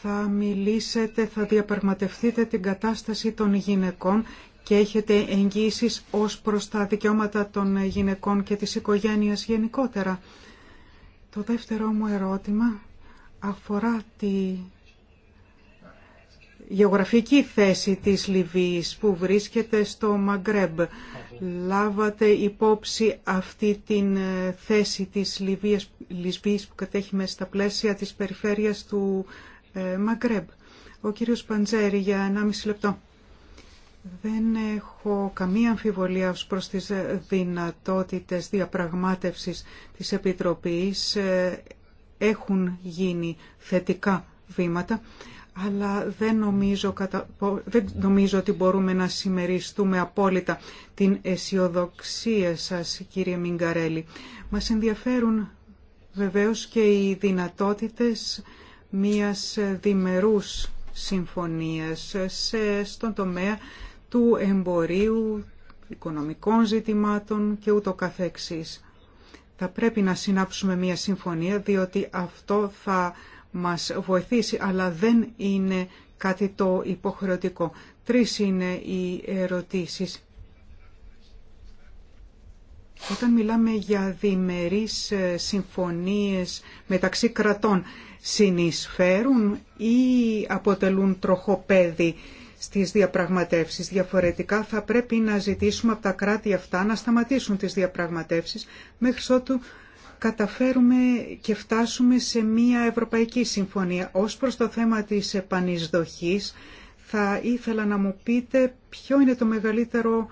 θα μιλήσετε, θα διαπραγματευτείτε την κατάσταση των γυναικών και έχετε εγγύσεις ως προς τα δικαιώματα των γυναικών και της οικογένειας γενικότερα. Το δεύτερο μου ερώτημα αφορά τη γεωγραφική θέση της Λιβύης που βρίσκεται στο Μαγκρέμπ. Λάβατε υπόψη αυτή την ε, θέση της Λιβύης, Λιβύης που κατέχει μέσα στα πλαίσια της περιφέρειας του ε, Μαγκρέμπ. Ο κύριος Παντζέρη για 1,5 λεπτό. Δεν έχω καμία αμφιβολία ως προς τις ε, δυνατότητες διαπραγμάτευσης της Επιτροπής. Έχουν γίνει θετικά βήματα αλλά δεν νομίζω, δεν νομίζω ότι μπορούμε να συμμεριστούμε απόλυτα την αισιοδοξία σας, κύριε Μιγκαρέλη. Μας ενδιαφέρουν βεβαίως και οι δυνατότητες μιας διμερούς συμφωνίας σε, στον τομέα του εμπορίου, οικονομικών ζητημάτων και ούτω καθεξής. Θα πρέπει να συνάψουμε μια συμφωνία διότι αυτό θα μας βοηθήσει, αλλά δεν είναι κάτι το υποχρεωτικό. Τρεις είναι οι ερωτήσεις. Όταν μιλάμε για διμερείς ε, συμφωνίες μεταξύ κρατών, συνεισφέρουν ή αποτελούν τροχοπέδι στις διαπραγματεύσεις. Διαφορετικά θα πρέπει να ζητήσουμε από τα κράτη αυτά να σταματήσουν τις διαπραγματεύσεις μέχρι ότου καταφέρουμε και φτάσουμε σε μια Ευρωπαϊκή Συμφωνία. Ως προς το θέμα της επανεισδοχής, θα ήθελα να μου πείτε ποιο είναι το μεγαλύτερο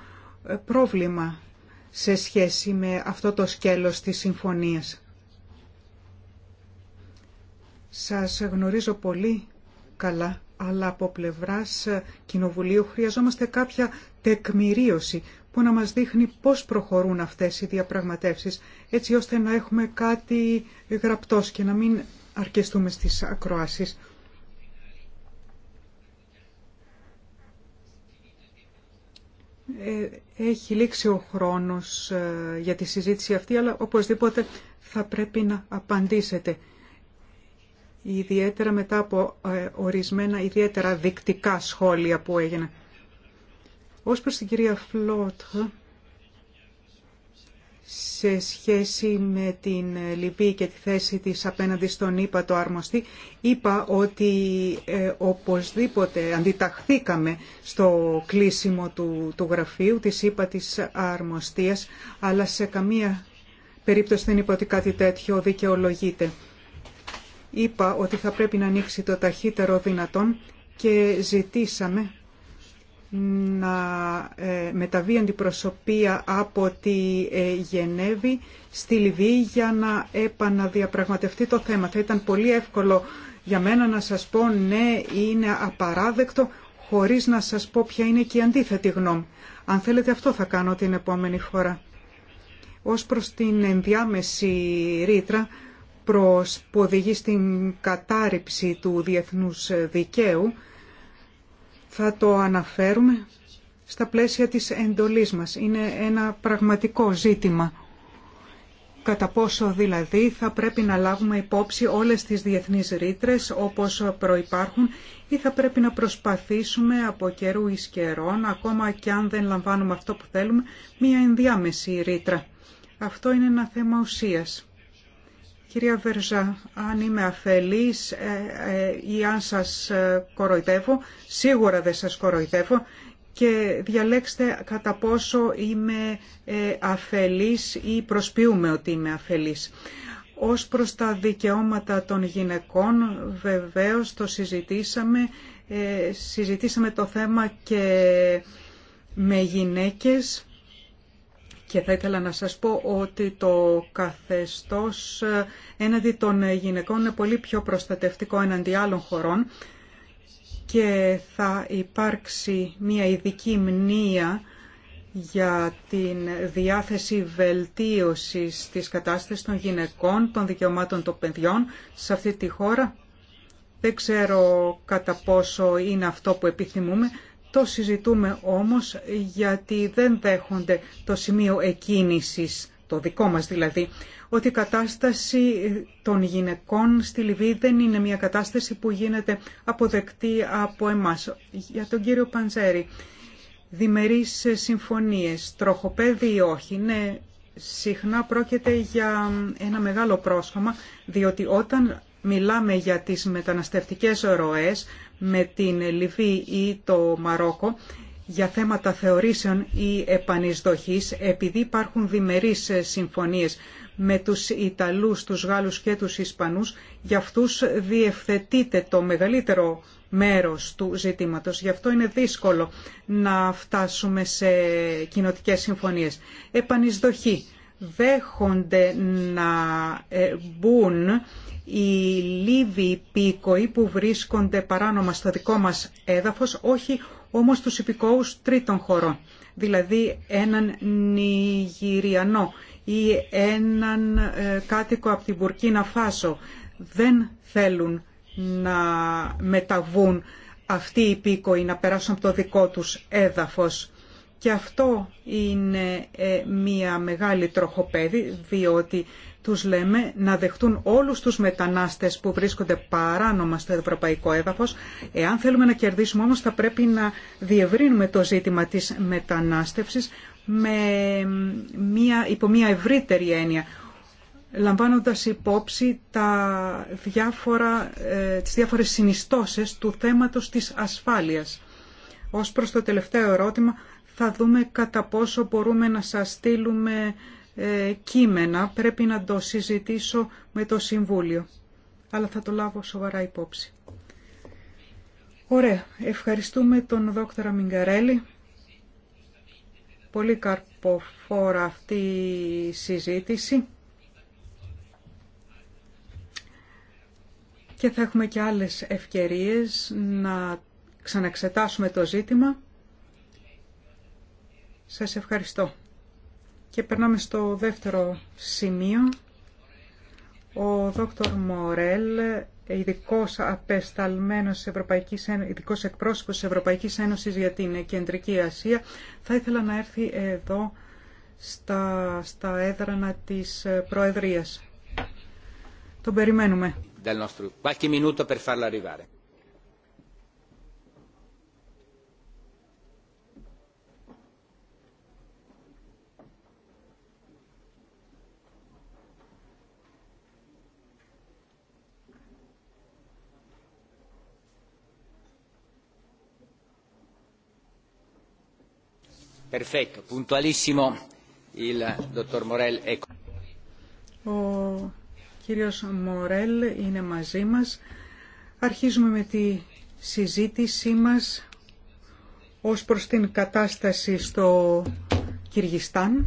ε, πρόβλημα σε σχέση με αυτό το σκέλος της συμφωνίας. Σας γνωρίζω πολύ καλά, αλλά από πλευράς ε, Κοινοβουλίου χρειαζόμαστε κάποια τεκμηρίωση που να μας δείχνει πώς προχωρούν αυτές οι διαπραγματεύσεις, έτσι ώστε να έχουμε κάτι γραπτός και να μην αρκεστούμε στις ακροάσεις. Ε, έχει λήξει ο χρόνος ε, για τη συζήτηση αυτή, αλλά οπωσδήποτε θα πρέπει να απαντήσετε. Ιδιαίτερα μετά από ε, ορισμένα ιδιαίτερα δεικτικά σχόλια που έγιναν. Ως προς την κυρία Φλότ, σε σχέση με την Λιβύη και τη θέση της απέναντι στον ΙΠΑ το αρμοστή, είπα ότι ε, οπωσδήποτε αντιταχθήκαμε στο κλείσιμο του, του γραφείου της ΙΠΑ της αρμοστίας, αλλά σε καμία περίπτωση δεν είπα ότι κάτι τέτοιο δικαιολογείται. Είπα ότι θα πρέπει να ανοίξει το ταχύτερο δυνατόν και ζητήσαμε να ε, μεταβεί αντιπροσωπεία από τη ε, Γενέβη στη Λιβύη για να επαναδιαπραγματευτεί το θέμα. Θα ήταν πολύ εύκολο για μένα να σας πω ναι είναι απαράδεκτο χωρίς να σας πω ποια είναι και η αντίθετη γνώμη. Αν θέλετε αυτό θα κάνω την επόμενη φορά. Ως προς την ενδιάμεση ρήτρα προς που οδηγεί στην κατάρριψη του διεθνούς δικαίου, θα το αναφέρουμε στα πλαίσια της εντολής μας. Είναι ένα πραγματικό ζήτημα. Κατά πόσο δηλαδή θα πρέπει να λάβουμε υπόψη όλες τις διεθνείς ρήτρε όπως προϋπάρχουν ή θα πρέπει να προσπαθήσουμε από καιρού εις καιρών, ακόμα και αν δεν λαμβάνουμε αυτό που θέλουμε, μία ενδιάμεση ρήτρα. Αυτό είναι ένα θέμα ουσίας. Κυρία Βερζά, αν είμαι αφελής ε, ε, ή αν σας ε, κοροϊδεύω, σίγουρα δεν σας κοροϊδεύω και διαλέξτε κατά πόσο είμαι αφελής ή προσποιούμε ότι είμαι αφελής. Ως προς τα δικαιώματα των γυναικών, βεβαίως το συζητήσαμε. Συζητήσαμε το θέμα και με γυναίκες και θα ήθελα να σας πω ότι το καθεστώς έναντι των γυναικών είναι πολύ πιο προστατευτικό έναντι άλλων χωρών και θα υπάρξει μια ειδική μνήα για την διάθεση βελτίωσης της κατάστασης των γυναικών, των δικαιωμάτων των παιδιών σε αυτή τη χώρα. Δεν ξέρω κατά πόσο είναι αυτό που επιθυμούμε, το συζητούμε όμως γιατί δεν δέχονται το σημείο εκκίνησης, το δικό μας δηλαδή, ότι η κατάσταση των γυναικών στη Λιβύη δεν είναι μια κατάσταση που γίνεται αποδεκτή από εμάς. Για τον κύριο Παντζέρη, διμερείς συμφωνίες, τροχοπέδι ή όχι, ναι, συχνά πρόκειται για ένα μεγάλο πρόσχομα, διότι όταν μιλάμε για τις μεταναστευτικές ροές, με την Λιβύη ή το Μαρόκο για θέματα θεωρήσεων ή επανεισδοχής, επειδή υπάρχουν διμερείς συμφωνίες με τους Ιταλούς, τους Γάλλους και τους Ισπανούς, για αυτούς διευθετείται το μεγαλύτερο μέρος του ζητήματος. Γι' αυτό είναι δύσκολο να φτάσουμε σε κοινοτικέ συμφωνίες. Επανεισδοχή. Δέχονται να ε, μπουν οι Λίβοι υπήκοοι που βρίσκονται παράνομα στο δικό μας έδαφος, όχι όμως τους υπηκόους τρίτων χωρών, δηλαδή έναν Νιγηριανό ή έναν ε, κάτοικο από την Μπουρκίνα Φάσο. Δεν θέλουν να μεταβούν αυτοί οι υπήκοοι να περάσουν από το δικό τους έδαφος. Και αυτό είναι ε, μια μεγάλη τροχοπέδη, διότι τους λέμε να δεχτούν όλους τους μετανάστες που βρίσκονται παράνομα στο ευρωπαϊκό έδαφος. Εάν θέλουμε να κερδίσουμε όμως θα πρέπει να διευρύνουμε το ζήτημα της μετανάστευσης με μια, υπό μια ευρύτερη έννοια λαμβάνοντας υπόψη τα διάφορα, ε, τις διάφορες συνιστώσεις του θέματος της ασφάλειας. Ως προς το τελευταίο ερώτημα, θα δούμε κατά πόσο μπορούμε να σας στείλουμε ε, κείμενα. Πρέπει να το συζητήσω με το Συμβούλιο. Αλλά θα το λάβω σοβαρά υπόψη. Ωραία. Ευχαριστούμε τον δόκτωρα Μιγκαρέλη. Πολύ καρποφόρα αυτή η συζήτηση. Και θα έχουμε και άλλες ευκαιρίες να ξαναξετάσουμε το ζήτημα. Σας ευχαριστώ. Και περνάμε στο δεύτερο σημείο. Ο δόκτωρ Μορέλ, ειδικό απεσταλμένος Ευρωπαϊκής, ειδικός εκπρόσωπος Ευρωπαϊκής Ένωσης για την Κεντρική Ασία, θα ήθελα να έρθει εδώ στα, στα έδρανα της Προεδρίας. Τον περιμένουμε. Qualche minuto per farlo arrivare. Ο κύριος Μορέλ είναι μαζί μας. Αρχίζουμε με τη συζήτησή μας ως προς την κατάσταση στο Κυργιστάν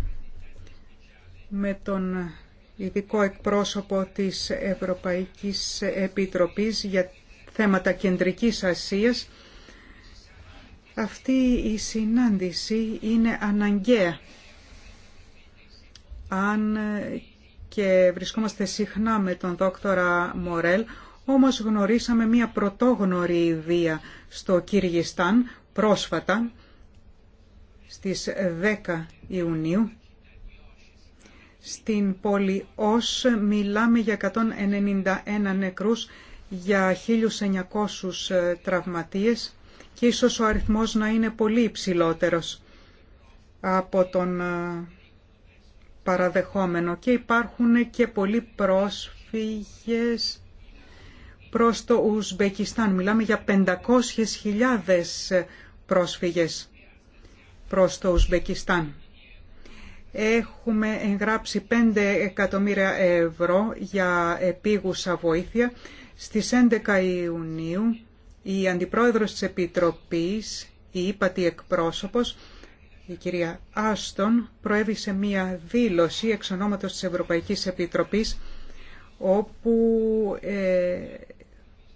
με τον ειδικό εκπρόσωπο της Ευρωπαϊκής Επιτροπής για θέματα Κεντρικής Ασίας αυτή η συνάντηση είναι αναγκαία. Αν και βρισκόμαστε συχνά με τον δόκτορα Μορέλ, όμως γνωρίσαμε μία πρωτόγνωρη βία στο Κυργιστάν πρόσφατα, στις 10 Ιουνίου. Στην πόλη Ως μιλάμε για 191 νεκρούς, για 1.900 τραυματίες και ίσως ο αριθμός να είναι πολύ υψηλότερος από τον ε, παραδεχόμενο και υπάρχουν και πολλοί πρόσφυγες προς το Ουσμπεκιστάν. Μιλάμε για 500.000 ε, πρόσφυγες προς το Ουσμπεκιστάν. Έχουμε εγγράψει 5 εκατομμύρια ευρώ για επίγουσα βοήθεια. Στις 11 Ιουνίου η Αντιπρόεδρος της Επιτροπής, η ύπατη εκπρόσωπος, η κυρία Άστον, προέβησε μία δήλωση εξ ονόματος της Ευρωπαϊκής Επιτροπής, όπου ε,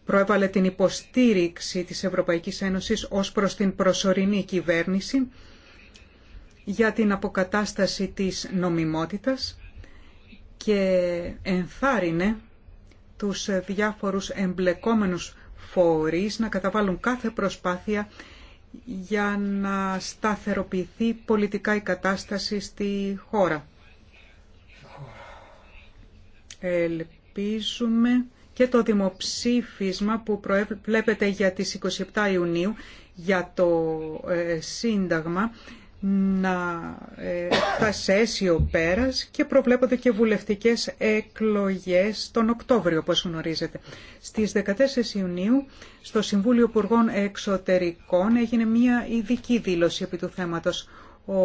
προέβαλε την υποστήριξη της Ευρωπαϊκής Ένωσης ως προς την προσωρινή κυβέρνηση για την αποκατάσταση της νομιμότητας και ενθάρρυνε τους διάφορους εμπλεκόμενους φορείς να καταβάλουν κάθε προσπάθεια για να σταθεροποιηθεί πολιτικά η κατάσταση στη χώρα. Ελπίζουμε και το δημοψήφισμα που βλέπετε για τις 27 Ιουνίου για το ε, Σύνταγμα να ε, σέσει ο πέρας και προβλέπονται και βουλευτικές εκλογές τον Οκτώβριο, όπως γνωρίζετε. Στις 14 Ιουνίου, στο Συμβούλιο Υπουργών Εξωτερικών έγινε μια ειδική δήλωση επί του θέματος. Ο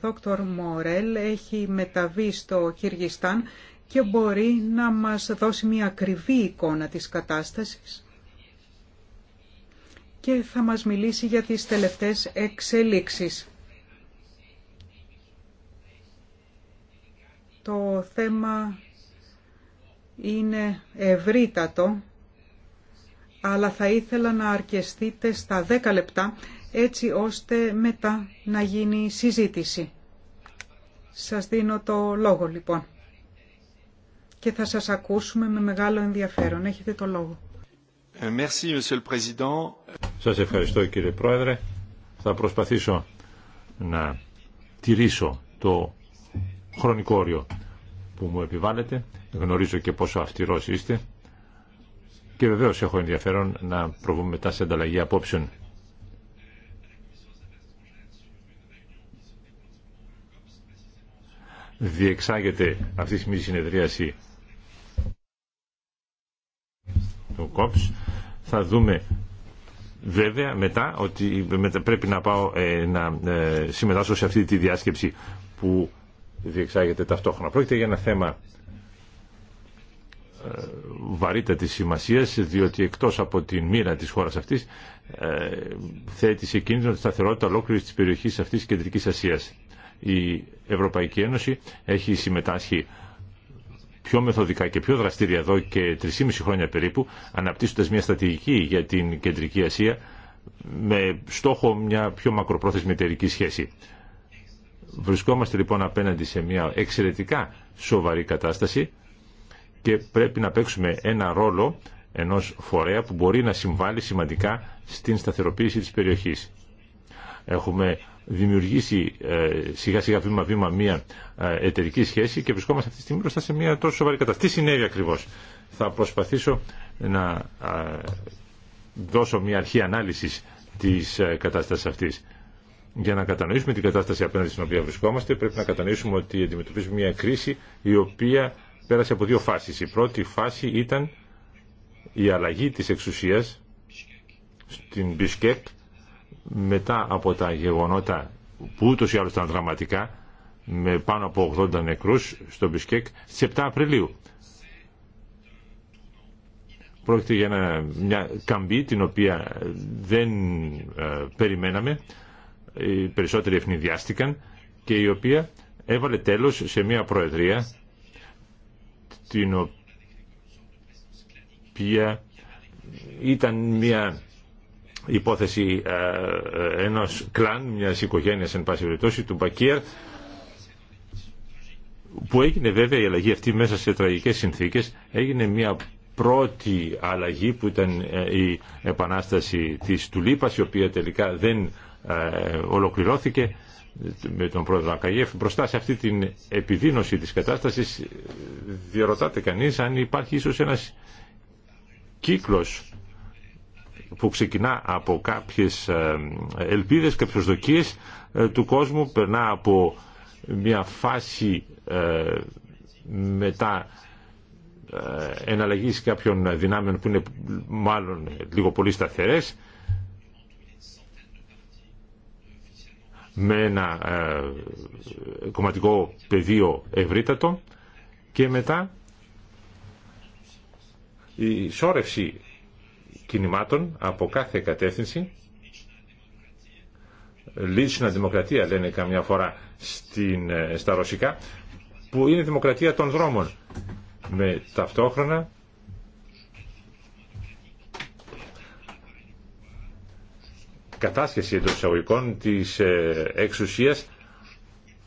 δόκτωρ Μορέλ έχει μεταβεί στο Κυργιστάν και μπορεί να μας δώσει μια ακριβή εικόνα της κατάστασης και θα μας μιλήσει για τις τελευταίες εξελίξεις. Το θέμα είναι ευρύτατο, αλλά θα ήθελα να αρκεστείτε στα 10 λεπτά, έτσι ώστε μετά να γίνει συζήτηση. Σας δίνω το λόγο λοιπόν και θα σας ακούσουμε με μεγάλο ενδιαφέρον. Έχετε το λόγο. Ε, σας ευχαριστώ κύριε Πρόεδρε. Θα προσπαθήσω να τηρήσω το χρονικό όριο που μου επιβάλλεται. Γνωρίζω και πόσο αυστηρό είστε και βεβαίω έχω ενδιαφέρον να προβούμε μετά σε ανταλλαγή απόψεων. διεξάγεται αυτή τη στιγμή συνεδρίαση του ΚΟΠΣ. Θα δούμε βέβαια μετά ότι πρέπει να πάω ε, να ε, συμμετάσχω σε αυτή τη διάσκεψη που διεξάγεται ταυτόχρονα. Πρόκειται για ένα θέμα ε, βαρύτατης σημασίας διότι εκτός από την μοίρα της χώρας αυτής ε, θέτει σε κίνδυνο τη σταθερότητα ολόκληρη της περιοχής αυτής της Κεντρικής Ασίας. Η Ευρωπαϊκή Ένωση έχει συμμετάσχει πιο μεθοδικά και πιο δραστήρια εδώ και 3,5 χρόνια περίπου αναπτύσσοντας μια στρατηγική για την Κεντρική Ασία με στόχο μια πιο μακροπρόθεσμη εταιρική σχέση. Βρισκόμαστε λοιπόν απέναντι σε μια εξαιρετικά σοβαρή κατάσταση και πρέπει να παίξουμε ένα ρόλο ενός φορέα που μπορεί να συμβάλλει σημαντικά στην σταθεροποίηση της περιοχής. Έχουμε δημιουργήσει ε, σιγά σιγά βήμα βήμα μια ε, εταιρική σχέση και βρισκόμαστε αυτή τη στιγμή μπροστά σε μια τόσο σοβαρή κατάσταση. Τι συνέβη ακριβώς. Θα προσπαθήσω να ε, δώσω μια αρχή ανάλυσης της κατάστασης αυτής. Για να κατανοήσουμε την κατάσταση απέναντι στην οποία βρισκόμαστε, πρέπει να κατανοήσουμε ότι αντιμετωπίζουμε μια κρίση η οποία πέρασε από δύο φάσεις. Η πρώτη φάση ήταν η αλλαγή της εξουσίας στην Μπισκέκ μετά από τα γεγονότα που ούτως ή άλλως ήταν δραματικά με πάνω από 80 νεκρούς στο Μπισκέκ στις 7 Απριλίου. Πρόκειται για μια καμπή την οποία δεν ε, περιμέναμε οι περισσότεροι ευνηδιάστηκαν και η οποία έβαλε τέλος σε μια προεδρία την οποία ήταν μια υπόθεση ε, ε, ενός κλάν, μιας οικογένειας εν πάση περιπτώσει, του Μπακίερ που έγινε βέβαια η αλλαγή αυτή μέσα σε τραγικές συνθήκες έγινε μια πρώτη αλλαγή που ήταν ε, η επανάσταση της Τουλίπας η οποία τελικά δεν ε, ολοκληρώθηκε με τον πρόεδρο Ακαγεύ μπροστά σε αυτή την επιδείνωση της κατάστασης ε, διαρωτάται κανείς αν υπάρχει ίσως ένας κύκλος που ξεκινά από κάποιες ε, ελπίδες, και προσδοκίες του κόσμου, περνά από μια φάση μετά εναλλαγής κάποιων δυνάμεων που είναι μάλλον λίγο πολύ σταθερές με ένα ε, κομματικό πεδίο ευρύτατο και μετά η σώρευση κινημάτων από κάθε κατεύθυνση να δημοκρατία λένε καμιά φορά στην, ε, στα ρωσικά που είναι δημοκρατία των δρόμων με ταυτόχρονα κατάσχεση εντό εισαγωγικών της ε, εξουσία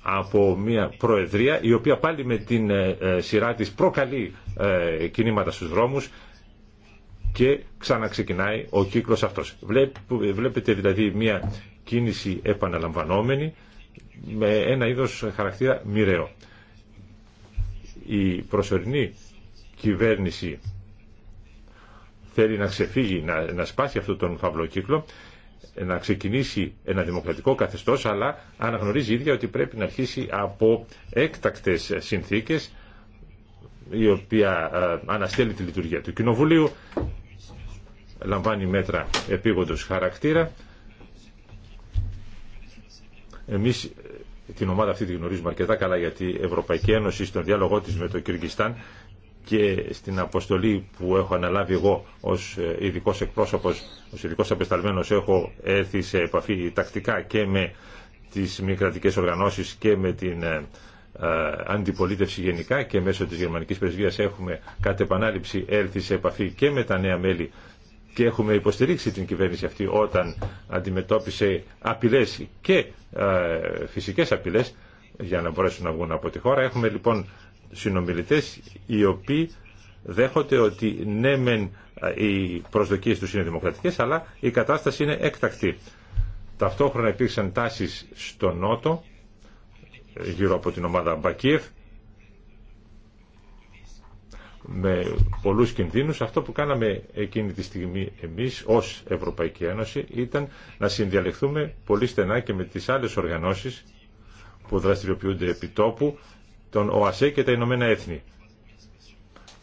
από μια προεδρία η οποία πάλι με την ε, ε, σειρά της προκαλεί κινήματα στους δρόμους και ξαναξεκινάει ο κύκλος αυτός. Βλέπετε δηλαδή μια κίνηση επαναλαμβανόμενη με ένα είδος χαρακτήρα μοιραίο. Η προσωρινή κυβέρνηση θέλει να ξεφύγει, να, να σπάσει αυτό τον φαύλο να ξεκινήσει ένα δημοκρατικό καθεστώς, αλλά αναγνωρίζει ίδια ότι πρέπει να αρχίσει από έκτακτες συνθήκες, η οποία αναστέλει τη λειτουργία του Κοινοβουλίου, λαμβάνει μέτρα επίγοντος χαρακτήρα. Εμείς ε, την ομάδα αυτή τη γνωρίζουμε αρκετά καλά γιατί η Ευρωπαϊκή Ένωση στον διάλογό της με το Κυργιστάν και στην αποστολή που έχω αναλάβει εγώ ως ε, ειδικό εκπρόσωπος, ως ειδικό απεσταλμένος έχω έρθει σε επαφή τακτικά και με τις μη κρατικές οργανώσεις και με την ε, ε, αντιπολίτευση γενικά και μέσω της γερμανικής πρεσβείας έχουμε κατ' επανάληψη έρθει σε επαφή και με τα νέα μέλη και έχουμε υποστηρίξει την κυβέρνηση αυτή όταν αντιμετώπισε απειλές και φυσικές απειλές για να μπορέσουν να βγουν από τη χώρα. Έχουμε λοιπόν συνομιλητές οι οποίοι δέχονται ότι ναι μεν οι προσδοκίες τους είναι δημοκρατικές αλλά η κατάσταση είναι έκτακτη. Ταυτόχρονα υπήρξαν τάσεις στο Νότο γύρω από την ομάδα Μπακίεφ με πολλούς κινδύνους. Αυτό που κάναμε εκείνη τη στιγμή εμείς ως Ευρωπαϊκή Ένωση ήταν να συνδιαλεχθούμε πολύ στενά και με τις άλλες οργανώσεις που δραστηριοποιούνται επί τόπου τον ΟΑΣΕ και τα Ηνωμένα Έθνη.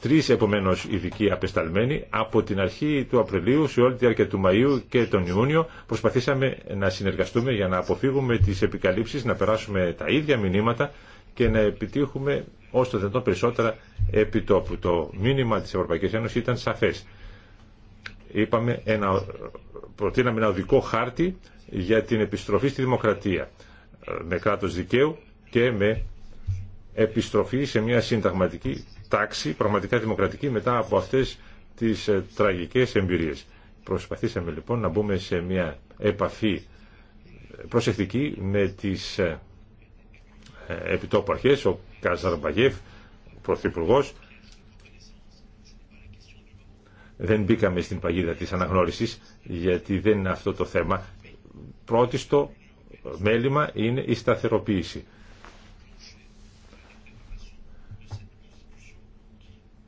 Τρει επομένω ειδικοί απεσταλμένοι από την αρχή του Απριλίου σε όλη τη διάρκεια του Μαΐου και τον Ιούνιο προσπαθήσαμε να συνεργαστούμε για να αποφύγουμε τι επικαλύψεις, να περάσουμε τα ίδια μηνύματα και να επιτύχουμε όσο το δυνατόν περισσότερα επιτόπου. Το μήνυμα τη Ευρωπαϊκή Ένωση ήταν σαφέ. Είπαμε προτείναμε ένα οδικό χάρτη για την επιστροφή στη δημοκρατία ε, με κράτος δικαίου και με επιστροφή σε μια συνταγματική τάξη, πραγματικά δημοκρατική, μετά από αυτές τις ε, τραγικές εμπειρίες. Προσπαθήσαμε λοιπόν να μπούμε σε μια επαφή ε, προσεκτική με τις ε, επιτόπου αρχές, ο Καζαρμπαγεύ, πρωθυπουργός, δεν μπήκαμε στην παγίδα της αναγνώρισης γιατί δεν είναι αυτό το θέμα. Πρώτιστο μέλημα είναι η σταθεροποίηση.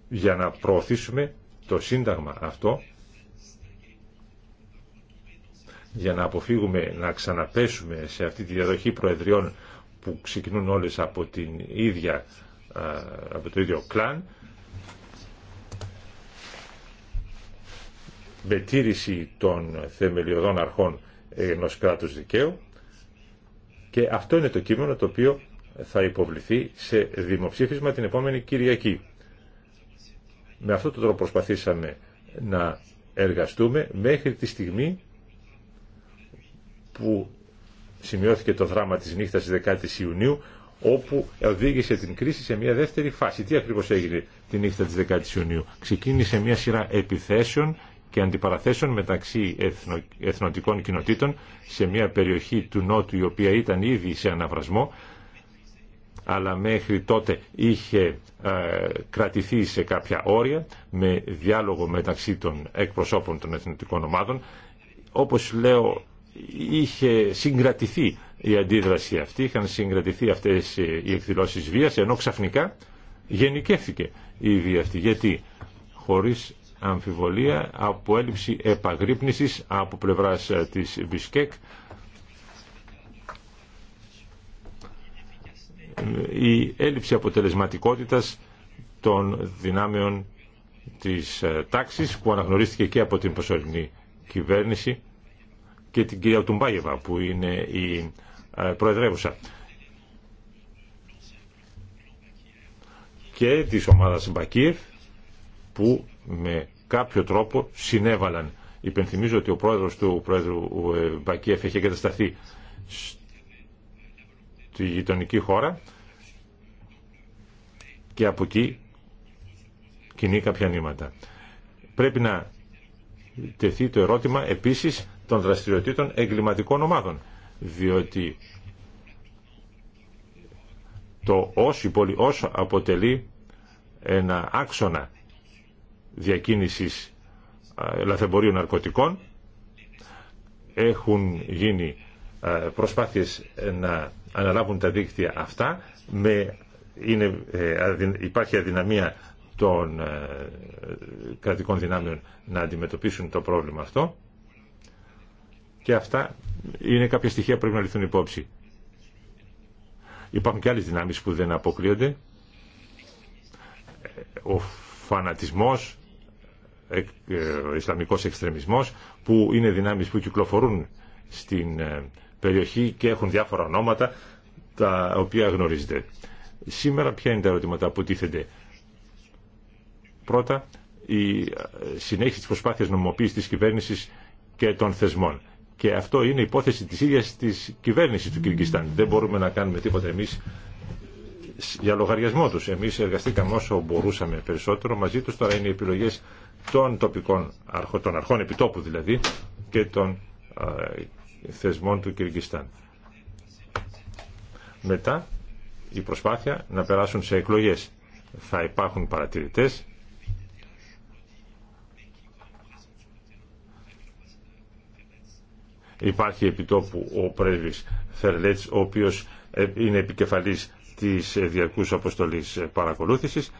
για να προωθήσουμε το Σύνταγμα αυτό για να αποφύγουμε να ξαναπέσουμε σε αυτή τη διαδοχή προεδριών που ξεκινούν όλες από, την ίδια, από το ίδιο κλάν με τήρηση των θεμελιωδών αρχών ενός κράτους δικαίου και αυτό είναι το κείμενο το οποίο θα υποβληθεί σε δημοψήφισμα την επόμενη Κυριακή. Με αυτόν τον τρόπο προσπαθήσαμε να εργαστούμε μέχρι τη στιγμή που σημειώθηκε το δράμα της νύχτας της 10ης Ιουνίου όπου οδήγησε την κρίση σε μια δεύτερη φάση. Τι ακριβώς έγινε τη νύχτα της 10ης Ιουνίου. Ξεκίνησε μια σειρά επιθέσεων και αντιπαραθέσεων μεταξύ εθνο, εθνοτικών κοινοτήτων σε μια περιοχή του Νότου η οποία ήταν ήδη σε αναβρασμό αλλά μέχρι τότε είχε ε, κρατηθεί σε κάποια όρια με διάλογο μεταξύ των εκπροσώπων των εθνικών ομάδων. Όπως λέω, είχε συγκρατηθεί η αντίδραση αυτή, είχαν συγκρατηθεί αυτές ε, οι εκδηλώσεις βίας, ενώ ξαφνικά γενικεύθηκε η βία αυτή. Γιατί χωρίς αμφιβολία από έλλειψη επαγρύπνησης από πλευράς ε, της ΒΙΣΚΕΚ η έλλειψη αποτελεσματικότητας των δυνάμεων της ε, τάξης που αναγνωρίστηκε και από την προσωρινή κυβέρνηση και την κυρία Τουμπάγεβα που είναι η ε, προεδρεύουσα και της ομάδας Μπακίεφ που με κάποιο τρόπο συνέβαλαν. Υπενθυμίζω ότι ο πρόεδρος του πρόεδρου ε, Μπακίεφ έχει εγκατασταθεί τη γειτονική χώρα και από εκεί κινεί κάποια νήματα. Πρέπει να τεθεί το ερώτημα επίσης των δραστηριοτήτων εγκληματικών ομάδων, διότι το ή πολύ όσο αποτελεί ένα άξονα διακίνησης λαθεμπορίου ναρκωτικών έχουν γίνει προσπάθειες να αναλάβουν τα δίκτυα αυτά. Με, είναι, ε, υπάρχει αδυναμία των ε, κρατικών δυνάμεων να αντιμετωπίσουν το πρόβλημα αυτό. Και αυτά είναι κάποια στοιχεία που πρέπει να ληφθούν υπόψη. Υπάρχουν και άλλες δυνάμεις που δεν αποκλείονται. Ε, ο φανατισμός, ο ισλαμικός εξτρεμισμός, που είναι δυνάμεις που κυκλοφορούν στην περιοχή και έχουν διάφορα ονόματα τα οποία γνωρίζετε. Σήμερα ποια είναι τα ερωτήματα που τίθενται. Πρώτα, η συνέχιση της προσπάθειας νομοποίησης της κυβέρνησης και των θεσμών. Και αυτό είναι υπόθεση της ίδιας της κυβέρνησης του Κυρκιστάν. Δεν μπορούμε να κάνουμε τίποτα εμείς για λογαριασμό τους. Εμείς εργαστήκαμε όσο μπορούσαμε περισσότερο μαζί τους. Τώρα είναι οι επιλογές των τοπικών αρχών, των αρχών επιτόπου δηλαδή, και των ε, θεσμών του Κυργιστάν. Μετά η προσπάθεια να περάσουν σε εκλογές. Θα υπάρχουν παρατηρητές Υπάρχει επιτόπου ο πρέσβης Θερλέτς, ο οποίος ε, είναι επικεφαλής της διαρκούς αποστολής παρακολούθησης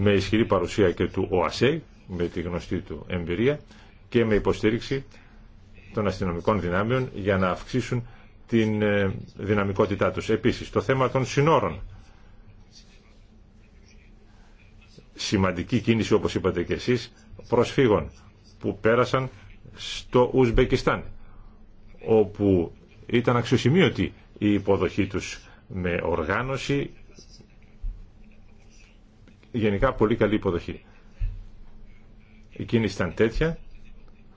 με ισχυρή παρουσία και του ΟΑΣΕ, με τη γνωστή του εμπειρία, και με υποστήριξη των αστυνομικών δυνάμεων για να αυξήσουν την ε, δυναμικότητά τους. Επίσης, το θέμα των συνόρων. Σημαντική κίνηση, όπως είπατε και εσείς, προσφύγων που πέρασαν στο Ουσμπεκιστάν, όπου ήταν αξιοσημείωτη η υποδοχή τους με οργάνωση γενικά πολύ καλή υποδοχή. κίνηση ήταν τέτοια,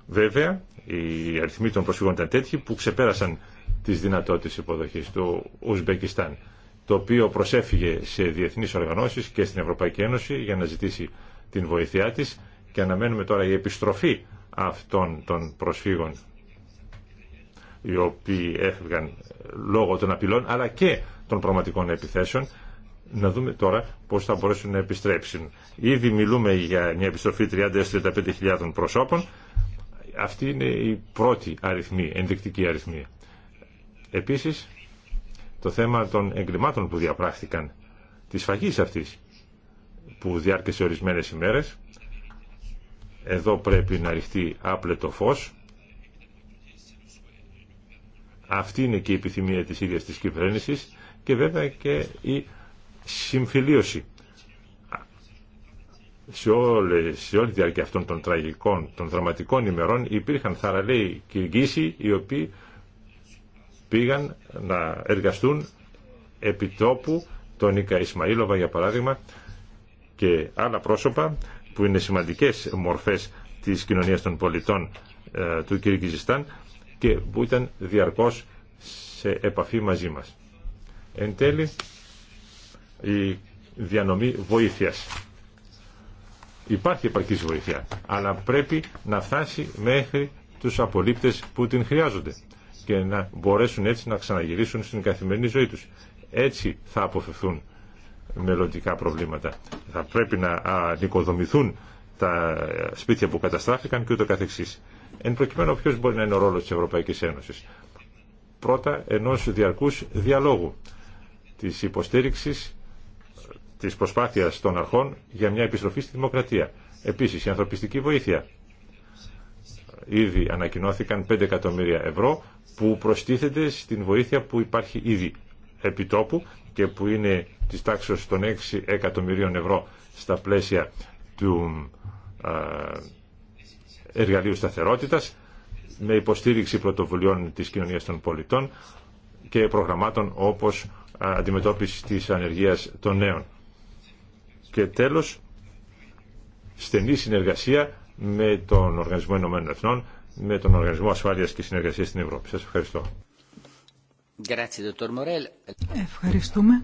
βέβαια, οι αριθμοί των προσφύγων ήταν τέτοιοι που ξεπέρασαν τις δυνατότητες υποδοχής του Ουσμπεκιστάν, το οποίο προσέφυγε σε διεθνείς οργανώσεις και στην Ευρωπαϊκή Ένωση για να ζητήσει την βοήθειά της και αναμένουμε τώρα η επιστροφή αυτών των προσφύγων οι οποίοι έφευγαν λόγω των απειλών αλλά και των πραγματικών επιθέσεων να δούμε τώρα πώς θα μπορέσουν να επιστρέψουν. Ήδη μιλούμε για μια επιστροφή 30-35.000 προσώπων. Αυτή είναι η πρώτη αριθμή, ενδεικτική αριθμή. Επίσης, το θέμα των εγκλημάτων που διαπράχθηκαν, τη φαγή αυτή που διάρκεσε ορισμένε ημέρε, εδώ πρέπει να ρηχτεί άπλετο φως. Αυτή είναι και η επιθυμία της ίδιας της κυβέρνησης και βέβαια και η συμφιλίωση. Σε, όλη, σε όλη τη διάρκεια αυτών των τραγικών, των δραματικών ημερών υπήρχαν θαραλέοι Κυργίσοι οι οποίοι πήγαν να εργαστούν επί τόπου τον Ίκα για παράδειγμα και άλλα πρόσωπα που είναι σημαντικές μορφές της κοινωνίας των πολιτών ε, του Κυρκυζιστάν και που ήταν διαρκώς σε επαφή μαζί μας. Εν η διανομή βοήθειας. Υπάρχει επαρκής βοήθεια, αλλά πρέπει να φτάσει μέχρι τους απολύπτες που την χρειάζονται και να μπορέσουν έτσι να ξαναγυρίσουν στην καθημερινή ζωή τους. Έτσι θα αποφευθούν μελλοντικά προβλήματα. Θα πρέπει να νοικοδομηθούν τα σπίτια που καταστράφηκαν και ούτω καθεξής. Εν προκειμένου ποιος μπορεί να είναι ο ρόλος της Ευρωπαϊκής Ένωσης. Πρώτα ενός διαρκούς διαλόγου της υποστήριξης Τη προσπάθεια των αρχών για μια επιστροφή στη δημοκρατία. Επίσης, η ανθρωπιστική βοήθεια. Ήδη ανακοινώθηκαν 5 εκατομμύρια ευρώ που προστίθεται στην βοήθεια που υπάρχει ήδη επιτόπου και που είναι τη τάξη των 6 εκατομμυρίων ευρώ στα πλαίσια του εργαλείου σταθερότητας με υποστήριξη πρωτοβουλειών της κοινωνίας των πολιτών και προγραμμάτων όπως αντιμετώπιση της ανεργίας των νέων. Και τέλος, στενή συνεργασία με τον Οργανισμό Ηνωμένων Εθνών, με τον Οργανισμό Ασφάλειας και Συνεργασίας στην Ευρώπη. Σας ευχαριστώ. Ευχαριστούμε.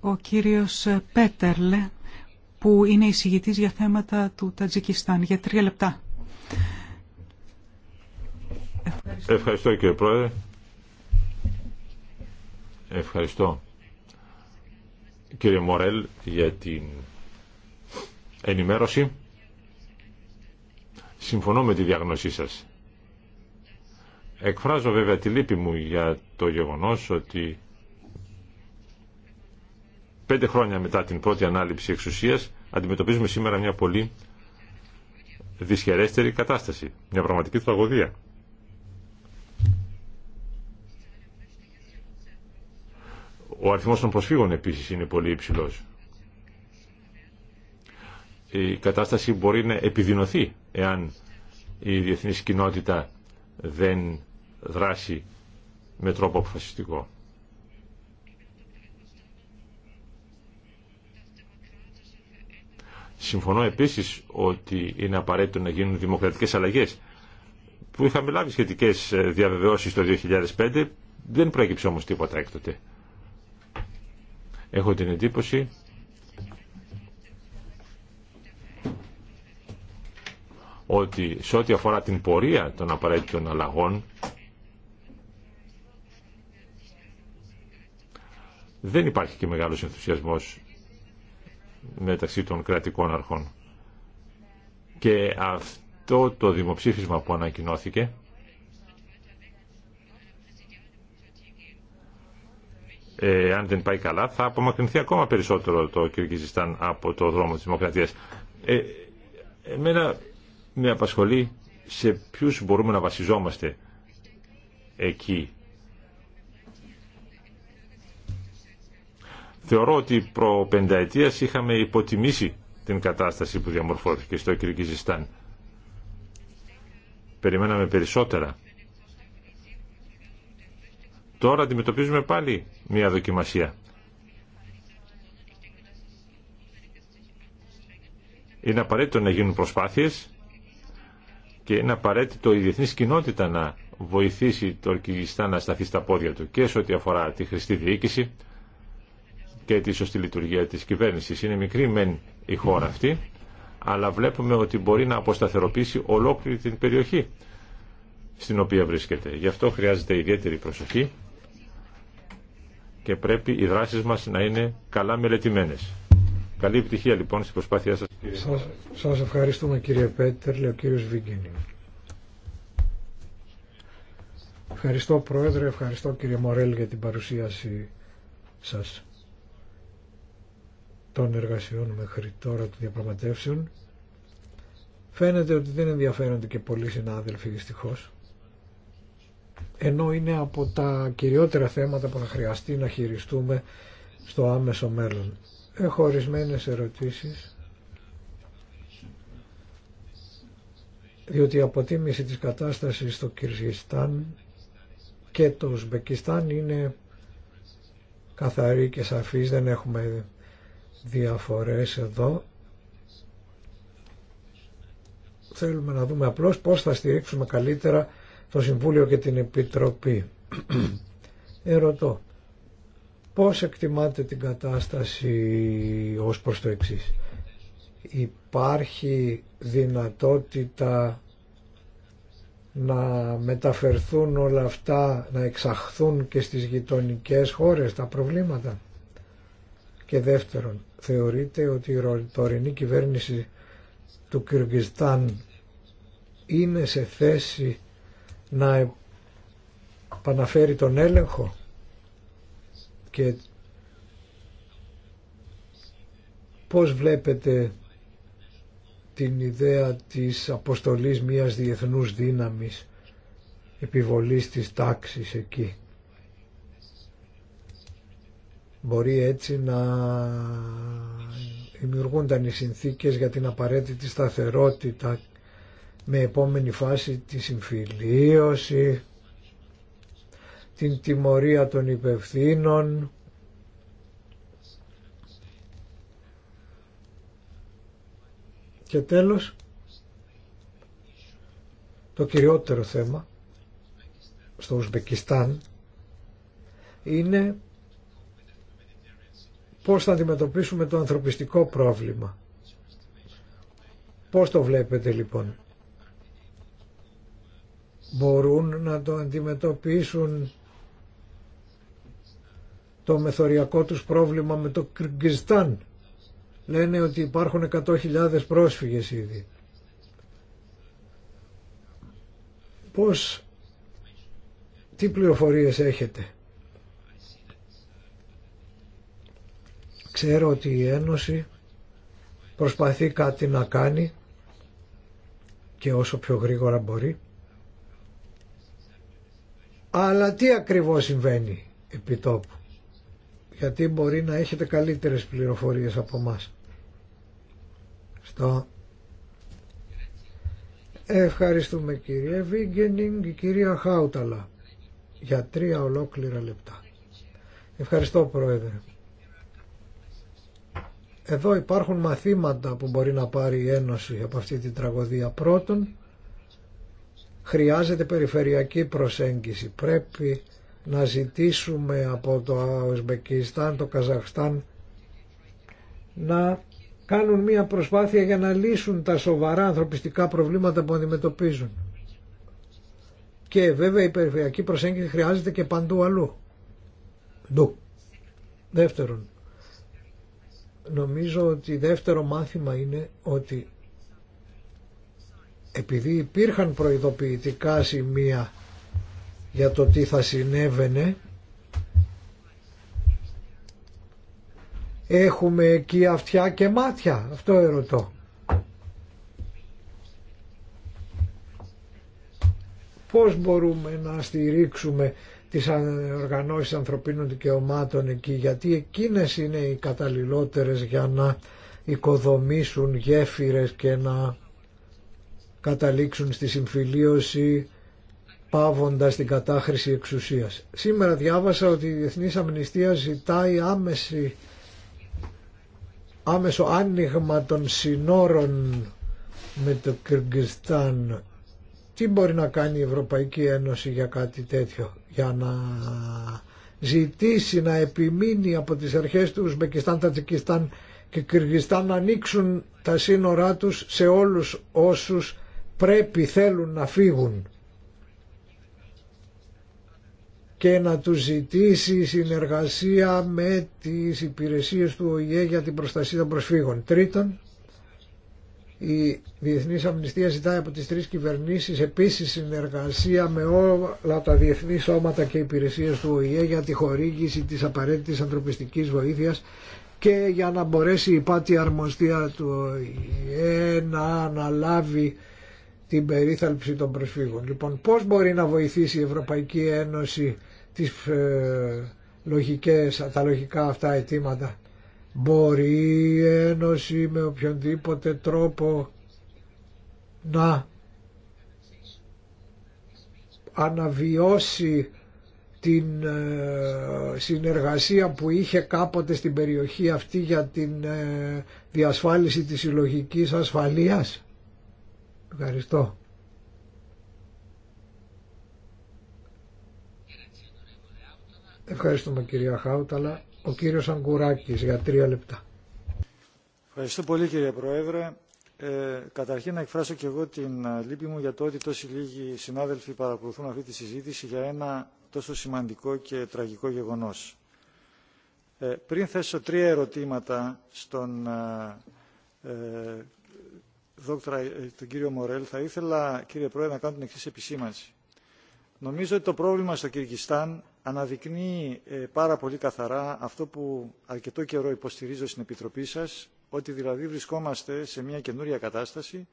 Ο κύριος Πέτερλε, που είναι εισηγητής για θέματα του Τατζικιστάν, για τρία λεπτά. Ευχαριστώ, Ευχαριστώ κύριε Πρόεδρε. Ευχαριστώ κύριε Μορέλ για την ενημέρωση. Συμφωνώ με τη διαγνωσή σας. Εκφράζω βέβαια τη λύπη μου για το γεγονός ότι πέντε χρόνια μετά την πρώτη ανάληψη εξουσίας αντιμετωπίζουμε σήμερα μια πολύ δυσχερέστερη κατάσταση, μια πραγματική τραγωδία. Ο αριθμός των προσφύγων επίσης είναι πολύ υψηλός. Η κατάσταση μπορεί να επιδεινωθεί εάν η διεθνής κοινότητα δεν δράσει με τρόπο αποφασιστικό. Συμφωνώ επίσης ότι είναι απαραίτητο να γίνουν δημοκρατικές αλλαγές που είχαμε λάβει σχετικές ε, διαβεβαιώσεις το 2005 δεν προέκυψε όμως τίποτα έκτοτε. Έχω την εντύπωση ότι σε ό,τι αφορά την πορεία των απαραίτητων αλλαγών δεν υπάρχει και μεγάλος ενθουσιασμός μεταξύ των κρατικών αρχών. Και αυτό το δημοψήφισμα που ανακοινώθηκε Ε, αν δεν πάει καλά, θα απομακρυνθεί ακόμα περισσότερο το Κυρκυζιστάν από το δρόμο της δημοκρατίας. Ε, εμένα με απασχολεί σε ποιους μπορούμε να βασιζόμαστε εκεί. Θεωρώ ότι προ πενταετίας είχαμε υποτιμήσει την κατάσταση που διαμορφώθηκε στο Κυρκυζιστάν. Περιμέναμε περισσότερα Τώρα αντιμετωπίζουμε πάλι μια δοκιμασία. Είναι απαραίτητο να γίνουν προσπάθειες και είναι απαραίτητο η διεθνή κοινότητα να βοηθήσει το Ορκιγιστάν να σταθεί στα πόδια του και σε ό,τι αφορά τη χρηστή διοίκηση και τη σωστή λειτουργία της κυβέρνησης. Είναι μικρή μεν η χώρα αυτή, αλλά βλέπουμε ότι μπορεί να αποσταθεροποιήσει ολόκληρη την περιοχή στην οποία βρίσκεται. Γι' αυτό χρειάζεται ιδιαίτερη προσοχή και πρέπει οι δράσεις μας να είναι καλά μελετημένες. Καλή επιτυχία λοιπόν στην προσπάθειά σας. Κύριε. Σας, σας ευχαριστούμε κύριε Πέτερ, λέει ο κύριος Βίγκινη. Ευχαριστώ Πρόεδρε, ευχαριστώ κύριε Μορέλ για την παρουσίαση σας των εργασιών μέχρι τώρα των διαπραγματεύσεων. Φαίνεται ότι δεν ενδιαφέρονται και πολλοί συνάδελφοι δυστυχώς ενώ είναι από τα κυριότερα θέματα που θα χρειαστεί να χειριστούμε στο άμεσο μέλλον. Έχω ορισμένε ερωτήσεις, διότι η αποτίμηση της κατάστασης στο Κυρζιστάν και το Ουσμπεκιστάν είναι καθαρή και σαφής, δεν έχουμε διαφορές εδώ. Θέλουμε να δούμε απλώς πώς θα στηρίξουμε καλύτερα το Συμβούλιο και την Επιτροπή. Ερωτώ, πώς εκτιμάτε την κατάσταση ως προς το εξής. Υπάρχει δυνατότητα να μεταφερθούν όλα αυτά, να εξαχθούν και στις γειτονικές χώρες τα προβλήματα. Και δεύτερον, θεωρείτε ότι η τωρινή κυβέρνηση του Κυργιστάν είναι σε θέση να επαναφέρει τον έλεγχο και πώς βλέπετε την ιδέα της αποστολής μιας διεθνούς δύναμης επιβολής της τάξης εκεί. Μπορεί έτσι να δημιουργούνταν οι συνθήκες για την απαραίτητη σταθερότητα με επόμενη φάση τη συμφιλίωση, την τιμωρία των υπευθύνων, Και τέλος, το κυριότερο θέμα στο Ουσμπεκιστάν είναι πώς θα αντιμετωπίσουμε το ανθρωπιστικό πρόβλημα. Πώς το βλέπετε λοιπόν μπορούν να το αντιμετωπίσουν το μεθοριακό τους πρόβλημα με το Κρυγκριστάν Λένε ότι υπάρχουν 100.000 πρόσφυγες ήδη. Πώς, τι πληροφορίες έχετε. Ξέρω ότι η Ένωση προσπαθεί κάτι να κάνει και όσο πιο γρήγορα μπορεί. Αλλά τι ακριβώς συμβαίνει επί τόπου. Γιατί μπορεί να έχετε καλύτερες πληροφορίες από μας. Στο... Ευχαριστούμε κύριε Βίγγενινγκ και κυρία Χάουταλα για τρία ολόκληρα λεπτά. Ευχαριστώ πρόεδρε. Εδώ υπάρχουν μαθήματα που μπορεί να πάρει η Ένωση από αυτή την τραγωδία. Πρώτον, Χρειάζεται περιφερειακή προσέγγιση. Πρέπει να ζητήσουμε από το Ουσμπεκιστάν, το Καζαχστάν να κάνουν μία προσπάθεια για να λύσουν τα σοβαρά ανθρωπιστικά προβλήματα που αντιμετωπίζουν. Και βέβαια η περιφερειακή προσέγγιση χρειάζεται και παντού αλλού. Ντου. Δεύτερον, νομίζω ότι δεύτερο μάθημα είναι ότι επειδή υπήρχαν προειδοποιητικά σημεία για το τι θα συνέβαινε έχουμε εκεί αυτιά και μάτια αυτό ερωτώ πώς μπορούμε να στηρίξουμε τις οργανώσεις ανθρωπίνων δικαιωμάτων εκεί γιατί εκείνες είναι οι καταλληλότερες για να οικοδομήσουν γέφυρες και να καταλήξουν στη συμφιλίωση πάβοντας την κατάχρηση εξουσίας. Σήμερα διάβασα ότι η Διεθνής Αμνηστία ζητάει άμεση, άμεσο άνοιγμα των συνόρων με το Κυργιστάν. Τι μπορεί να κάνει η Ευρωπαϊκή Ένωση για κάτι τέτοιο, για να ζητήσει να επιμείνει από τις αρχές του Ουσμπεκιστάν, Τατζικιστάν και Κυργιστάν να ανοίξουν τα σύνορά τους σε όλους όσους πρέπει θέλουν να φύγουν και να του ζητήσει συνεργασία με τις υπηρεσίες του ΟΗΕ για την προστασία των προσφύγων. Τρίτον, η Διεθνής Αμνηστία ζητάει από τις τρεις κυβερνήσεις επίσης συνεργασία με όλα τα διεθνή σώματα και υπηρεσίες του ΟΗΕ για τη χορήγηση της απαραίτητης ανθρωπιστικής βοήθειας και για να μπορέσει η πάτη αρμοστία του ΟΗΕ να αναλάβει την περίθαλψη των προσφύγων. Λοιπόν, πώς μπορεί να βοηθήσει η Ευρωπαϊκή Ένωση τις, ε, λογικές, τα λογικά αυτά αιτήματα. Μπορεί η Ένωση με οποιονδήποτε τρόπο να αναβιώσει την ε, συνεργασία που είχε κάποτε στην περιοχή αυτή για την ε, διασφάλιση της συλλογική ασφαλείας. Ευχαριστώ. Ευχαριστούμε κυρία Χάουταλα. Ο κύριος Αγκουράκης για τρία λεπτά. Ευχαριστώ πολύ κύριε Πρόεδρε. Ε, καταρχήν να εκφράσω και εγώ την ε, λύπη μου για το ότι τόσοι λίγοι συνάδελφοι παρακολουθούν αυτή τη συζήτηση για ένα τόσο σημαντικό και τραγικό γεγονός. Ε, πριν θέσω τρία ερωτήματα στον ε, ε δόκτρα, ε, τον κύριο Μορέλ, θα ήθελα, κύριε Πρόεδρε, να κάνω την εξή επισήμανση. Νομίζω ότι το πρόβλημα στο Κυργιστάν αναδεικνύει ε, πάρα πολύ καθαρά αυτό που αρκετό καιρό υποστηρίζω στην Επιτροπή σας, ότι δηλαδή βρισκόμαστε σε μια καινούρια κατάσταση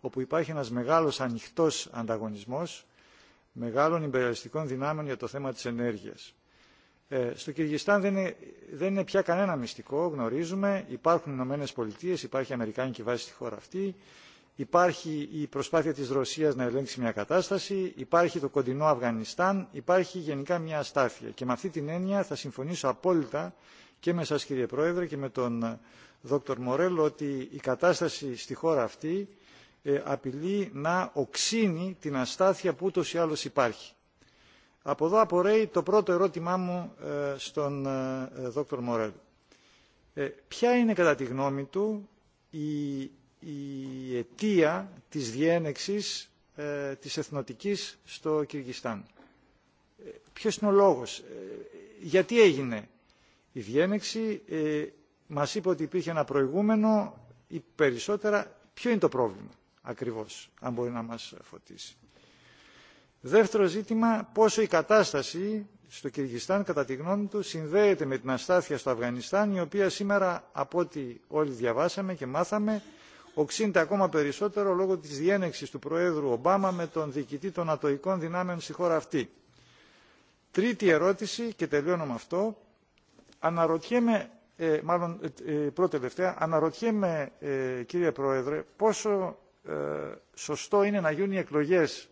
όπου υπάρχει ένας μεγάλος ανοιχτός ανταγωνισμός μεγάλων υπεραλιστικών δυνάμεων για το θέμα της ενέργειας. Ε, στο Κυργιστάν δεν είναι, δεν είναι πια κανένα μυστικό, γνωρίζουμε, υπάρχουν Ηνωμένε Πολιτείε, υπάρχει Αμερικάνικη βάση στη χώρα αυτή, υπάρχει η προσπάθεια της Ρωσίας να ελέγξει μια κατάσταση, υπάρχει το κοντινό Αφγανιστάν, υπάρχει γενικά μια αστάθεια. Και με αυτή την έννοια θα συμφωνήσω απόλυτα και με σας κύριε Πρόεδρε και με τον ε, Δόκτωρ Μορέλ ότι η κατάσταση στη χώρα αυτή ε, απειλεί να οξύνει την αστάθεια που ούτως ή άλλως υπάρχει από εδώ απορρέει το πρώτο ερώτημά μου ε, στον ε, δόκτωρ Μορέλ. Ε, ποια είναι κατά τη γνώμη του η, αιτία της διένεξης της εθνοτικής στο Κυργιστάν. ποιος είναι ο λόγος. γιατί έγινε η διένεξη. Μας είπε ότι υπήρχε ένα προηγούμενο ή περισσότερα. Ποιο είναι το πρόβλημα ακριβώς, αν μπορεί να μας φωτίσει. Δεύτερο ζήτημα, πόσο η κατάσταση στο Κυργιστάν, κατά τη γνώμη του, συνδέεται με την αστάθεια στο Αφγανιστάν, η οποία σήμερα, από ό,τι όλοι διαβάσαμε και μάθαμε, οξύνεται ακόμα περισσότερο λόγω της διένεξης του Προέδρου Ομπάμα με τον διοικητή των ατοικών δυνάμεων στη χώρα αυτή. Τρίτη ερώτηση, και τελειώνω με αυτό, αναρωτιέμαι, ε, μάλλον ε, ε, πρώτη αναρωτιέμαι, κύριε Πρόεδρε, πόσο σωστό είναι να γίνουν οι εκλογές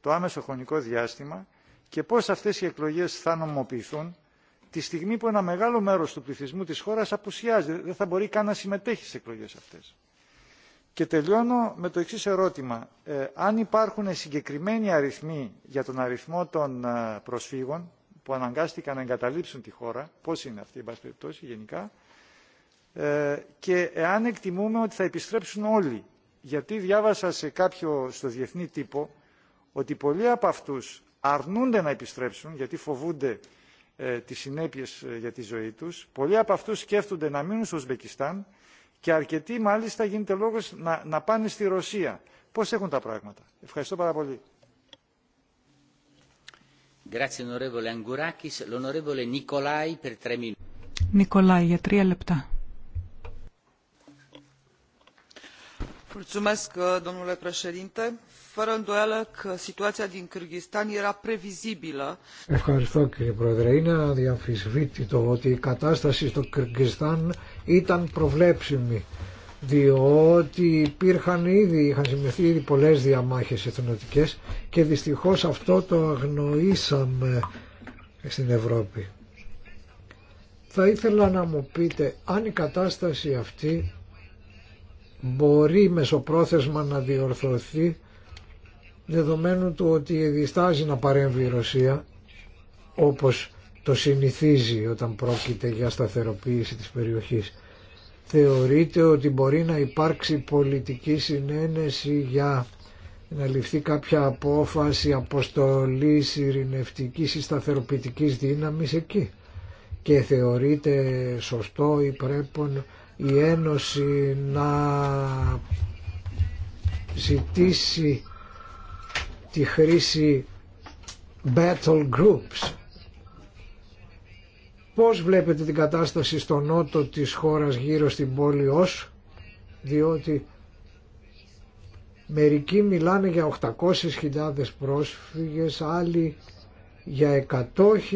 το άμεσο χρονικό διάστημα και πώς αυτές οι εκλογές θα νομοποιηθούν τη στιγμή που ένα μεγάλο μέρος του πληθυσμού της χώρας απουσιάζει, δεν θα μπορεί καν να συμμετέχει στις εκλογές αυτές. Και τελειώνω με το εξής ερώτημα. Ε, αν υπάρχουν συγκεκριμένοι αριθμοί για τον αριθμό των ε, προσφύγων που αναγκάστηκαν να εγκαταλείψουν τη χώρα, πώς είναι αυτή η περιπτώσει γενικά, ε, και εάν εκτιμούμε ότι θα επιστρέψουν όλοι. Γιατί διάβασα σε κάποιο, στο διεθνή τύπο, ότι πολλοί από αυτούς αρνούνται να επιστρέψουν γιατί φοβούνται ε, τις συνέπειες ε, για τη ζωή τους. Πολλοί από αυτούς σκέφτονται να μείνουν στο Ουσμπεκιστάν και αρκετοί μάλιστα γίνεται λόγος να, να πάνε στη Ρωσία. Πώς έχουν τα πράγματα. Ευχαριστώ πάρα πολύ. για τρία λεπτά. Uh, Ευχαριστώ κύριε Πρόεδρε. Είναι αδιαμφισβήτητο ότι η κατάσταση στο Κυργιστάν ήταν προβλέψιμη διότι υπήρχαν ήδη, είχαν σημειωθεί ήδη πολλές διαμάχες εθνοτικές και δυστυχώς αυτό το αγνοήσαμε στην Ευρώπη. Θα ήθελα να μου πείτε αν η κατάσταση αυτή μπορεί μεσοπρόθεσμα να διορθωθεί δεδομένου του ότι διστάζει να παρέμβει η Ρωσία όπως το συνηθίζει όταν πρόκειται για σταθεροποίηση της περιοχής. Θεωρείται ότι μπορεί να υπάρξει πολιτική συνένεση για να ληφθεί κάποια απόφαση αποστολής ειρηνευτικής ή σταθεροποιητικής δύναμης εκεί και θεωρείται σωστό ή πρέπει η Ένωση να ζητήσει τη χρήση battle groups. Πώς βλέπετε την κατάσταση στο νότο της χώρας γύρω στην πόλη ως, διότι μερικοί μιλάνε για 800.000 πρόσφυγες, άλλοι για 100.000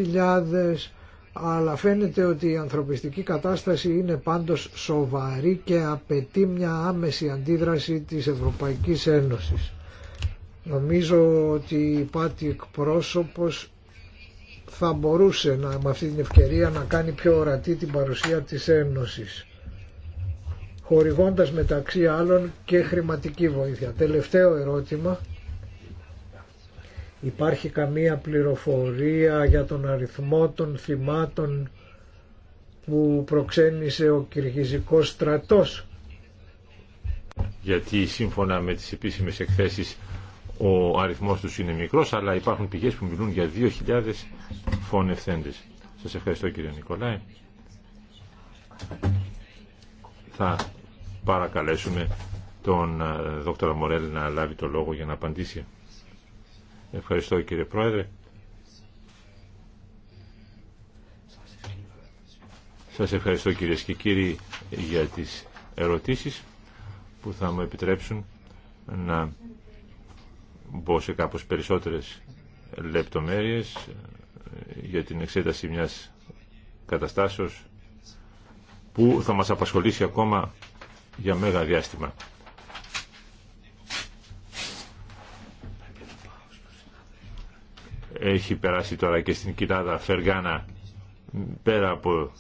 αλλά φαίνεται ότι η ανθρωπιστική κατάσταση είναι πάντως σοβαρή και απαιτεί μια άμεση αντίδραση της Ευρωπαϊκής Ένωσης. Νομίζω ότι η Πάτη εκπρόσωπος θα μπορούσε να, με αυτή την ευκαιρία να κάνει πιο ορατή την παρουσία της Ένωσης χορηγώντας μεταξύ άλλων και χρηματική βοήθεια. Τελευταίο ερώτημα Υπάρχει καμία πληροφορία για τον αριθμό των θυμάτων που προξένησε ο Κυργιζικός στρατός. Γιατί σύμφωνα με τις επίσημες εκθέσεις ο αριθμός τους είναι μικρός, αλλά υπάρχουν πηγές που μιλούν για 2.000 φωνευθέντες. Σας ευχαριστώ κύριε Νικολάη. Θα παρακαλέσουμε τον ε, δόκτωρα Μορέλ να λάβει το λόγο για να απαντήσει. Ευχαριστώ κύριε Πρόεδρε. Σας ευχαριστώ κυρίες και κύριοι για τις ερωτήσεις που θα μου επιτρέψουν να μπω σε κάπως περισσότερες λεπτομέρειες για την εξέταση μιας καταστάσεως που θα μας απασχολήσει ακόμα για μέγα διάστημα. έχει περάσει τώρα και στην κοιλάδα Φεργάνα πέρα από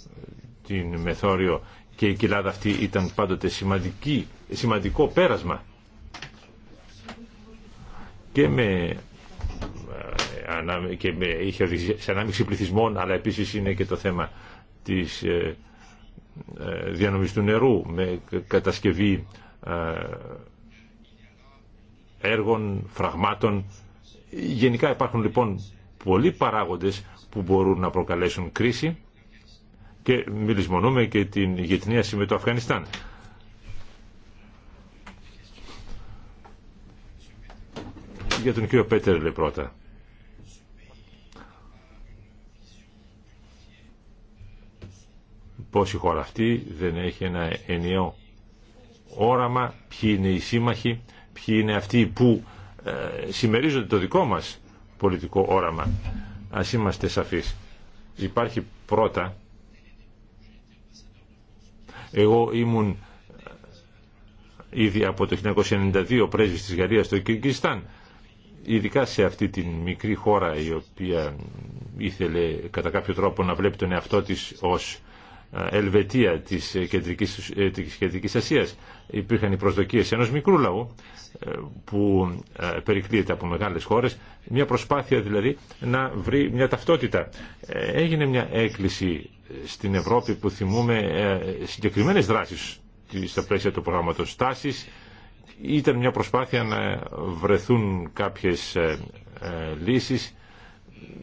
την Μεθόριο και η κοιλάδα αυτή ήταν πάντοτε σημαντική, σημαντικό πέρασμα και με, ε, και με είχε σε ανάμειξη πληθυσμών αλλά επίσης είναι και το θέμα της ε, ε διανομής του νερού με κατασκευή ε, έργων, φραγμάτων Γενικά υπάρχουν λοιπόν πολλοί παράγοντες που μπορούν να προκαλέσουν κρίση και μιλισμονούμε και την γετνίαση με το Αφγανιστάν. Για τον κύριο λέει πρώτα. Πώς η χώρα αυτή δεν έχει ένα ενιαίο όραμα, ποιοι είναι οι σύμμαχοι, ποιοι είναι αυτοί που ε, συμμερίζονται το δικό μας πολιτικό όραμα. Ας είμαστε σαφείς. Υπάρχει πρώτα εγώ ήμουν ε, ήδη από το 1992 πρέσβης της Γαλλίας στο Κυρκιστάν ειδικά σε αυτή την μικρή χώρα η οποία ήθελε κατά κάποιο τρόπο να βλέπει τον εαυτό της ως Ελβετία της ε, Κεντρικής, ε, της Κεντρικής Ασίας. Υπήρχαν οι προσδοκίες ενός μικρού λαού ε, που περικλείεται από μεγάλες χώρες, μια προσπάθεια δηλαδή να βρει μια ταυτότητα. Έγινε μια έκκληση στην Ευρώπη που θυμούμε συγκεκριμένες δράσεις στα πλαίσια του προγράμματος τάσης. Ήταν μια προσπάθεια να βρεθούν κάποιες λύσεις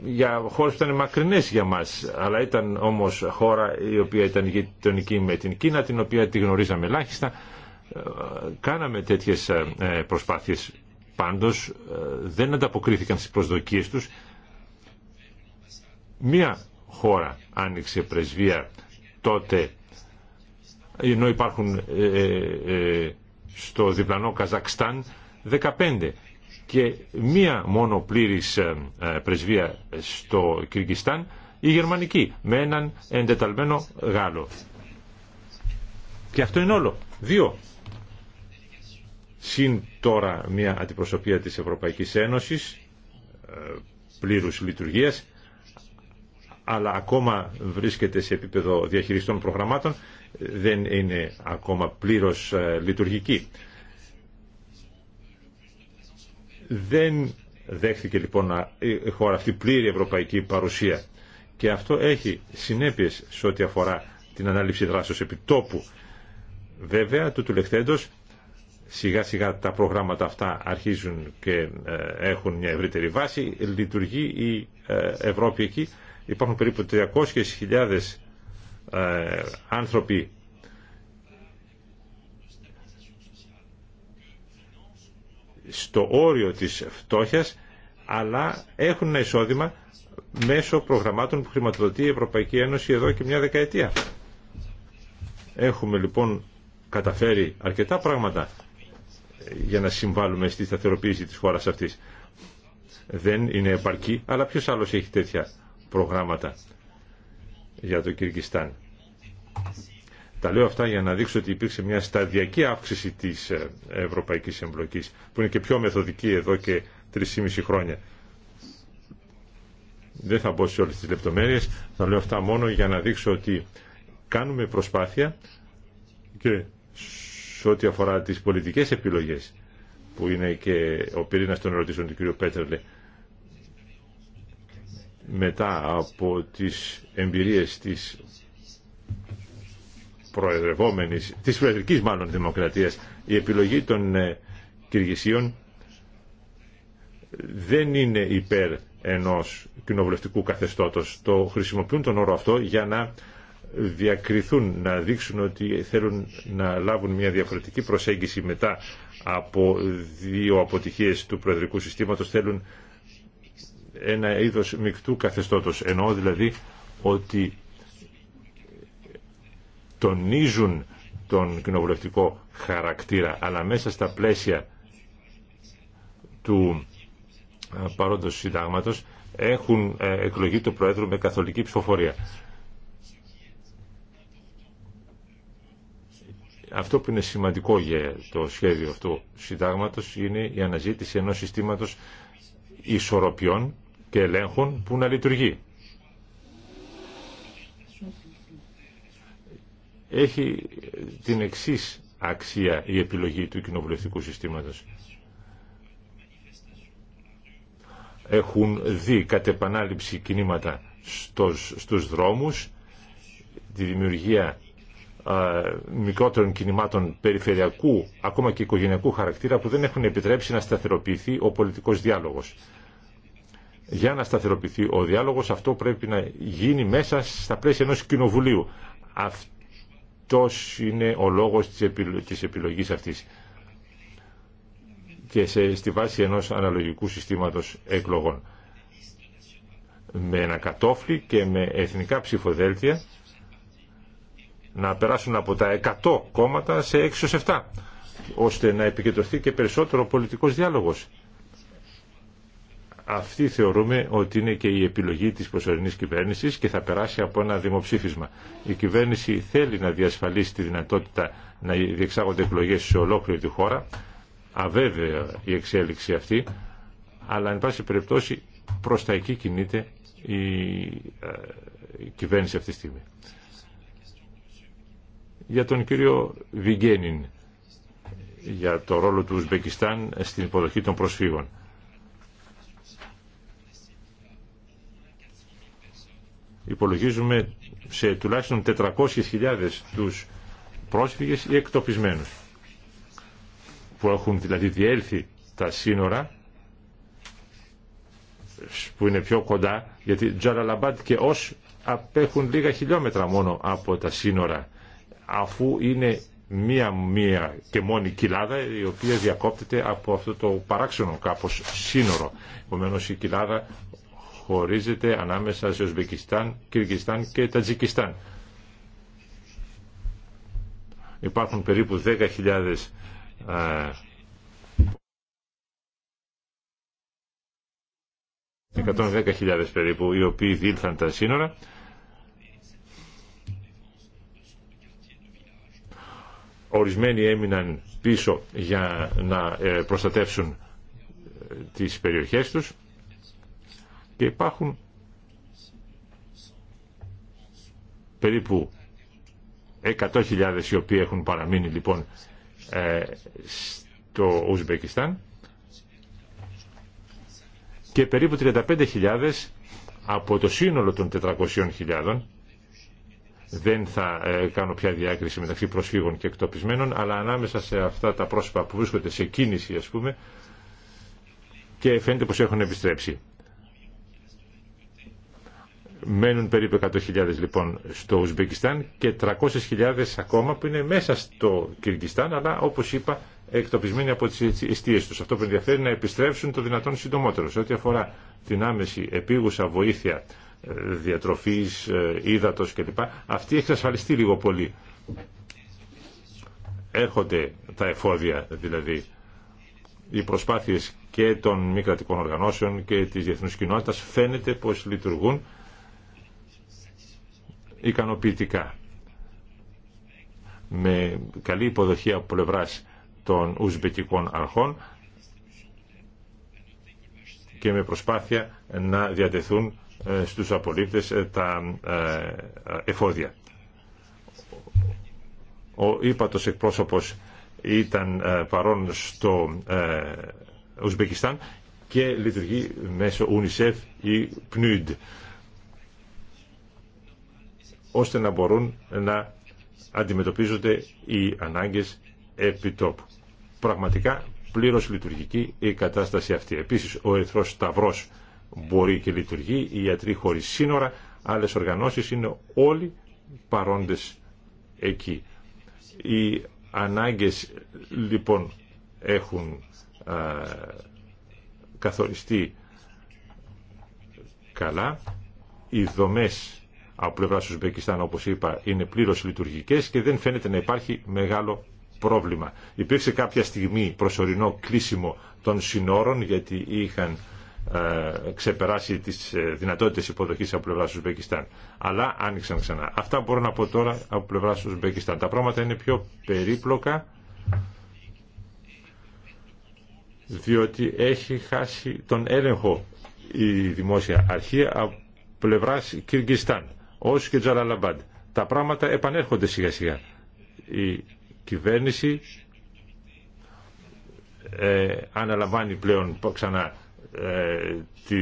για χώρες που ήταν μακρινές για μας, αλλά ήταν όμως χώρα η οποία ήταν γειτονική με την Κίνα, την οποία τη γνωρίζαμε ελάχιστα. Ε, κάναμε τέτοιες ε, προσπάθειες πάντως, ε, δεν ανταποκρίθηκαν στις προσδοκίες τους. Μία χώρα άνοιξε πρεσβεία τότε, ενώ υπάρχουν στο διπλανό Καζακστάν 15 και μία μόνο πλήρης ε, πρεσβεία στο Κυργιστάν, η γερμανική, με έναν εντεταλμένο Γάλλο. Και αυτό είναι όλο. Δύο. Συν τώρα μια αντιπροσωπεία της Ευρωπαϊκής Ένωσης, ε, πλήρους λειτουργίας, αλλά ακόμα βρίσκεται σε επίπεδο διαχειριστών προγραμμάτων, δεν είναι ακόμα πλήρως ε, λειτουργική. Δεν δέχθηκε λοιπόν η χώρα αυτή πλήρη ευρωπαϊκή παρουσία και αυτό έχει συνέπειες σε ό,τι αφορά την ανάληψη δράσεως επιτόπου. Βέβαια, του τουλεχθέντος σιγά σιγά τα προγράμματα αυτά αρχίζουν και ε, έχουν μια ευρύτερη βάση. Λειτουργεί η ε, Ευρώπη εκεί. Υπάρχουν περίπου 300.000 ε, άνθρωποι στο όριο της φτώχειας αλλά έχουν ένα εισόδημα μέσω προγραμμάτων που χρηματοδοτεί η Ευρωπαϊκή Ένωση εδώ και μια δεκαετία. Έχουμε λοιπόν καταφέρει αρκετά πράγματα για να συμβάλλουμε στη σταθεροποίηση της χώρας αυτής. Δεν είναι επαρκή, αλλά ποιος άλλος έχει τέτοια προγράμματα για το Κυρκιστάν. Τα λέω αυτά για να δείξω ότι υπήρξε μια σταδιακή αύξηση της ε, ευρωπαϊκής εμπλοκής, που είναι και πιο μεθοδική εδώ και 3,5 χρόνια. Δεν θα μπω σε όλες τις λεπτομέρειες, θα λέω αυτά μόνο για να δείξω ότι κάνουμε προσπάθεια και σε ό,τι αφορά τις πολιτικές επιλογές, που είναι και ο πυρήνας των ερωτήσεων του κ. Πέτρελε, μετά από τις εμπειρίες της προεδρευόμενης, της προεδρικής μάλλον δημοκρατίας, η επιλογή των ε, κυργησίων δεν είναι υπέρ ενός κοινοβουλευτικού καθεστώτος. Το χρησιμοποιούν τον όρο αυτό για να διακριθούν, να δείξουν ότι θέλουν να λάβουν μια διαφορετική προσέγγιση μετά από δύο αποτυχίες του προεδρικού συστήματος θέλουν ένα είδος μεικτού καθεστώτος. Εννοώ δηλαδή ότι τονίζουν τον κοινοβουλευτικό χαρακτήρα, αλλά μέσα στα πλαίσια του ε, παρόντος συντάγματος έχουν ε, εκλογεί το Πρόεδρο με καθολική ψηφοφορία. Αυτό που είναι σημαντικό για το σχέδιο αυτού συντάγματος είναι η αναζήτηση ενός συστήματος ισορροπιών και ελέγχων που να λειτουργεί. έχει την εξή αξία η επιλογή του κοινοβουλευτικού συστήματος. Έχουν δει κατ' επανάληψη κινήματα στους, στους δρόμους, τη δημιουργία μικρότερων κινημάτων περιφερειακού, ακόμα και οικογενειακού χαρακτήρα που δεν έχουν επιτρέψει να σταθεροποιηθεί ο πολιτικός διάλογος. Για να σταθεροποιηθεί ο διάλογος αυτό πρέπει να γίνει μέσα στα πλαίσια ενός κοινοβουλίου αυτός είναι ο λόγος της επιλογής αυτής και σε, στη βάση ενός αναλογικού συστήματος εκλογών με ένα κατόφλι και με εθνικά ψηφοδέλτια να περάσουν από τα 100 κόμματα σε 6-7 ώστε να επικεντρωθεί και περισσότερο ο πολιτικός διάλογος αυτή θεωρούμε ότι είναι και η επιλογή της προσωρινής κυβέρνησης και θα περάσει από ένα δημοψήφισμα. Η κυβέρνηση θέλει να διασφαλίσει τη δυνατότητα να διεξάγονται εκλογές σε ολόκληρη τη χώρα. Αβέβαια η εξέλιξη αυτή, αλλά εν πάση περιπτώσει προς τα εκεί κινείται η ε, κυβέρνηση αυτή τη στιγμή. Για τον κύριο Βιγγένιν, για το ρόλο του Ουσμπεκιστάν στην υποδοχή των προσφύγων. υπολογίζουμε σε τουλάχιστον 400.000 τους πρόσφυγες ή εκτοπισμένους που έχουν δηλαδή διέλθει τα σύνορα που είναι πιο κοντά γιατί Τζαλαλαμπάντ και Ως απέχουν λίγα χιλιόμετρα μόνο από τα σύνορα αφού είναι μία μία και μόνη κοιλάδα η οποία διακόπτεται από αυτό το παράξενο κάπως σύνορο. επομένως η κοιλάδα χωρίζεται ανάμεσα σε Ουσβεκιστάν, Κυρκιστάν και Τατζικιστάν. Υπάρχουν περίπου 10.000 110.000 ε, περίπου οι οποίοι δήλθαν τα σύνορα ορισμένοι έμειναν πίσω για να ε, προστατεύσουν ε, τις περιοχές τους και υπάρχουν περίπου 100.000 οι οποίοι έχουν παραμείνει λοιπόν ε, στο Ουσμπεκιστάν και περίπου 35.000 από το σύνολο των 400.000 δεν θα ε, κάνω πια διάκριση μεταξύ προσφύγων και εκτοπισμένων αλλά ανάμεσα σε αυτά τα πρόσωπα που βρίσκονται σε κίνηση ας πούμε και φαίνεται πως έχουν επιστρέψει. Μένουν περίπου 100.000 λοιπόν στο Ουσμπεκιστάν και 300.000 ακόμα που είναι μέσα στο Κυρκιστάν, αλλά όπως είπα εκτοπισμένοι από τις εστίες τους. Αυτό που ενδιαφέρει να επιστρέψουν το δυνατόν συντομότερο. Σε ό,τι αφορά την άμεση επίγουσα βοήθεια ε, διατροφής, ε, ύδατος κλπ. Αυτή έχει ασφαλιστεί λίγο πολύ. Έρχονται τα εφόδια δηλαδή οι προσπάθειες και των μη κρατικών οργανώσεων και της διεθνούς κοινότητας φαίνεται πως λειτουργούν ικανοποιητικά. Με καλή υποδοχή από πλευρά των ουσμπεκικών αρχών και με προσπάθεια να διατεθούν ε, στους απολύτες ε, τα ε, εφόδια. Ο ύπατος εκπρόσωπος ήταν παρόν στο Ουσμπεκιστάν και λειτουργεί μέσω UNICEF ή PNUD ώστε να μπορούν να αντιμετωπίζονται οι ανάγκες επιτόπου. Πραγματικά πλήρως λειτουργική η κατάσταση αυτή. Επίσης ο Ερθρός Σταυρός μπορεί και λειτουργεί, οι ιατροί χωρίς σύνορα, άλλες οργανώσεις είναι όλοι παρόντες εκεί. Οι ανάγκες λοιπόν έχουν καθοριστεί καλά, οι δομές από πλευρά του Ουσμπεκιστάν, όπω είπα, είναι πλήρω λειτουργικέ και δεν φαίνεται να υπάρχει μεγάλο πρόβλημα. Υπήρξε κάποια στιγμή προσωρινό κλείσιμο των συνόρων γιατί είχαν ε, ξεπεράσει τι ε, δυνατότητες υποδοχής από πλευρά του Ουσμπεκιστάν. Αλλά άνοιξαν ξανά. Αυτά μπορώ να πω τώρα από πλευρά του Ουσμπεκιστάν. Τα πράγματα είναι πιο περίπλοκα διότι έχει χάσει τον έλεγχο η δημόσια αρχή από πλευράς Κυργιστάν ως και Τζαλαλαμπάντ. Τα πράγματα επανέρχονται σιγά σιγά. Η κυβέρνηση ε, αναλαμβάνει πλέον ξανά ε, τη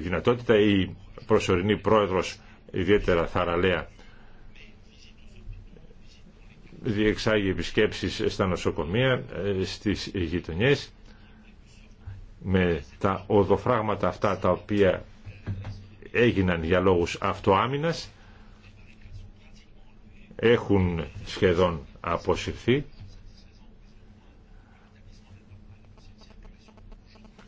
δυνατότητα η προσωρινή πρόεδρος ιδιαίτερα θαραλέα διεξάγει επισκέψεις στα νοσοκομεία, ε, στις γειτονιές με τα οδοφράγματα αυτά τα οποία έγιναν για λόγους αυτοάμυνας έχουν σχεδόν αποσυρθεί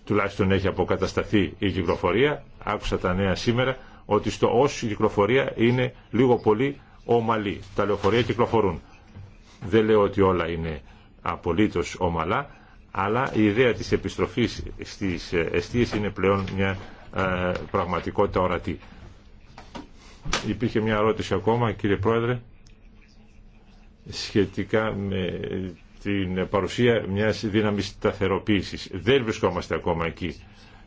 τουλάχιστον έχει αποκατασταθεί η κυκλοφορία άκουσα τα νέα σήμερα ότι στο Ως η κυκλοφορία είναι λίγο πολύ ομαλή τα λεωφορεία κυκλοφορούν δεν λέω ότι όλα είναι απολύτως ομαλά αλλά η ιδέα της επιστροφής στις αιστείες είναι πλέον μια ε, πραγματικότητα ορατή. Υπήρχε μια ερώτηση ακόμα, κύριε Πρόεδρε, σχετικά με την παρουσία μιας δύναμης σταθεροποίησης. Δεν βρισκόμαστε ακόμα εκεί,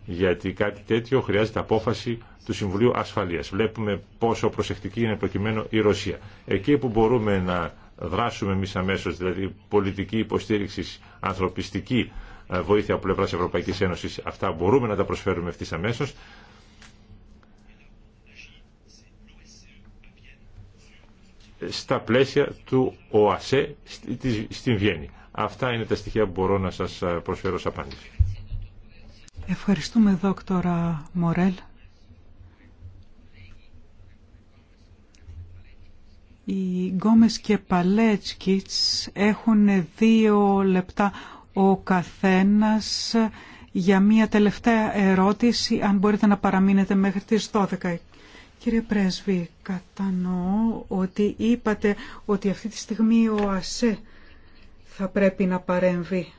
γιατί κάτι τέτοιο χρειάζεται απόφαση του Συμβουλίου Ασφαλείας. Βλέπουμε πόσο προσεκτική είναι προκειμένου η Ρωσία. Εκεί που μπορούμε να δράσουμε εμεί αμέσω, δηλαδή πολιτική υποστήριξη, ανθρωπιστική ε, βοήθεια από πλευρά Ευρωπαϊκή Ένωση. Αυτά μπορούμε να τα προσφέρουμε ευθύ αμέσω. στα πλαίσια του ΟΑΣΕ στην Βιέννη. Αυτά είναι τα στοιχεία που μπορώ να σας ε, προσφέρω ως απάντηση. Ευχαριστούμε, δόκτωρα Μορέλ. Οι Γκόμες και Παλέτσκιτς έχουν δύο λεπτά ο καθένας για μία τελευταία ερώτηση, αν μπορείτε να παραμείνετε μέχρι τις 12. Κύριε Πρέσβη, κατανοώ ότι είπατε ότι αυτή τη στιγμή ο ΑΣΕ θα πρέπει να παρέμβει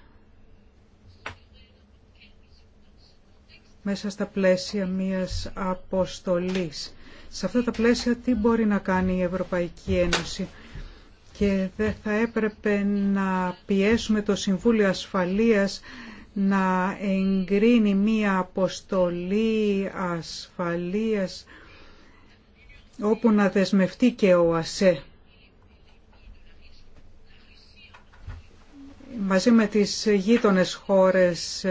μέσα στα πλαίσια μιας αποστολής. Σε αυτά τα πλαίσια τι μπορεί να κάνει η Ευρωπαϊκή Ένωση και δεν θα έπρεπε να πιέσουμε το Συμβούλιο Ασφαλείας να εγκρίνει μία αποστολή ασφαλείας όπου να δεσμευτεί και ο ΑΣΕ. Μαζί με τις γείτονες χώρες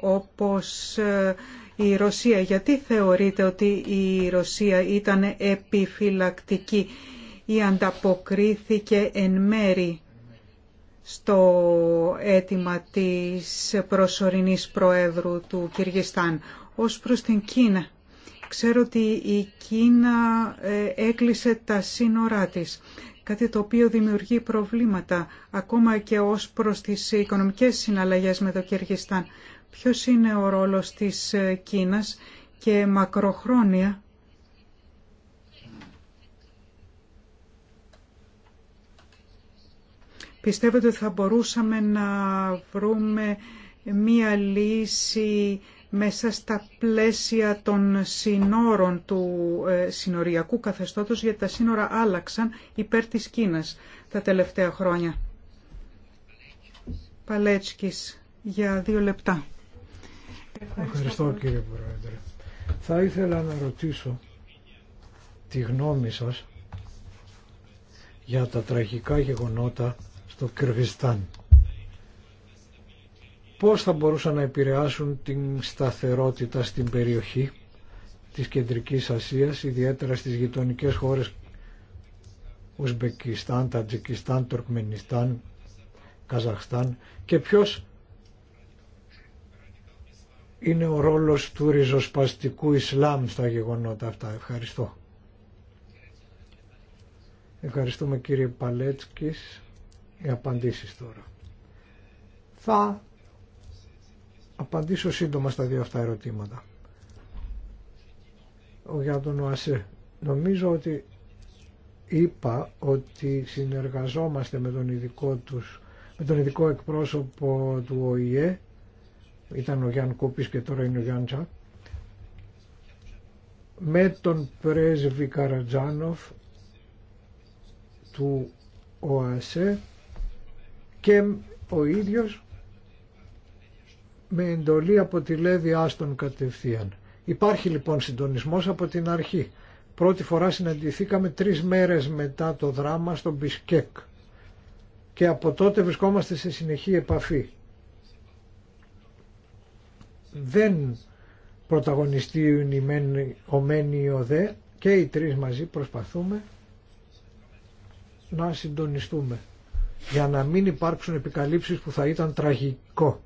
όπως ε, η Ρωσία. Γιατί θεωρείτε ότι η Ρωσία ήταν επιφυλακτική ή ανταποκρίθηκε εν μέρη στο αίτημα της προσωρινής Προέδρου του Κυργιστάν. Ως προς την Κίνα, ξέρω ότι η Κίνα ε, έκλεισε τα σύνορά της, κάτι το οποίο δημιουργεί προβλήματα ακόμα και ως προς τις οικονομικές συναλλαγές με το Κυργιστάν. Ποιος είναι ο ρόλος της ε, Κίνας και μακροχρόνια Πιστεύετε ότι θα μπορούσαμε να βρούμε μία λύση μέσα στα πλαίσια των συνόρων του ε, συνοριακού καθεστώτος, γιατί τα σύνορα άλλαξαν υπέρ της Κίνας τα τελευταία χρόνια. Παλέτσκης, για δύο λεπτά. Ευχαριστώ, κύριε Πρόεδρε. Θα ήθελα να ρωτήσω τη γνώμη σας για τα τραγικά γεγονότα στο Κυρβιστάν. Πώς θα μπορούσαν να επηρεάσουν την σταθερότητα στην περιοχή της Κεντρικής Ασίας, ιδιαίτερα στις γειτονικές χώρες Ουσμπεκιστάν, Τατζικιστάν, Τουρκμενιστάν, Καζαχστάν και ποιος είναι ο ρόλος του ριζοσπαστικού Ισλάμ στα γεγονότα αυτά. Ευχαριστώ. Ευχαριστούμε κύριε Παλέτσκης οι απαντήσεις τώρα. Θα απαντήσω σύντομα στα δύο αυτά ερωτήματα. Για τον ΟΑΣΕ. Νομίζω ότι είπα ότι συνεργαζόμαστε με τον ειδικό, τους, με τον ειδικό εκπρόσωπο του ΟΗΕ ήταν ο Γιάνν Κούπης και τώρα είναι ο Γιάνν Τσακ με τον πρέσβη Καρατζάνοφ του ΟΑΣΕ και ο ίδιος με εντολή από τη Λέβη Άστον κατευθείαν. Υπάρχει λοιπόν συντονισμός από την αρχή. Πρώτη φορά συναντηθήκαμε τρεις μέρες μετά το δράμα στον Μπισκέκ και από τότε βρισκόμαστε σε συνεχή επαφή. Δεν πρωταγωνιστεί ο μεν ή ο δε και οι τρεις μαζί προσπαθούμε να συντονιστούμε για να μην υπάρξουν επικαλύψεις που θα ήταν τραγικό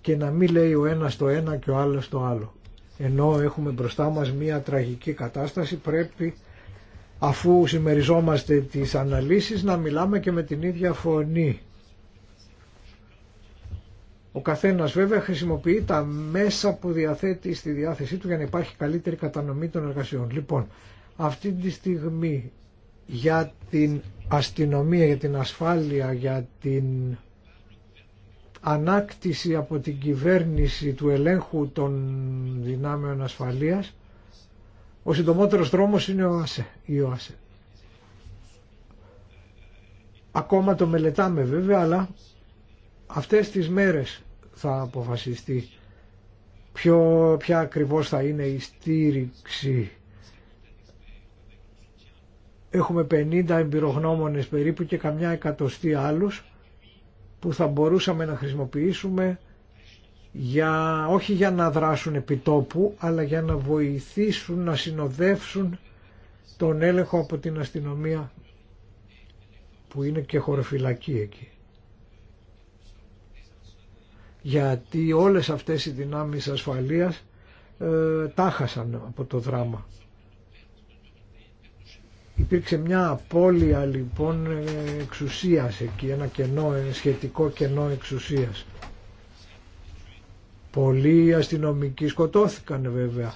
και να μην λέει ο ένας το ένα και ο άλλος το άλλο. Ενώ έχουμε μπροστά μας μία τραγική κατάσταση πρέπει αφού συμμεριζόμαστε τις αναλύσεις να μιλάμε και με την ίδια φωνή. Ο καθένας βέβαια χρησιμοποιεί τα μέσα που διαθέτει στη διάθεσή του για να υπάρχει καλύτερη κατανομή των εργασιών. Λοιπόν, αυτή τη στιγμή για την αστυνομία, για την ασφάλεια, για την ανάκτηση από την κυβέρνηση του ελέγχου των δυνάμεων ασφαλείας, ο συντομότερος δρόμος είναι ο ΑΣΕ, η ΟΑΣΕ. Ακόμα το μελετάμε βέβαια, αλλά αυτές τις μέρες θα αποφασιστεί ποιο, ποια ακριβώς θα είναι η στήριξη έχουμε 50 εμπειρογνώμονες περίπου και καμιά εκατοστή άλλους που θα μπορούσαμε να χρησιμοποιήσουμε για, όχι για να δράσουν επιτόπου αλλά για να βοηθήσουν να συνοδεύσουν τον έλεγχο από την αστυνομία που είναι και χωροφυλακή εκεί. Γιατί όλες αυτές οι δυνάμεις ασφαλείας ε, τάχασαν από το δράμα. Υπήρξε μια απώλεια λοιπόν εξουσίας εκεί, ένα κενό, σχετικό κενό εξουσίας. Πολλοί αστυνομικοί σκοτώθηκαν βέβαια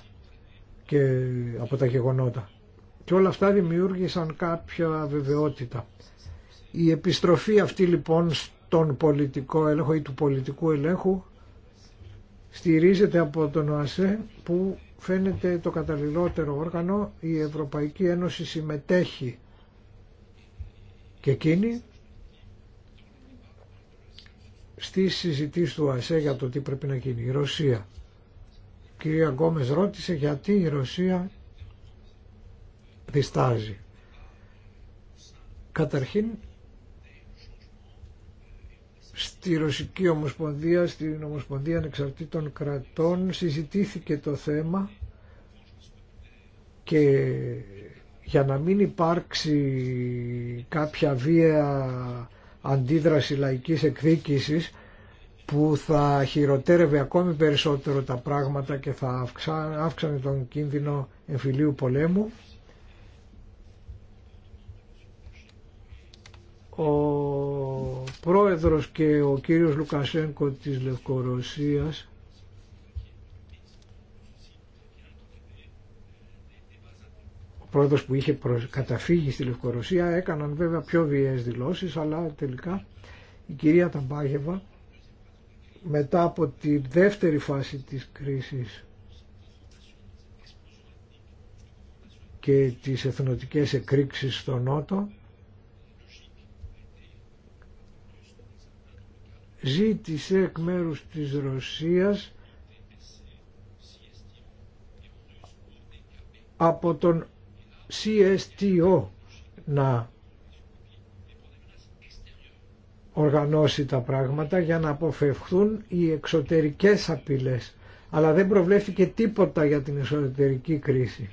και από τα γεγονότα. Και όλα αυτά δημιούργησαν κάποια βεβαιότητα. Η επιστροφή αυτή λοιπόν στον πολιτικό έλεγχο ή του πολιτικού ελέγχου στηρίζεται από τον ΟΑΣΕ που φαίνεται το καταλληλότερο όργανο, η Ευρωπαϊκή Ένωση συμμετέχει και εκείνη στη συζητήση του ΑΣΕ για το τι πρέπει να γίνει. Η Ρωσία. Η κυρία Γκόμες ρώτησε γιατί η Ρωσία διστάζει. Καταρχήν Στη Ρωσική Ομοσπονδία, στην Ομοσπονδία Ανεξαρτήτων Κρατών συζητήθηκε το θέμα και για να μην υπάρξει κάποια βία αντίδραση λαϊκής εκδίκησης που θα χειροτέρευε ακόμη περισσότερο τα πράγματα και θα αύξανε τον κίνδυνο εμφυλίου πολέμου. Ο πρόεδρος και ο κύριος Λουκασένκο της Λευκορωσίας ο πρόεδρος που είχε καταφύγει στη Λευκορωσία έκαναν βέβαια πιο βιές δηλώσεις αλλά τελικά η κυρία Ταμπάγεβα μετά από τη δεύτερη φάση της κρίσης και τις εθνοτικές εκρήξεις στο Νότο ζήτησε εκ μέρους της Ρωσίας από τον CSTO να οργανώσει τα πράγματα για να αποφευχθούν οι εξωτερικές απειλές αλλά δεν προβλέφθηκε τίποτα για την εσωτερική κρίση.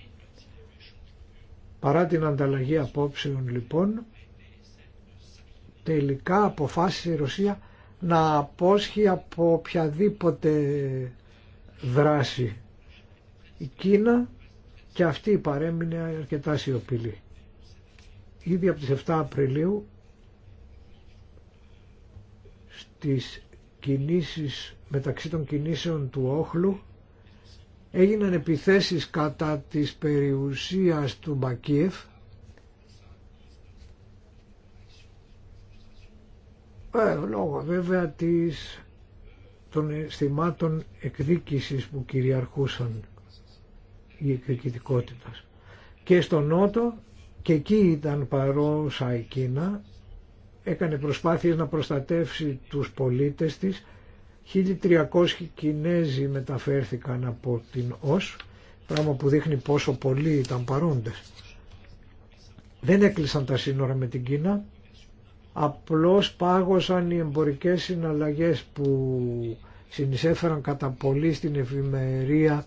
Παρά την ανταλλαγή απόψεων λοιπόν τελικά αποφάσισε η Ρωσία να απόσχει από οποιαδήποτε δράση. Η Κίνα και αυτή παρέμεινε αρκετά σιωπηλή. Ήδη από τις 7 Απριλίου στις κινήσεις μεταξύ των κινήσεων του Όχλου έγιναν επιθέσεις κατά της περιουσίας του Μπακίεφ Ε, λόγω βέβαια της, των αισθημάτων εκδίκησης που κυριαρχούσαν η εκδικητικότητα. Και στο Νότο και εκεί ήταν παρόσα η Κίνα, έκανε προσπάθειες να προστατεύσει τους πολίτες της. 1300 Κινέζοι μεταφέρθηκαν από την ΟΣ, πράγμα που δείχνει πόσο πολλοί ήταν παρόντες. Δεν έκλεισαν τα σύνορα με την Κίνα, απλώς πάγωσαν οι εμπορικές συναλλαγές που συνεισέφεραν κατά πολύ στην ευημερία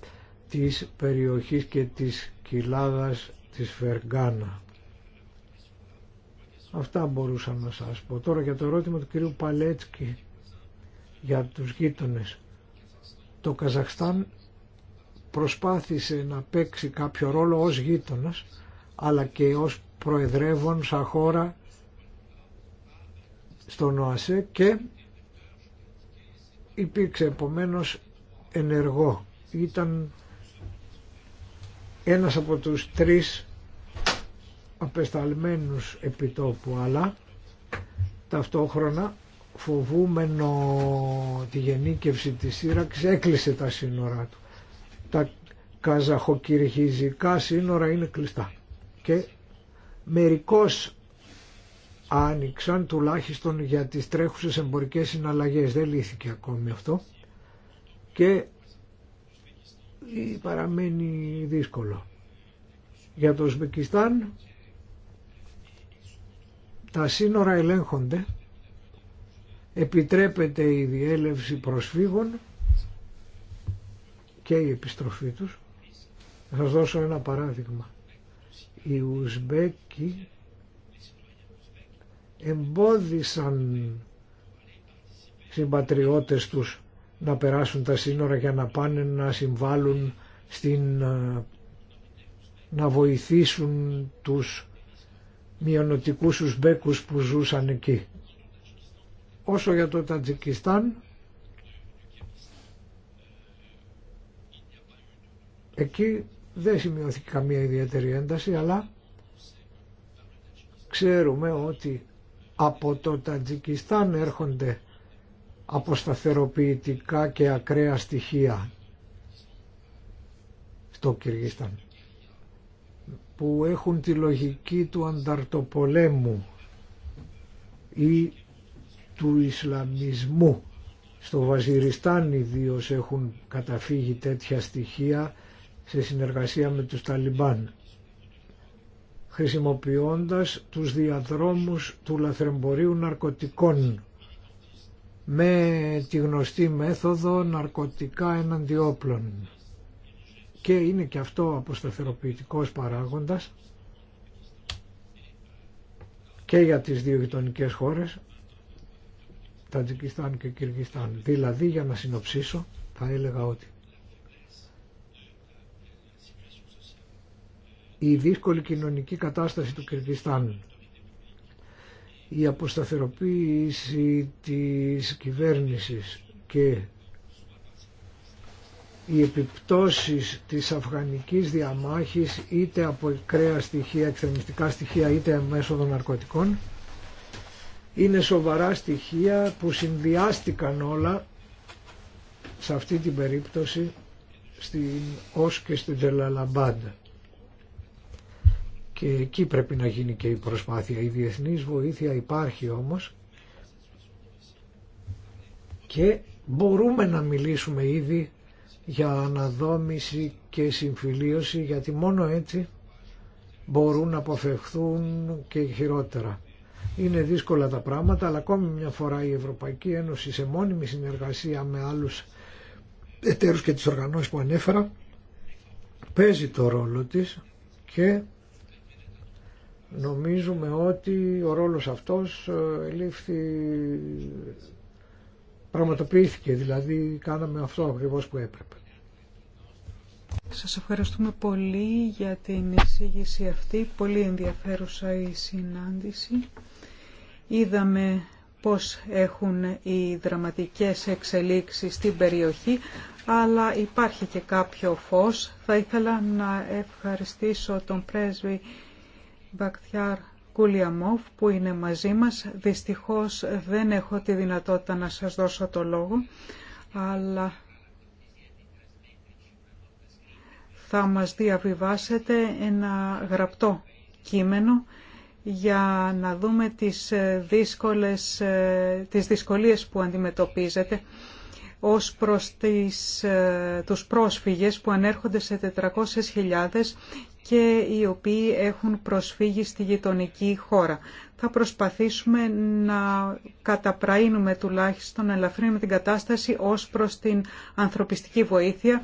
της περιοχής και της κοιλάδας της Φεργάνα. Αυτά μπορούσα να σας πω. Τώρα για το ερώτημα του κυρίου Παλέτσκι για τους γείτονε. Το Καζαχστάν προσπάθησε να παίξει κάποιο ρόλο ως γείτονας αλλά και ως προεδρεύων σαν χώρα στον ΟΑΣΕ και υπήρξε επομένως ενεργό. Ήταν ένας από τους τρεις απεσταλμένους επιτόπου αλλά ταυτόχρονα φοβούμενο τη γενίκευση της Σύραξης έκλεισε τα σύνορά του. Τα καζαχοκυριχιζικά σύνορα είναι κλειστά και μερικώς άνοιξαν τουλάχιστον για τις τρέχουσες εμπορικές συναλλαγές. Δεν λύθηκε ακόμη αυτό και παραμένει δύσκολο. Για το Σμπεκιστάν τα σύνορα ελέγχονται, επιτρέπεται η διέλευση προσφύγων και η επιστροφή τους. Θα σας δώσω ένα παράδειγμα. Οι Ουσμπέκοι εμπόδισαν συμπατριώτες τους να περάσουν τα σύνορα για να πάνε να συμβάλλουν στην, να βοηθήσουν τους μειονοτικούς Ουσμπέκους που ζούσαν εκεί. Όσο για το Τατζικιστάν, εκεί δεν σημειώθηκε καμία ιδιαίτερη ένταση, αλλά ξέρουμε ότι από το Τατζικιστάν έρχονται αποσταθεροποιητικά και ακραία στοιχεία στο Κυργίσταν που έχουν τη λογική του ανταρτοπολέμου ή του Ισλαμισμού. Στο Βαζιριστάν ιδίω έχουν καταφύγει τέτοια στοιχεία σε συνεργασία με τους Ταλιμπάν χρησιμοποιώντας τους διαδρόμους του λαθρεμπορίου ναρκωτικών με τη γνωστή μέθοδο ναρκωτικά έναντι Και είναι και αυτό αποσταθεροποιητικός παράγοντας και για τις δύο γειτονικέ χώρες, Τατζικιστάν και Κυργιστάν. Δηλαδή, για να συνοψίσω, θα έλεγα ότι η δύσκολη κοινωνική κατάσταση του Κυρκυστάν. Η αποσταθεροποίηση της κυβέρνησης και οι επιπτώσεις της αφγανικής διαμάχης είτε από κρέα στοιχεία, εξτρεμιστικά στοιχεία είτε μέσω των ναρκωτικών είναι σοβαρά στοιχεία που συνδυάστηκαν όλα σε αυτή την περίπτωση στην, ως και στην Τζελαλαμπάντα και εκεί πρέπει να γίνει και η προσπάθεια. Η διεθνής βοήθεια υπάρχει όμως και μπορούμε να μιλήσουμε ήδη για αναδόμηση και συμφιλίωση γιατί μόνο έτσι μπορούν να αποφευχθούν και χειρότερα. Είναι δύσκολα τα πράγματα αλλά ακόμη μια φορά η Ευρωπαϊκή Ένωση σε μόνιμη συνεργασία με άλλους εταίρους και τις οργανώσεις που ανέφερα παίζει το ρόλο της και νομίζουμε ότι ο ρόλος αυτός ε, λήφθη, πραγματοποιήθηκε, δηλαδή κάναμε αυτό ακριβώς που έπρεπε. Σας ευχαριστούμε πολύ για την εισήγηση αυτή, πολύ ενδιαφέρουσα η συνάντηση. Είδαμε πώς έχουν οι δραματικές εξελίξεις στην περιοχή, αλλά υπάρχει και κάποιο φως. Θα ήθελα να ευχαριστήσω τον πρέσβη Μπακτιάρ Κούλιαμόφ που είναι μαζί μας. Δυστυχώς δεν έχω τη δυνατότητα να σας δώσω το λόγο, αλλά θα μας διαβιβάσετε ένα γραπτό κείμενο για να δούμε τις, ε, δύσκολες, ε, τις δυσκολίες που αντιμετωπίζετε ως προς τις, ε, τους πρόσφυγες που ανέρχονται σε 400.000 και οι οποίοι έχουν προσφύγει στη γειτονική χώρα. Θα προσπαθήσουμε να καταπραίνουμε τουλάχιστον, να ελαφρύνουμε την κατάσταση ως προς την ανθρωπιστική βοήθεια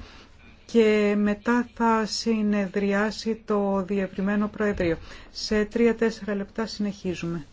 και μετά θα συνεδριάσει το Διευρυμένο Προεδρείο. Σε τρία-τέσσερα λεπτά συνεχίζουμε.